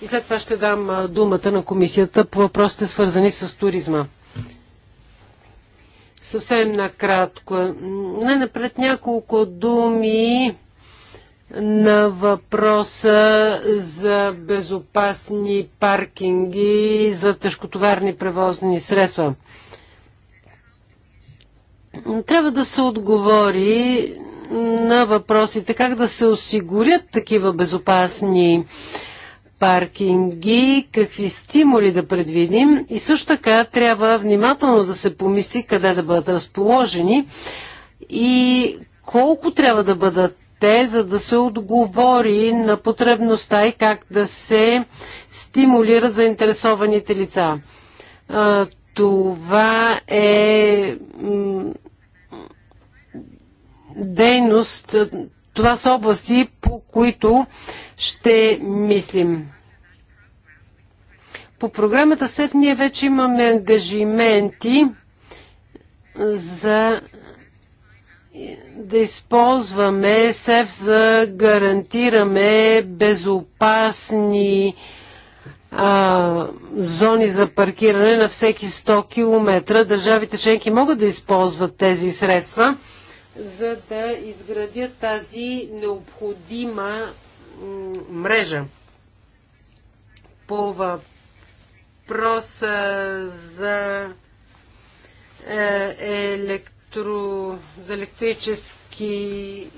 И след това ще дам думата на комисията по въпросите свързани с туризма. Съвсем накратко. Не напред няколко думи на въпроса за безопасни паркинги за тежкотоварни превозни средства. Трябва да се отговори на въпросите как да се осигурят такива безопасни паркинги, какви стимули да предвидим и също така трябва внимателно да се помисли къде да бъдат разположени и колко трябва да бъдат те, за да се отговори на потребността и как да се стимулират заинтересованите лица. Това е дейност, това са области, по които ще мислим. По програмата след ние вече имаме ангажименти за да използваме СЕФ за гарантираме безопасни а, зони за паркиране на всеки 100 км. Държавите членки могат да използват тези средства, за да изградят тази необходима мрежа. По въпроса за е, електро, за електрически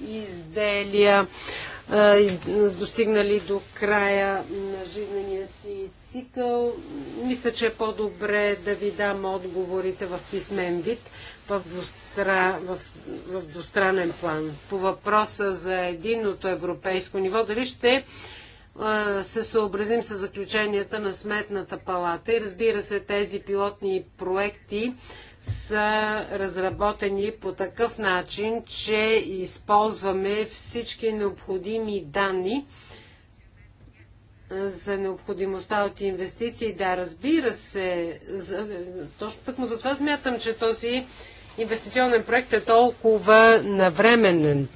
изделия, достигнали до края на жизнения си цикъл. Мисля, че е по-добре да ви дам отговорите в писмен вид, в, двустра... в... в двустранен план. По въпроса за единното европейско ниво, дали ще се съобразим с заключенията на Сметната палата и разбира се тези пилотни проекти са разработени по такъв начин, че използваме всички необходими данни за необходимостта от инвестиции. Да, разбира се, за, точно така затова смятам, че този инвестиционен проект е толкова навременен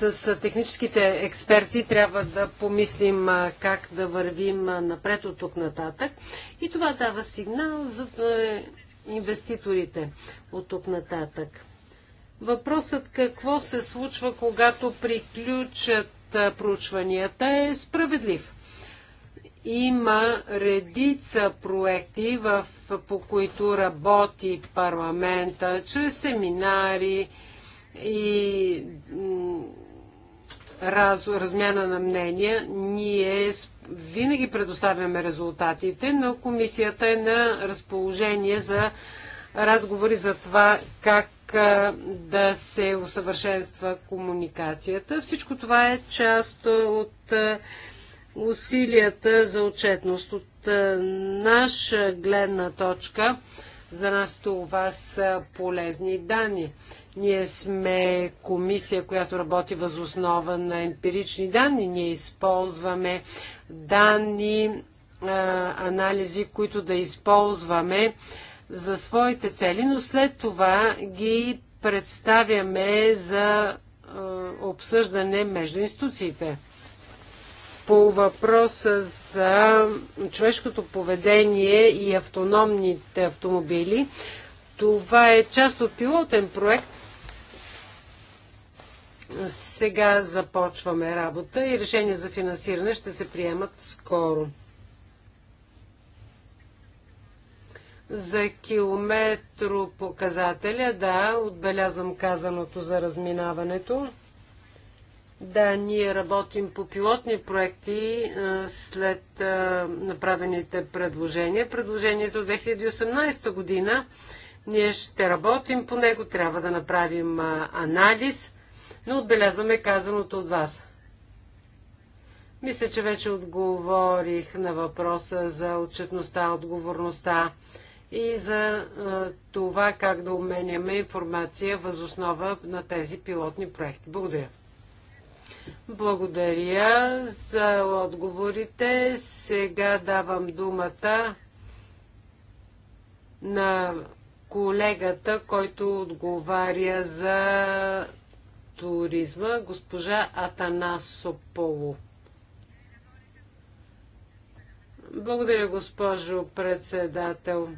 с техническите експерти трябва да помислим как да вървим напред от тук нататък. И това дава сигнал за е, инвеститорите от тук нататък. Въпросът какво се случва, когато приключат проучванията е справедлив. Има редица проекти, в, по които работи парламента, чрез семинари и раз, размяна на мнения, ние винаги предоставяме резултатите, но комисията е на разположение за разговори за това как да се усъвършенства комуникацията. Всичко това е част от усилията за отчетност. От наша гледна точка за нас това са полезни данни. Ние сме комисия, която работи възоснова на емпирични данни. Ние използваме данни, анализи, които да използваме за своите цели, но след това ги представяме за обсъждане между институциите. По въпроса за човешкото поведение и автономните автомобили, това е част от пилотен проект. Сега започваме работа и решение за финансиране ще се приемат скоро. За километропоказателя, да, отбелязвам казаното за разминаването. Да, ние работим по пилотни проекти след направените предложения. Предложението 2018 година. Ние ще работим по него, трябва да направим анализ, но отбелязваме казаното от вас. Мисля, че вече отговорих на въпроса за отчетността, отговорността и за това как да обменяме информация възоснова на тези пилотни проекти. Благодаря. Благодаря за отговорите. Сега давам думата на колегата, който отговаря за туризма, госпожа Атанасополо. Благодаря, госпожо председател.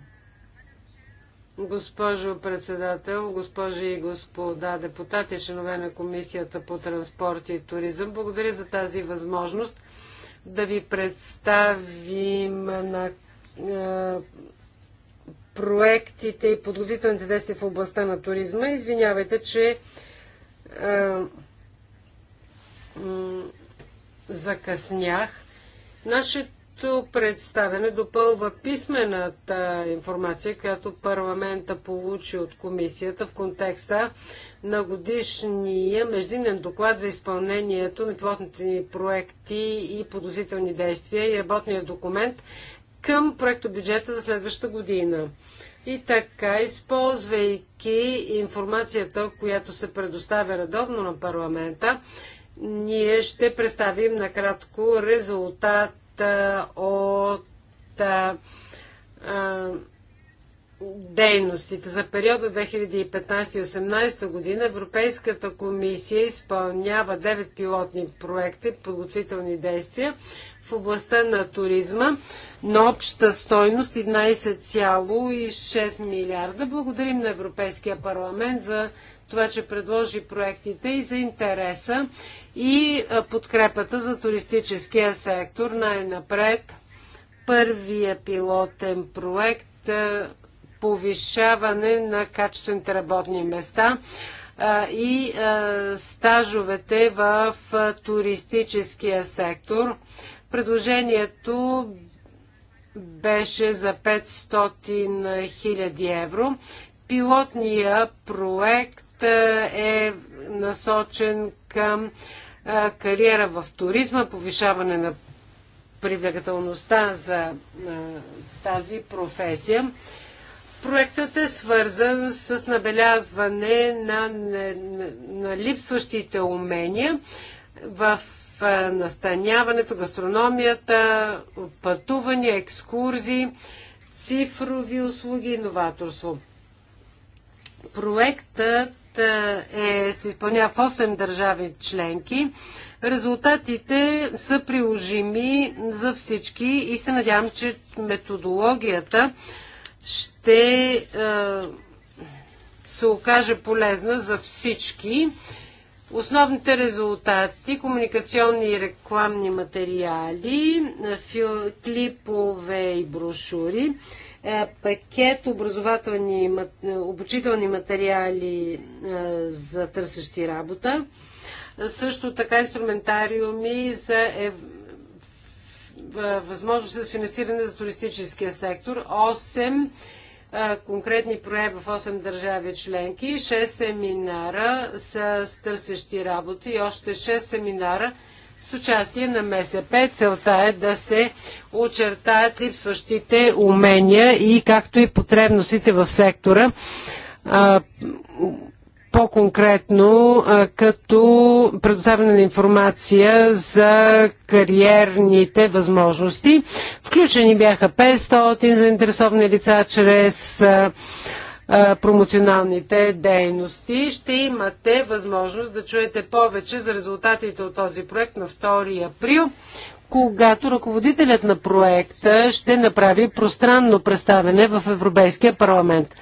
Госпожо председател, госпожи и господа депутати, членове на Комисията по транспорт и туризъм, благодаря за тази възможност да ви представим на е, проектите и подготвителните действия в областта на туризма. Извинявайте, че е, закъснях. Нашето Проекто представене допълва писмената информация, която парламента получи от комисията в контекста на годишния междинен доклад за изпълнението на пилотните ни проекти и подозрителни действия и работния документ към проекто бюджета за следващата година. И така, използвайки информацията, която се предоставя редовно на парламента, ние ще представим накратко резултат е, от а, е, а, е, дейностите. За периода 2015-2018 година Европейската комисия изпълнява 9 пилотни проекти, подготвителни действия в областта на туризма на обща стойност 11,6 милиарда. Благодарим на Европейския парламент за това, че предложи проектите и за интереса и подкрепата за туристическия сектор. Най-напред първия пилотен проект повишаване на качествените работни места и стажовете в туристическия сектор. Предложението беше за 500 000 евро. Пилотния проект е насочен към кариера в туризма, повишаване на привлекателността за тази професия. Проектът е свързан с набелязване на, на, на липсващите умения в настаняването, гастрономията, пътувания, екскурзии, цифрови услуги и новаторство. Проектът е, е, се изпълнява в 8 държави членки. Резултатите са приложими за всички и се надявам, че методологията ще е, се окаже полезна за всички Основните резултати комуникационни и рекламни материали, клипове и брошури, е, пакет образователни е, обучителни материали е, за търсещи работа, също така инструментариуми за възможност за финансиране за туристическия сектор, 8 конкретни прояви в 8 държави членки, 6 семинара с търсещи работи и още 6 семинара с участие на МСП. Целта е да се очертаят липсващите умения и както и потребностите в сектора по-конкретно като предоставяне на информация за кариерните възможности. Включени бяха 500 заинтересовани лица чрез промоционалните дейности. Ще имате възможност да чуете повече за резултатите от този проект на 2 април, когато ръководителят на проекта ще направи пространно представене в Европейския парламент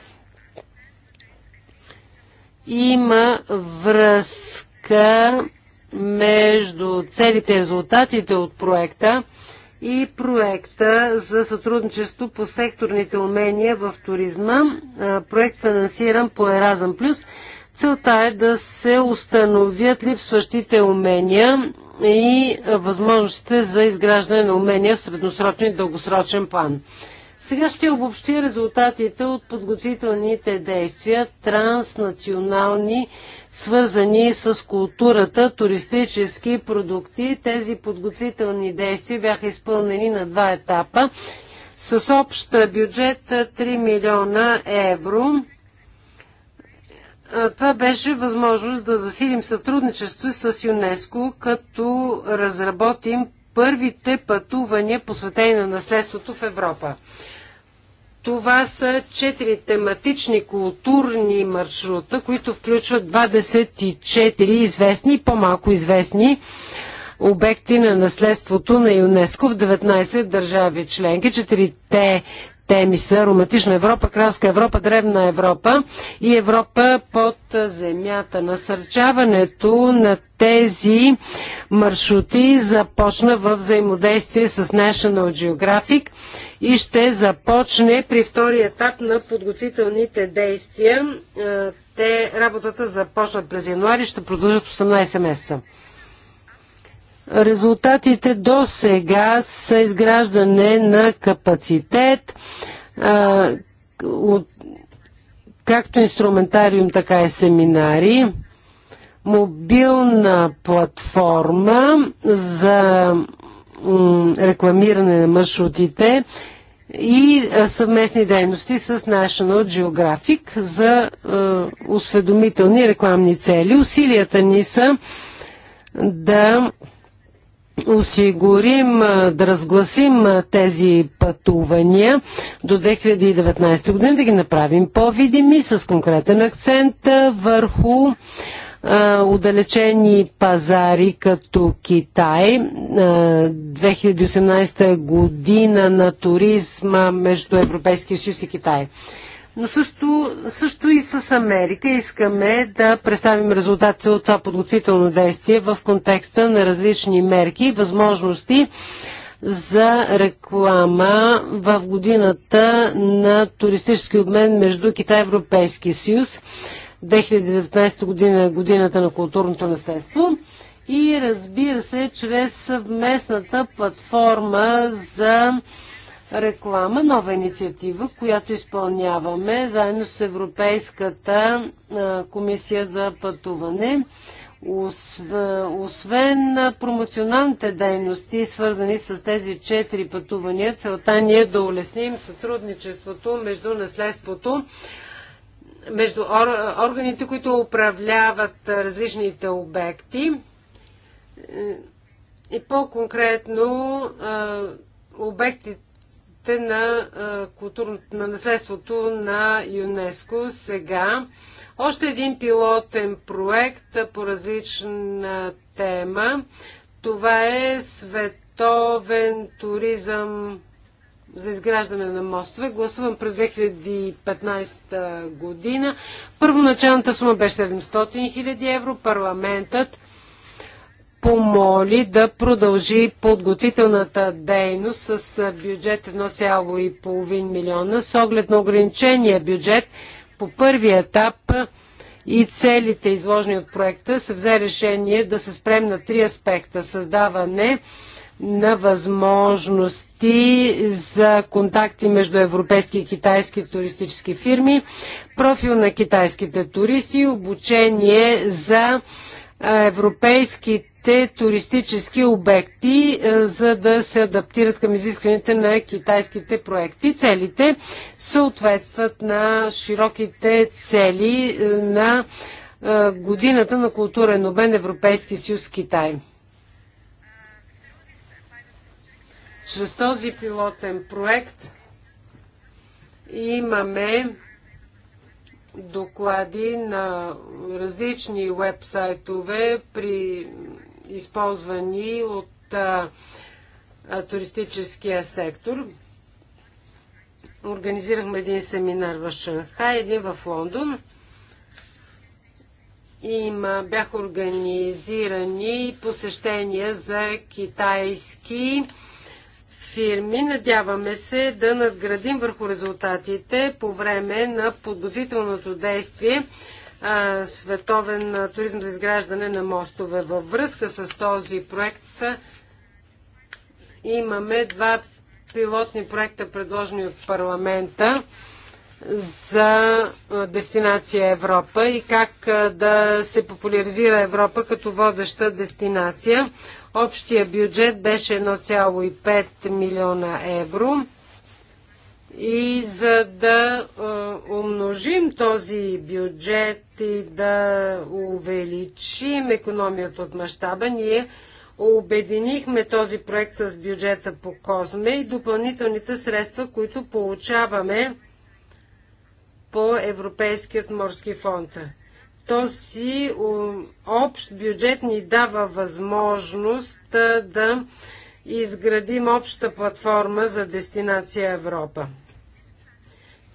има връзка между целите и резултатите от проекта и проекта за сътрудничество по секторните умения в туризма. Проект финансиран по Еразъм Плюс. Целта е да се установят липсващите умения и възможностите за изграждане на умения в средносрочен и дългосрочен план. Сега ще обобщи резултатите от подготвителните действия, транснационални, свързани с културата, туристически продукти. Тези подготвителни действия бяха изпълнени на два етапа с общ бюджет 3 милиона евро. Това беше възможност да засилим сътрудничество с ЮНЕСКО, като разработим първите пътувания посветени на наследството в Европа. Това са четири тематични културни маршрута, които включват 24 известни и по-малко известни обекти на наследството на ЮНЕСКО в 19 държави членки. Четирите теми са Романтична Европа, Кралска Европа, Древна Европа и Европа под земята. Насърчаването на тези маршрути започна в взаимодействие с National Geographic и ще започне при втори етап на подготвителните действия. Е, те работата започнат през януари, ще продължат 18 месеца. Резултатите до сега са изграждане на капацитет, а, от, както инструментариум, така и семинари, мобилна платформа за рекламиране на маршрутите и съвместни дейности с National Geographic за е, осведомителни рекламни цели. Усилията ни са да осигурим да разгласим тези пътувания до 2019 година, да ги направим по-видими с конкретен акцент върху удалечени пазари като Китай. 2018 година на туризма между Европейския съюз и Китай но също, също и с Америка искаме да представим резултатите от това подготвително действие в контекста на различни мерки и възможности за реклама в годината на туристически обмен между Китай и Европейски съюз. 2019 година е годината на културното наследство и разбира се, чрез съвместната платформа за реклама, нова инициатива, която изпълняваме заедно с Европейската комисия за пътуване. Освен промоционалните дейности, свързани с тези четири пътувания, целта ни е да улесним сътрудничеството между наследството, между органите, които управляват различните обекти и по-конкретно обектите рамките на, културно, на наследството на ЮНЕСКО. Сега още един пилотен проект по различна тема. Това е световен туризъм за изграждане на мостове. Гласувам през 2015 година. Първоначалната сума беше 700 000 евро. Парламентът помоли да продължи подготвителната дейност с бюджет 1,5 милиона с оглед на ограничения бюджет по първи етап и целите изложени от проекта се взе решение да се спрем на три аспекта. Създаване на възможности за контакти между европейски и китайски туристически фирми, профил на китайските туристи, обучение за европейските новите туристически обекти, е, за да се адаптират към изискванията на китайските проекти. Целите съответстват на широките цели е, на е, годината на културен обмен Европейски съюз Китай. Чрез този пилотен проект имаме доклади на различни веб-сайтове при използвани от а, а, туристическия сектор. Организирахме един семинар в Шанхай, един в Лондон. Има, бяха организирани посещения за китайски фирми. Надяваме се да надградим върху резултатите по време на подготвителното действие световен туризъм за изграждане на мостове. Във връзка с този проект имаме два пилотни проекта, предложени от парламента за дестинация Европа и как да се популяризира Европа като водеща дестинация. Общия бюджет беше 1,5 милиона евро. И за да умножим този бюджет и да увеличим економията от мащаба, ние обединихме този проект с бюджета по Козме и допълнителните средства, които получаваме по Европейският морски фонд. Този общ бюджет ни дава възможност да изградим обща платформа за дестинация Европа.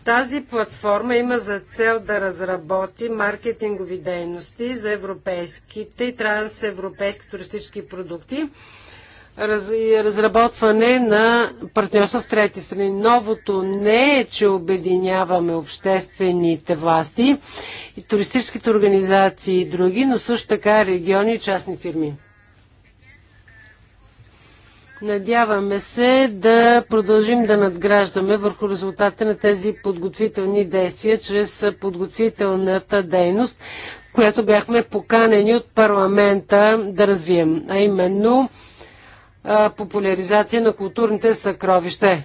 Тази платформа има за цел да разработи маркетингови дейности за европейските и трансевропейски туристически продукти раз, и разработване на партньорства в трети страни. Новото не е, че обединяваме обществените власти и туристическите организации и други, но също така региони и частни фирми. Надяваме се да продължим да надграждаме върху резултата на тези подготвителни действия чрез подготвителната дейност, която бяхме поканени от парламента да развием, а именно популяризация на културните съкровища.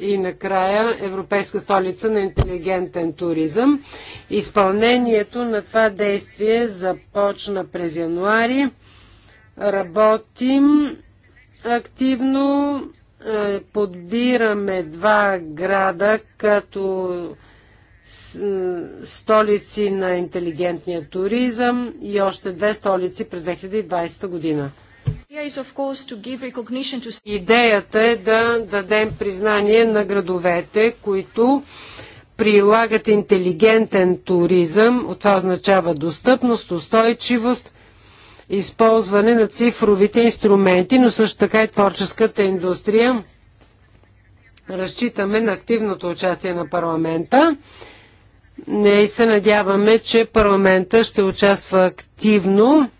И накрая Европейска столица на интелигентен туризъм. Изпълнението на това действие започна през януари. Работим Активно е, подбираме два града като столици на интелигентния туризъм и още две столици през 2020 година. Идеята е да дадем признание на градовете, които прилагат интелигентен туризъм. Това означава достъпност, устойчивост използване на цифровите инструменти, но също така и творческата индустрия. Разчитаме на активното участие на парламента. Не се надяваме, че парламента ще участва активно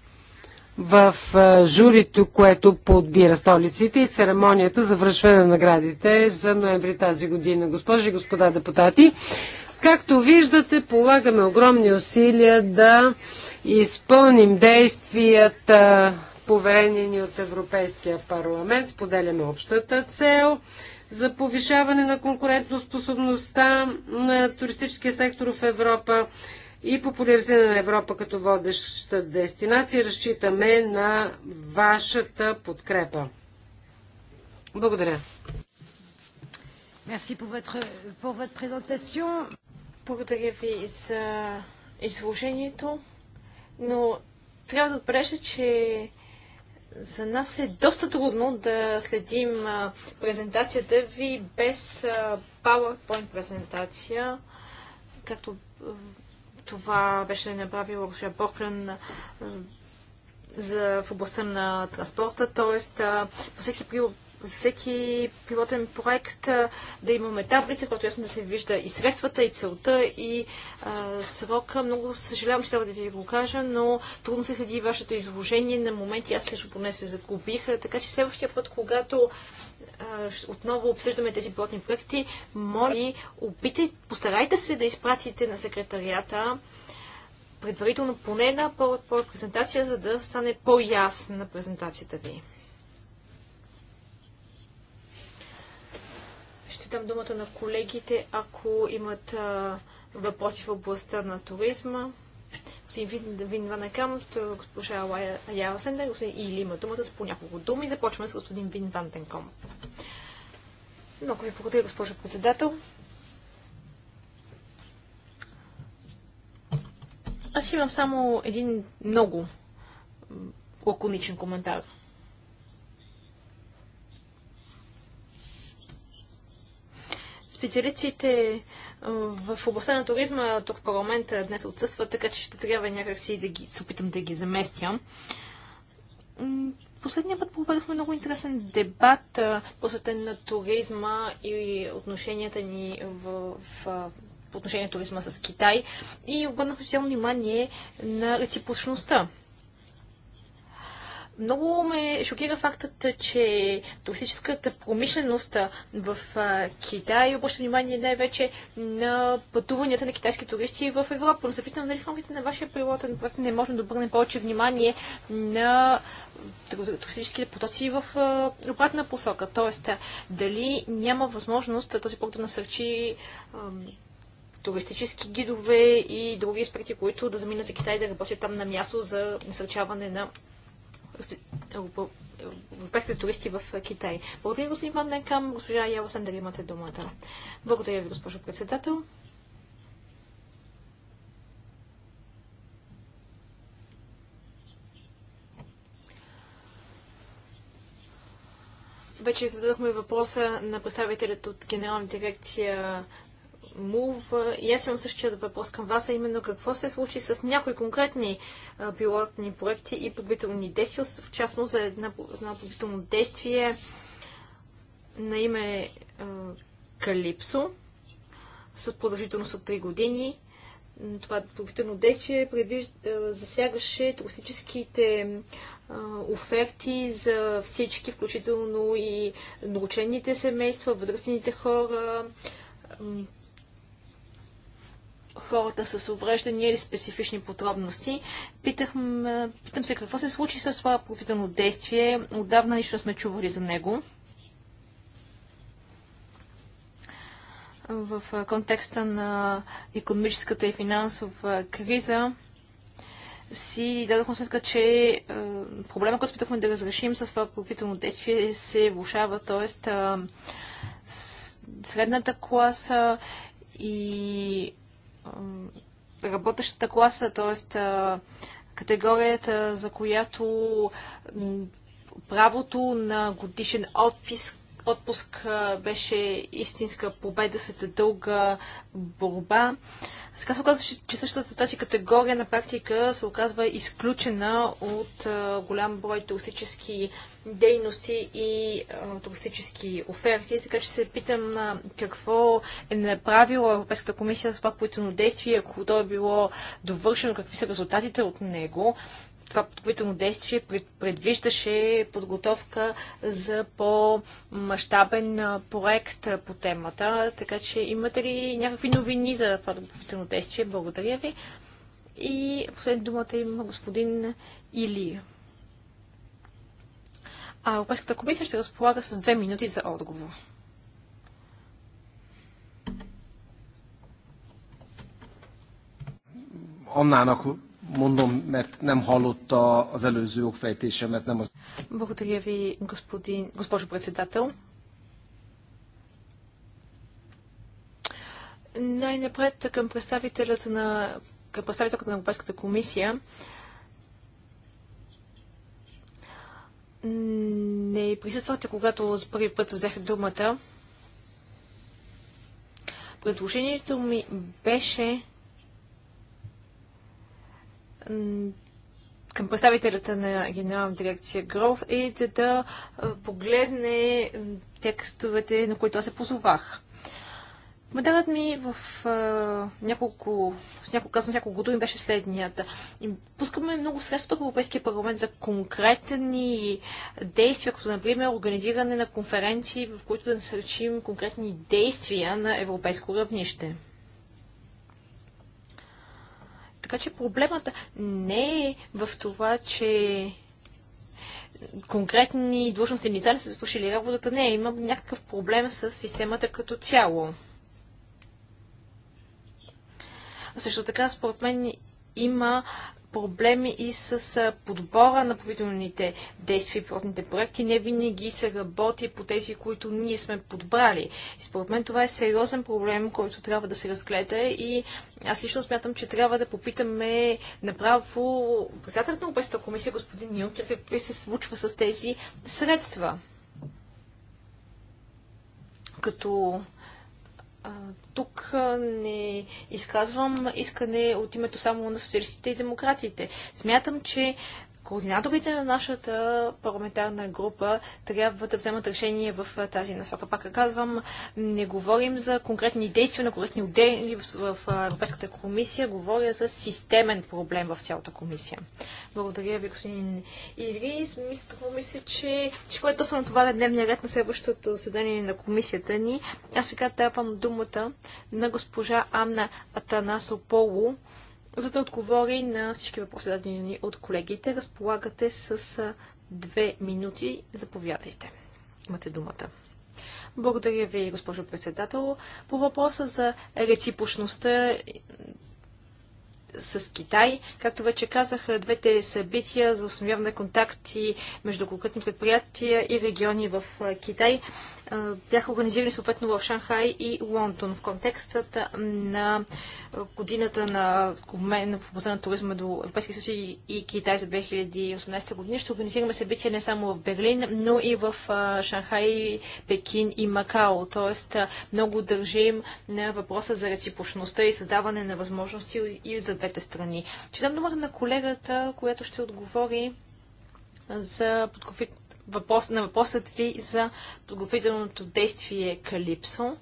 в журито, което подбира столиците и церемонията за връщане на наградите за ноември тази година. Госпожи и господа депутати, както виждате, полагаме огромни усилия да изпълним действията, поверени ни от Европейския парламент. Споделяме общата цел за повишаване на конкурентоспособността на туристическия сектор в Европа и популяризиране на Европа като водеща дестинация. Разчитаме на вашата подкрепа. Благодаря. Merci pour votre, pour votre Благодаря ви за изслушението но трябва да отбележа, че за нас е доста трудно да следим презентацията ви без PowerPoint презентация, както това беше направила госпожа Бохлен за, в областта на транспорта, т.е. по всеки за всеки пилотен проект да имаме таблица, която ясно да се вижда и средствата, и целта, и а, срока. Много съжалявам, че трябва да ви го кажа, но трудно се следи вашето изложение. На моменти аз лично поне се загубих, така че следващия път, когато а, отново обсъждаме тези пилотни проекти, моля, опитайте, постарайте се да изпратите на секретарията предварително поне една по презентация, за да стане по-ясна презентацията ви. ще дам думата на колегите, ако имат а, въпроси в областта на туризма. Господин Вин, Ванекам, госпожа Лая Ява господин Или има думата с по няколко думи. Започваме с господин Вин Вантенком. Много ви благодаря, госпожо председател. Аз имам само един много лаконичен коментар. Специалистите в областта на туризма тук в парламента днес отсъстват, така че ще трябва някакси да ги, се опитам да ги заместя. Последния път проведохме много интересен дебат, посветен на туризма и отношенията ни в, в по отношение на туризма с Китай и обърнах специално внимание на реципочността. Много ме шокира фактът, че туристическата промишленост в Китай обръща внимание най-вече на пътуванията на китайски туристи в Европа. Но запитам нали в рамките на вашия природен проект не можем да обърнем повече внимание на туристическите потоци в обратна посока. Тоест, дали няма възможност този пункт да насърчи туристически гидове и други аспекти, които да заминат за Китай да работят там на място за насърчаване на европейските туристи в Китай. Благодаря, господин Ван Денкам. Госпожа Ява Сендер, имате думата. Благодаря ви, госпожо председател. Вече зададохме въпроса на представителят от Генерална дирекция Move. И аз имам същия въпрос към вас, а именно какво се случи с някои конкретни пилотни проекти и подбителни действия, в частност за една, една подбително действие на име Калипсо с продължителност от 3 години. Това подбително действие предвиж, засягаше туристическите оферти за всички, включително и научените семейства, възрастните хора, хората с увреждания или специфични подробности. Питахм, питам се какво се случи с това профитно действие. Отдавна нищо сме чували за него. В контекста на економическата и финансова криза си дадохме сметка, че проблема, който спитахме да разрешим с това правително действие, се влушава, т.е. средната класа и работещата класа, т.е. категорията, за която правото на годишен отпуск отпуск беше истинска победа след дълга борба. Сега се оказва, че същата тази категория на практика се оказва изключена от а, голям брой туристически дейности и а, туристически оферти, така че се питам а, какво е направила Европейската комисия с това поително действие, ако то е било довършено, какви са резултатите от него това подготвително действие предвиждаше подготовка за по-масштабен проект по темата. Така че имате ли някакви новини за това подготовително действие? Благодаря ви. И последна думата има господин Илия. А Европейската комисия ще разполага с две минути за отговор. Annának Mondom, mert nem hallotta az előző okfejtésemet, nem az... Благодаря ви, господин, госпожо председател. Най-напред към представителят на към представителката на Европейската комисия. Не присъствахте, когато за първи път взех думата. Предложението ми беше към представителята на генерална дирекция Гров е да, да погледне текстовете, на които аз се позовах. Моделът ми в а, няколко, с няколко, казвам, няколко години беше следният. Пускаме много средства в Европейския парламент за конкретни действия, като например организиране на конференции, в които да насърчим конкретни действия на европейско равнище. Така че проблемът не е в това, че конкретни длъжностни лица не са свършили работата. Не, има някакъв проблем с системата като цяло. Също така, според мен, има проблеми и с подбора на правителните действия и пилотните проекти. Не винаги се работи по тези, които ние сме подбрали. И според мен това е сериозен проблем, който трябва да се разгледа и аз лично смятам, че трябва да попитаме направо председателят на Европейската комисия, господин Юнкер, какво се случва с тези средства. Като тук не изказвам искане от името само на социалистите и демократите. Смятам, че координаторите на нашата парламентарна група трябва да вземат решение в тази насока. Пак казвам, не говорим за конкретни действия на конкретни отдели в, Европейската комисия, говоря за системен проблем в цялата комисия. Благодаря ви, господин Идрис. Мисля, мисля че ще бъде точно това дневния ред на следващото заседание на комисията ни. Аз сега давам думата на госпожа Анна Атанасополо, за да отговори на всички въпроси, дадени от колегите. Разполагате с две минути. Заповядайте. Имате думата. Благодаря ви, госпожо председател. По въпроса за реципрочността с Китай. Както вече казах, двете събития за установяване контакти между конкретни предприятия и региони в Китай бяха организирани съответно в Шанхай и Лондон в контекстът на годината на обмен в областта на туризма до Европейския съюз и Китай за 2018 година. Ще организираме събития не само в Берлин, но и в Шанхай, Пекин и Макао. Тоест много държим на въпроса за реципочността и създаване на възможности и за двете страни. Читам думата на колегата, която ще отговори за подкови въпрос, на въпросът ви за подготвителното действие Калипсо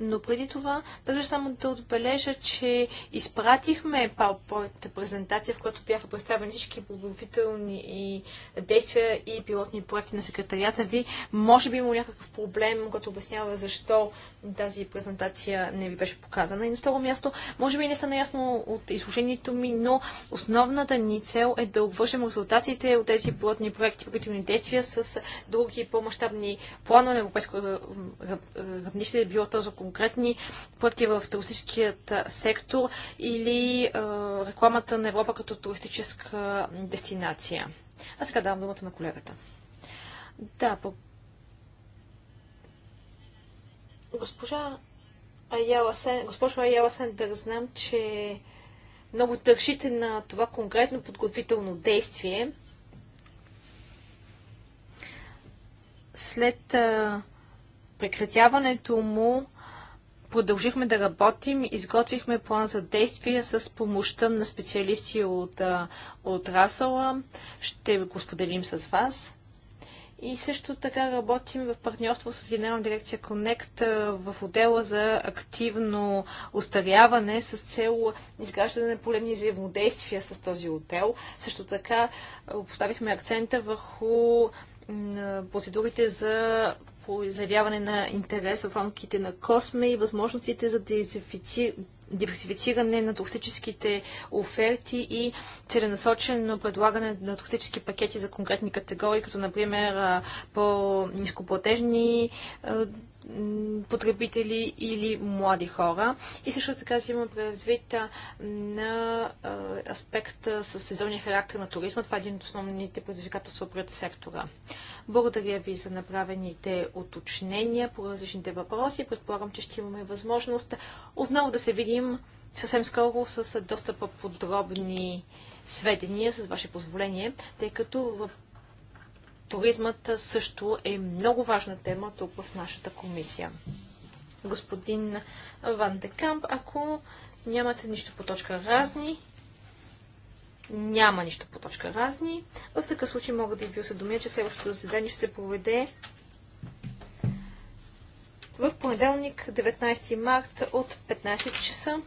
но преди това държа само да отбележа, че изпратихме PowerPoint презентация, в която бяха представени всички подготовителни и действия и пилотни проекти на секретарията ви. Може би има някакъв проблем, който обяснява защо тази презентация не ви беше показана. И на второ място, може би не стана ясно от изложението ми, но основната ни цел е да обвържем резултатите от тези пилотни проекти, подготовителни действия с други по-масштабни планове на европейско равнище, било то за конкретни пътки в туристическият сектор или рекламата на Европа като туристическа дестинация. А сега давам думата на колегата. Да, по... госпожа Айяла Сен... госпожа Сен, да знам, че много тършите на това конкретно подготвително действие. След а, прекратяването му продължихме да работим, изготвихме план за действие с помощта на специалисти от отрасъла. Ще го споделим с вас. И също така работим в партньорство с Генерална дирекция Connect в отдела за активно устаряване с цел изграждане на полемни взаимодействия с този отдел. Също така поставихме акцента върху процедурите за по заявяване на интерес в рамките на Косме и възможностите за диверсифициране на туристическите оферти и целенасочено предлагане на туристически пакети за конкретни категории, като например по-низкоплатежни потребители или млади хора. И също така си има предвид на аспекта с сезонния характер на туризма. Това е един от основните предизвикателства пред сектора. Благодаря ви за направените уточнения по различните въпроси. Предполагам, че ще имаме възможност отново да се видим съвсем скоро с доста по-подробни сведения, с ваше позволение, тъй като туризмът също е много важна тема тук в нашата комисия. Господин Ван Декамп, ако нямате нищо по точка разни, няма нищо по точка разни. В такъв случай мога да ви осъдомя, че следващото заседание ще се проведе в понеделник, 19 март от 15 часа.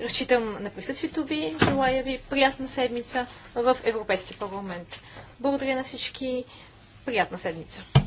Разчитам на присъствието ви. Желая ви приятна седмица в Европейски парламент. Благодаря на всички. Приятна седмица.